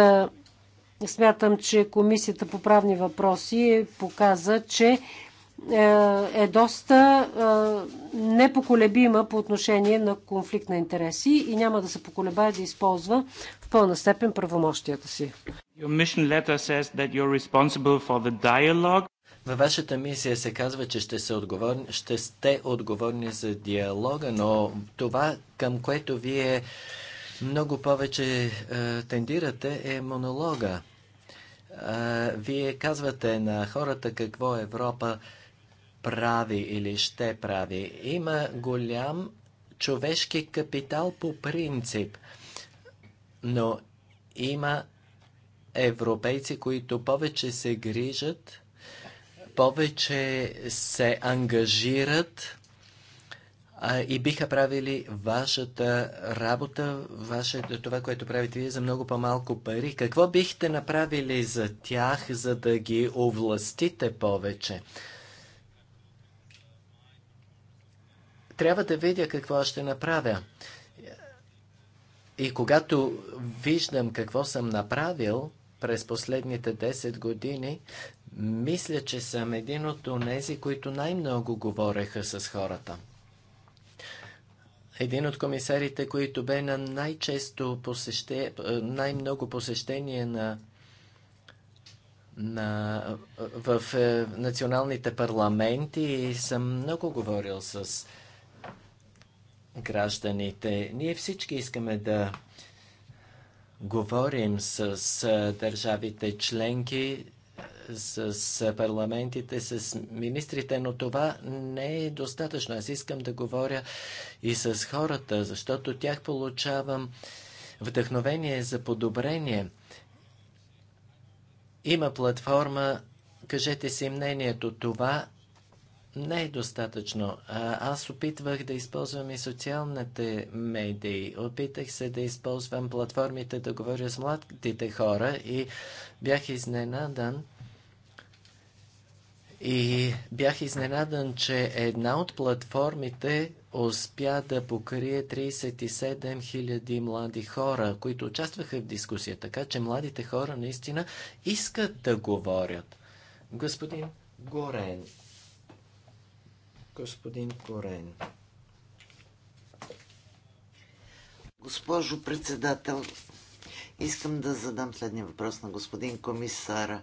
смятам, че комисията по правни въпроси показа, че е, е доста е, непоколебима по отношение на конфликт на интереси и няма да се поколебае да използва в пълна степен правомощията си. Във вашата мисия се казва, че ще, се отговорни, ще сте отговорни за диалога, но това, към което вие много повече е, тендирате, е монолога. Е, вие казвате на хората какво е Европа прави или ще прави. Има голям човешки капитал по принцип, но има европейци, които повече се грижат, повече се ангажират а, и биха правили вашата работа, вашето, това, което правите вие за много по-малко пари. Какво бихте направили за тях, за да ги овластите повече? Трябва да видя какво ще направя. И когато виждам какво съм направил през последните 10 години, мисля, че съм един от тези, които най-много говореха с хората. Един от комисарите, които бе на най-често посеще... най-много посещение на на, в е, националните парламенти и съм много говорил с гражданите. Ние всички искаме да говорим с, държавите членки, с парламентите, с министрите, но това не е достатъчно. Аз искам да говоря и с хората, защото тях получавам вдъхновение за подобрение. Има платформа, кажете си мнението, това не е достатъчно. Аз опитвах да използвам и социалните медии. Опитах се да използвам платформите да говоря с младите хора и бях изненадан. И бях изненадан, че една от платформите успя да покрие 37 000 млади хора, които участваха в дискусия. Така че младите хора наистина искат да говорят. Господин Горен. Господин Корен. Госпожо председател, искам да задам следния въпрос на господин комисара.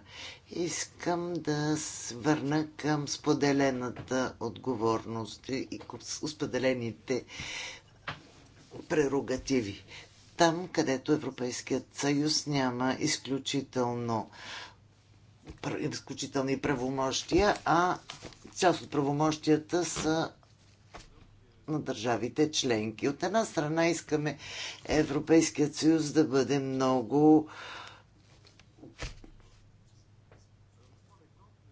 Искам да върна към споделената отговорност и споделените прерогативи. Там, където Европейският съюз няма изключително изключителни правомощия, а Част от правомощията са на държавите членки. От една страна искаме Европейският съюз да бъде много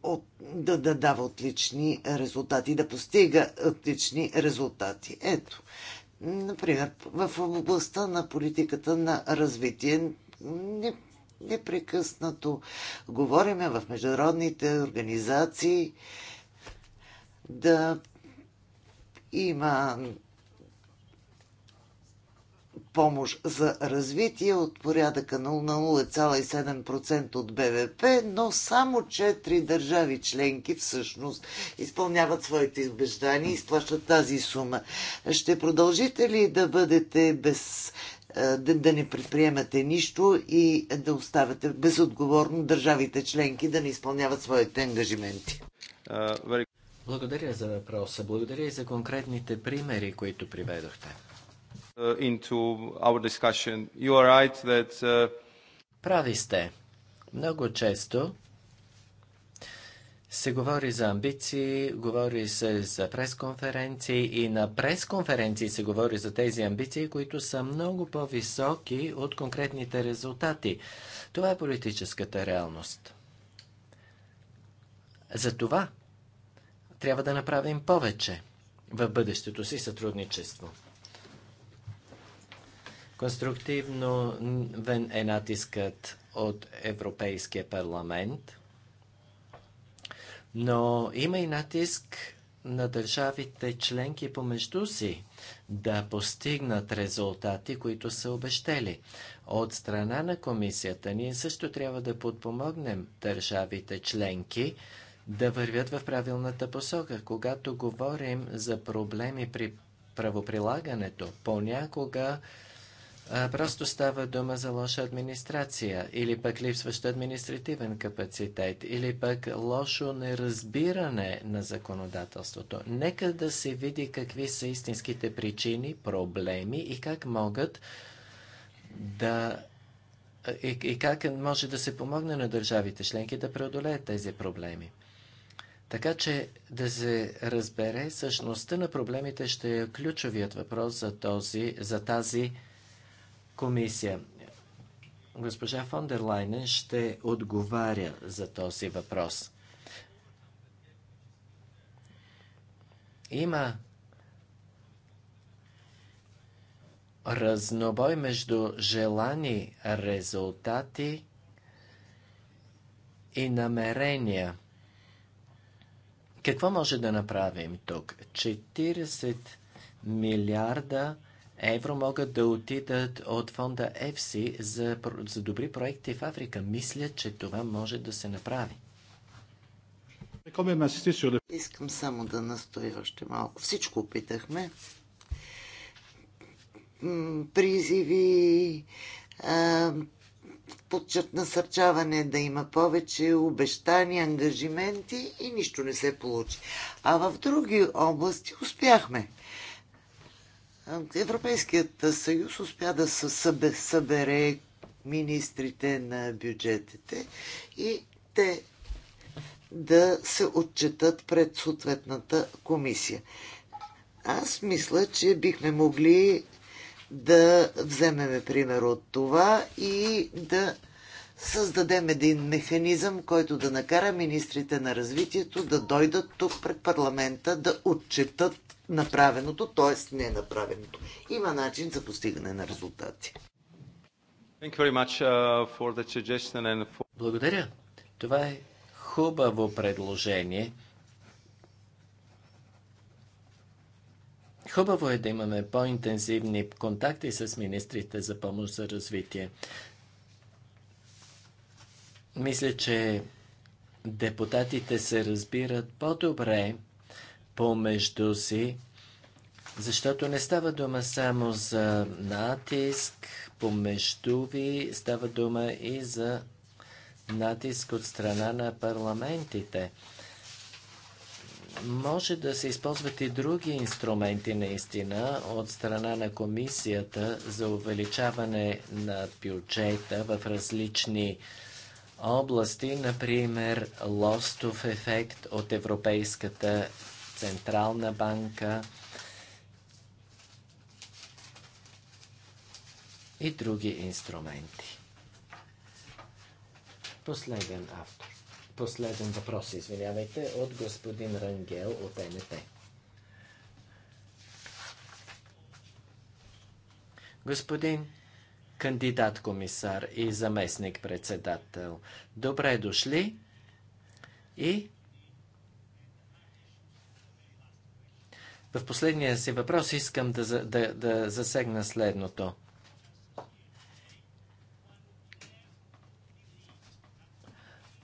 от, да, да дава отлични резултати, да постига отлични резултати. Ето, например, в областта на политиката на развитие не, непрекъснато говориме в международните организации, да има помощ за развитие от порядъка на 0,7% от БВП, но само 4 държави членки всъщност изпълняват своите избеждания и изплащат тази сума. Ще продължите ли да бъдете без е, да, да не предприемате нищо и да оставяте безотговорно държавите членки да не изпълняват своите ангажименти? Uh, very... Благодаря за въпроса. Благодаря и за конкретните примери, които приведохте. Uh, right that, uh... Прави сте. Много често се говори за амбиции, говори се за пресконференции и на пресконференции се говори за тези амбиции, които са много по-високи от конкретните резултати. Това е политическата реалност. За това трябва да направим повече в бъдещето си сътрудничество. Конструктивно вен е натискът от Европейския парламент, но има и натиск на държавите членки помежду си да постигнат резултати, които са обещели. От страна на комисията ние също трябва да подпомогнем държавите членки да вървят в правилната посока. Когато говорим за проблеми при правоприлагането, понякога а, просто става дума за лоша администрация или пък липсващ административен капацитет или пък лошо неразбиране на законодателството. Нека да се види какви са истинските причини, проблеми и как могат да и, и как може да се помогне на държавите членки да преодолеят тези проблеми. Така че да се разбере същността на проблемите ще е ключовият въпрос за, този, за тази комисия. Госпожа фон дер Лайнен ще отговаря за този въпрос. Има разнобой между желани резултати и намерения – какво може да направим тук? 40 милиарда евро могат да отидат от фонда EFSI за, за добри проекти в Африка. Мисля, че това може да се направи. Искам само да настоя още малко. Всичко опитахме. Призиви, подчерт насърчаване да има повече обещания, ангажименти и нищо не се получи. А в други области успяхме. Европейският съюз успя да събере министрите на бюджетите и те да се отчетат пред съответната комисия. Аз мисля, че бихме могли да вземеме пример от това и да създадем един механизъм, който да накара министрите на развитието да дойдат тук пред парламента да отчетат направеното, т.е. не направеното. Има начин за постигане на резултати. Uh, Благодаря. Това е хубаво предложение Хубаво е да имаме по-интензивни контакти с министрите за помощ за развитие. Мисля, че депутатите се разбират по-добре помежду си, защото не става дума само за натиск помежду ви, става дума и за натиск от страна на парламентите може да се използват и други инструменти наистина от страна на комисията за увеличаване на бюджета в различни области, например лостов ефект от Европейската централна банка и други инструменти. Последен автор. Последен въпрос, извинявайте, от господин Рангел от НТ. Господин кандидат комисар и заместник председател, добре дошли и в последния си въпрос искам да, да, да засегна следното.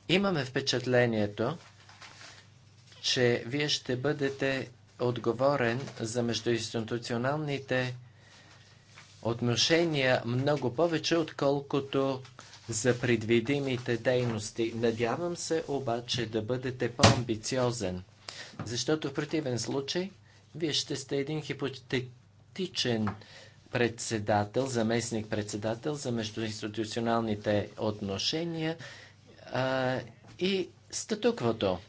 Имаме впечатлението, че вие ще бъдете отговорен за междуинституционалните отношения много повече, отколкото за предвидимите дейности. Надявам се обаче да бъдете по-амбициозен, защото в противен случай вие ще сте един хипотетичен председател, заместник председател за междуинституционалните отношения а, и статуквото.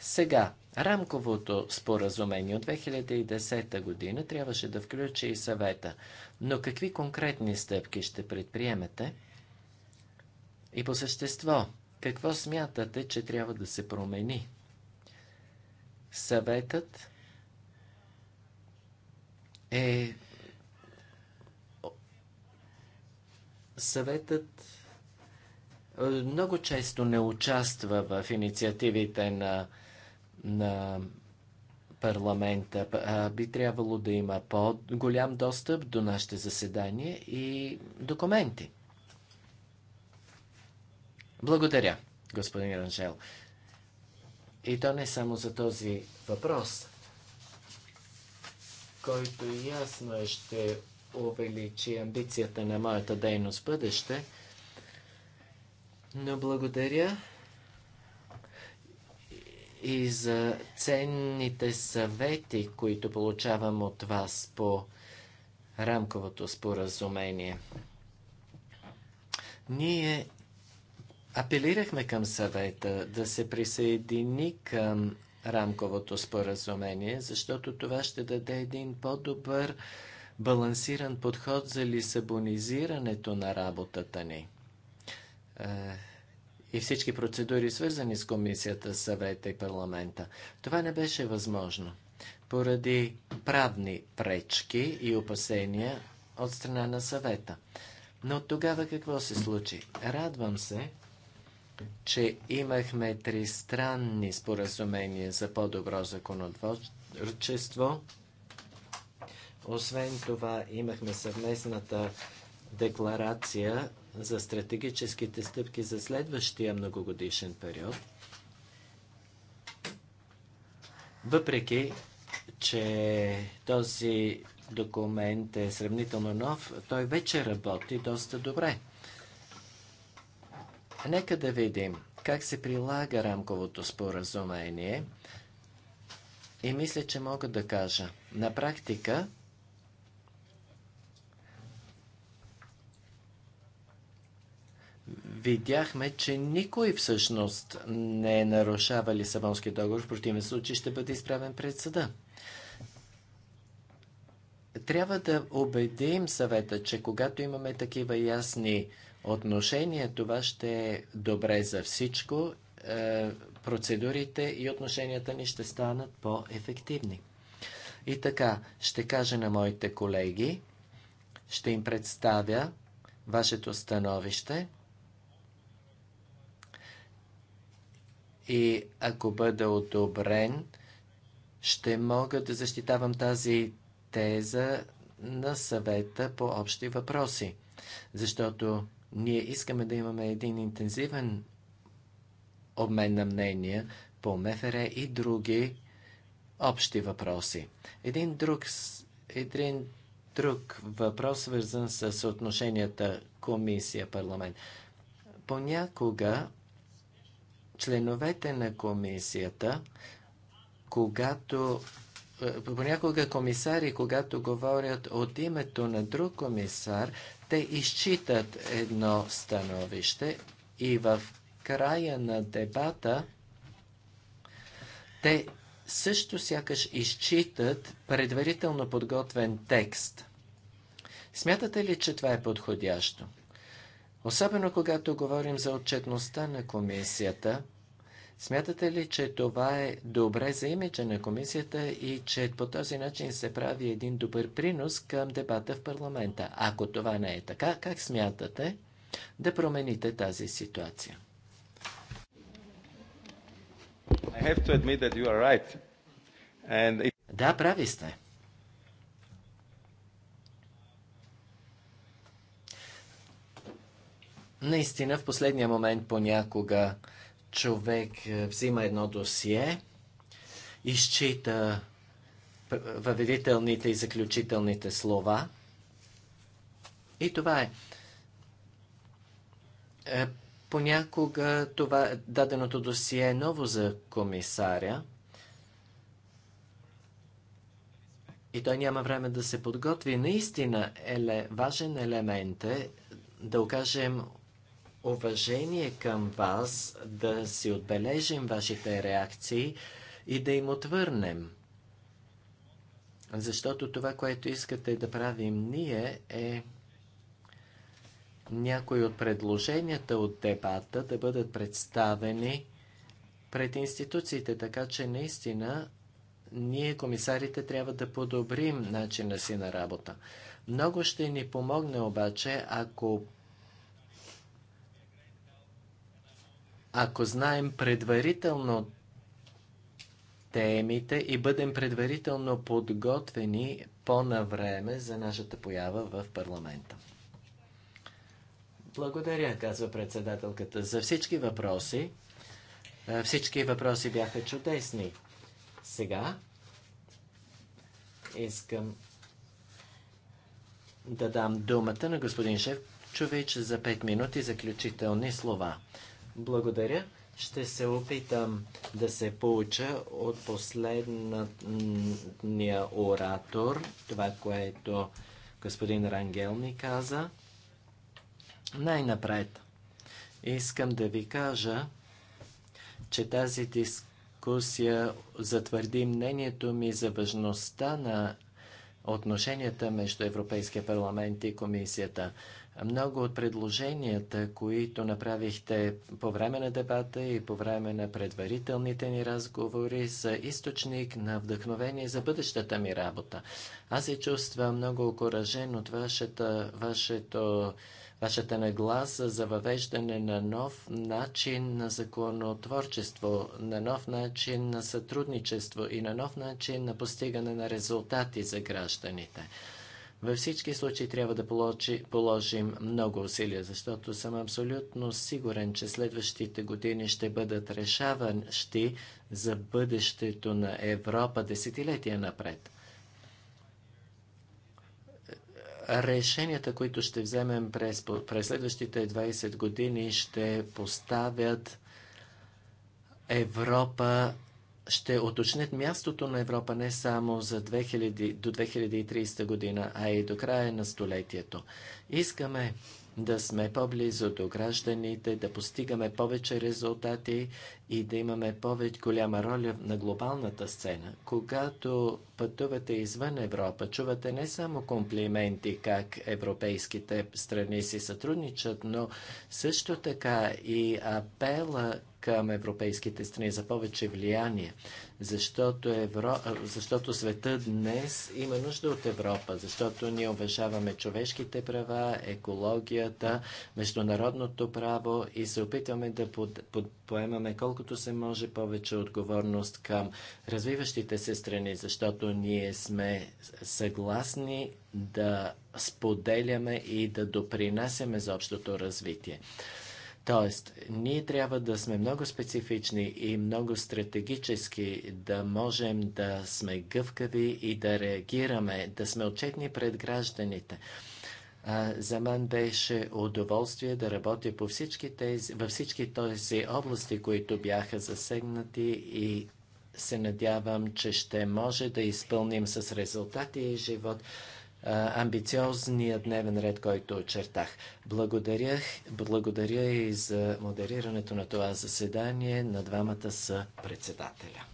Сега, рамковото споразумение от 2010 година трябваше да включи и съвета. Но какви конкретни стъпки ще предприемете? И по същество, какво смятате, че трябва да се промени? Съветът е. Съветът е, много често не участва в инициативите на, на парламента. би трябвало да има по-голям достъп до нашите заседания и документи. Благодаря, господин Ранжел. И то не само за този въпрос, който ясно е, ще увеличи амбицията на моята дейност в бъдеще – но благодаря и за ценните съвети, които получавам от вас по рамковото споразумение. Ние апелирахме към съвета да се присъедини към рамковото споразумение, защото това ще даде един по-добър балансиран подход за лисабонизирането на работата ни. Е, и всички процедури, свързани с комисията, съвета и парламента. Това не беше възможно поради правни пречки и опасения от страна на съвета. Но тогава какво се случи? Радвам се, че имахме тристранни споразумения за по-добро законотворчество. Освен това, имахме съвместната декларация за стратегическите стъпки за следващия многогодишен период, въпреки че този документ е сравнително нов, той вече работи доста добре. Нека да видим как се прилага рамковото споразумение и мисля, че мога да кажа. На практика, видяхме, че никой всъщност не е нарушава Лисабонския договор, в противен случай ще бъде изправен пред съда. Трябва да убедим съвета, че когато имаме такива ясни отношения, това ще е добре за всичко, е, процедурите и отношенията ни ще станат по-ефективни. И така, ще кажа на моите колеги, ще им представя вашето становище – и ако бъда одобрен, ще мога да защитавам тази теза на съвета по общи въпроси. Защото ние искаме да имаме един интензивен обмен на мнения по МФР и други общи въпроси. Един друг, един друг въпрос, свързан с отношенията комисия-парламент. Понякога Членовете на комисията, когато е, понякога комисари, когато говорят от името на друг комисар, те изчитат едно становище и в края на дебата те също сякаш изчитат предварително подготвен текст. Смятате ли, че това е подходящо? Особено когато говорим за отчетността на комисията, смятате ли, че това е добре за имиджа на комисията и че по този начин се прави един добър принос към дебата в парламента? Ако това не е така, как смятате да промените тази ситуация? Right. And... Да, прави сте. Наистина, в последния момент понякога човек е, взима едно досие, изчита въведителните и заключителните слова. И това е. е понякога това е даденото досие е ново за комисаря и той няма време да се подготви. Наистина еле, важен елемент е да окажем уважение към вас, да си отбележим вашите реакции и да им отвърнем. Защото това, което искате да правим ние е някои от предложенията от дебата да бъдат представени пред институциите, така че наистина ние, комисарите, трябва да подобрим начина си на работа. Много ще ни помогне обаче, ако Ако знаем предварително темите и бъдем предварително подготвени по-навреме за нашата поява в парламента. Благодаря, казва председателката, за всички въпроси. Е, всички въпроси бяха чудесни. Сега искам да дам думата на господин Шевчович за 5 минути заключителни слова. Благодаря. Ще се опитам да се получа от последния оратор, това, което господин Рангел ми каза. Най-напред искам да ви кажа, че тази дискусия затвърди мнението ми за важността на отношенията между Европейския парламент и комисията. Много от предложенията, които направихте по време на дебата и по време на предварителните ни разговори, са източник на вдъхновение за бъдещата ми работа. Аз се чувствам много окоръжен от вашата, вашето, вашата нагласа за въвеждане на нов начин на законотворчество, на нов начин на сътрудничество и на нов начин на постигане на резултати за гражданите. Във всички случаи трябва да положи, положим много усилия, защото съм абсолютно сигурен, че следващите години ще бъдат решаващи за бъдещето на Европа десетилетия напред. Решенията, които ще вземем през, през следващите 20 години, ще поставят Европа ще уточнят мястото на Европа не само за 2000, до 2030 година, а и до края на столетието. Искаме да сме по-близо до гражданите, да постигаме повече резултати и да имаме повече голяма роля на глобалната сцена. Когато пътувате извън Европа, чувате не само комплименти как европейските страни си сътрудничат, но също така и апела към европейските страни, за повече влияние, защото, Евро... защото света днес има нужда от Европа, защото ние уважаваме човешките права, екологията, международното право и се опитваме да под... Под... поемаме колкото се може повече отговорност към развиващите се страни, защото ние сме съгласни да споделяме и да допринасяме за общото развитие. Тоест, ние трябва да сме много специфични и много стратегически, да можем да сме гъвкави и да реагираме, да сме отчетни пред гражданите. А, за мен беше удоволствие да работя по всички тези, във всички тези области, които бяха засегнати и се надявам, че ще може да изпълним с резултати и живот амбициозния дневен ред, който очертах. Благодаря, благодаря и за модерирането на това заседание на двамата са председателя.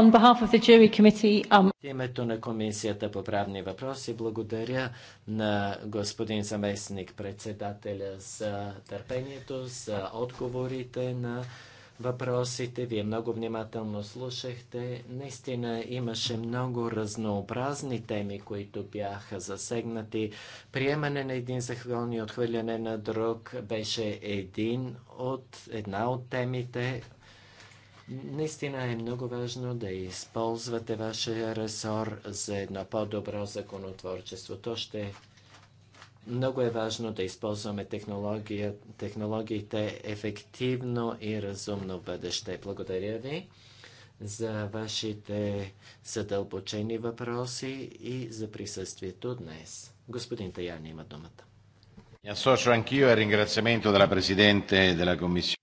On behalf of the jury committee, um... Името на Комисията по правни въпроси благодаря на господин заместник председателя за търпението, за отговорите на въпросите. Вие много внимателно слушахте. Наистина имаше много разнообразни теми, които бяха засегнати. Приемане на един закон и отхвърляне на друг беше един от, една от темите. Наистина е много важно да използвате вашия ресор за едно по-добро законотворчество. То ще много е важно да използваме технологиите ефективно и разумно в бъдеще. Благодаря ви за вашите задълбочени въпроси и за присъствието днес. Господин Таяни има думата. ringraziamento е della Presidente della Commissione.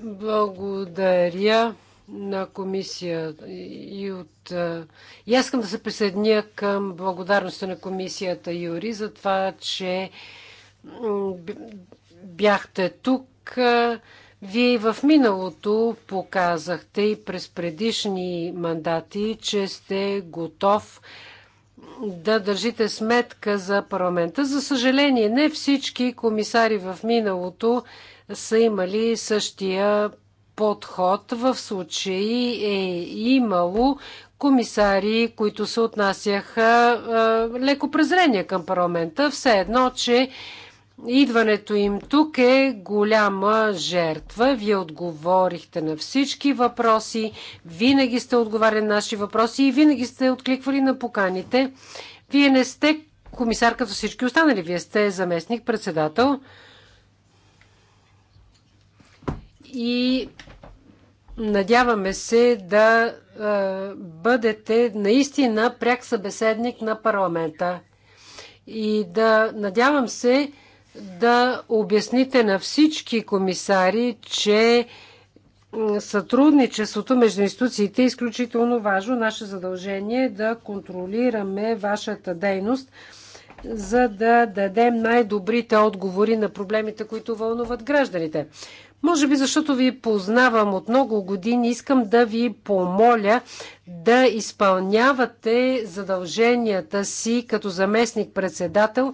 Благодаря на комисия и от... И аз искам да се присъединя към благодарността на комисията Юри за това, че бяхте тук. Вие в миналото показахте и през предишни мандати, че сте готов да държите сметка за парламента. За съжаление, не всички комисари в миналото са имали същия подход в случай е имало комисари, които се отнасяха е, леко презрение към парламента. Все едно, че идването им тук е голяма жертва. Вие отговорихте на всички въпроси, винаги сте отговаряли на наши въпроси и винаги сте откликвали на поканите. Вие не сте комисар като всички останали, вие сте заместник председател. и надяваме се да бъдете наистина пряк събеседник на парламента и да надявам се да обясните на всички комисари, че сътрудничеството между институциите е изключително важно. Наше задължение е да контролираме вашата дейност, за да дадем най-добрите отговори на проблемите, които вълнуват гражданите. Може би защото ви познавам от много години, искам да ви помоля да изпълнявате задълженията си като заместник-председател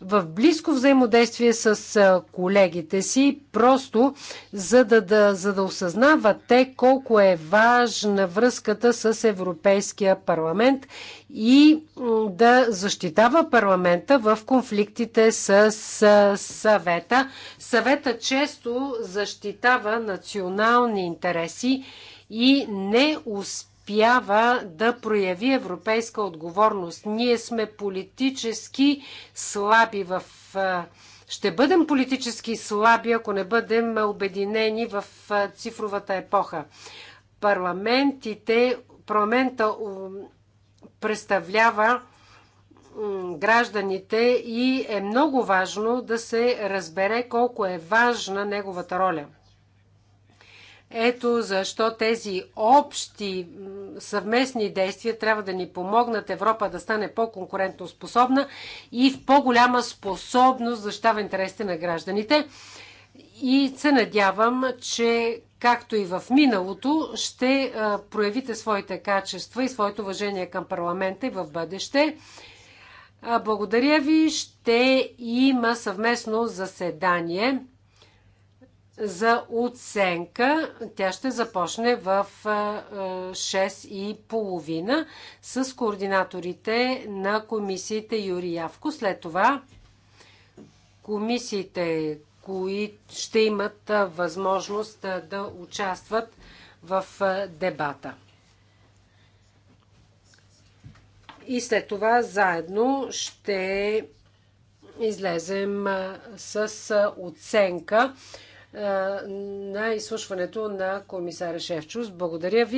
в близко взаимодействие с колегите си, просто за да, да, за да осъзнават те колко е важна връзката с Европейския парламент и да защитава парламента в конфликтите с, съвета. Съвета често защитава национални интереси и не успява успява да прояви европейска отговорност. Ние сме политически слаби в. Ще бъдем политически слаби, ако не бъдем обединени в цифровата епоха. Парламентите, парламента представлява гражданите и е много важно да се разбере колко е важна неговата роля. Ето защо тези общи съвместни действия трябва да ни помогнат Европа да стане по-конкурентно способна и в по-голяма способност защитава интересите на гражданите. И се надявам, че както и в миналото, ще проявите своите качества и своето уважение към парламента и в бъдеще. Благодаря ви. Ще има съвместно заседание за оценка. Тя ще започне в 6.30 с координаторите на комисиите Юри Явко. След това комисиите, които ще имат възможност да участват в дебата. И след това заедно ще излезем с оценка на изслушването на комисаря Шевчус. Благодаря ви.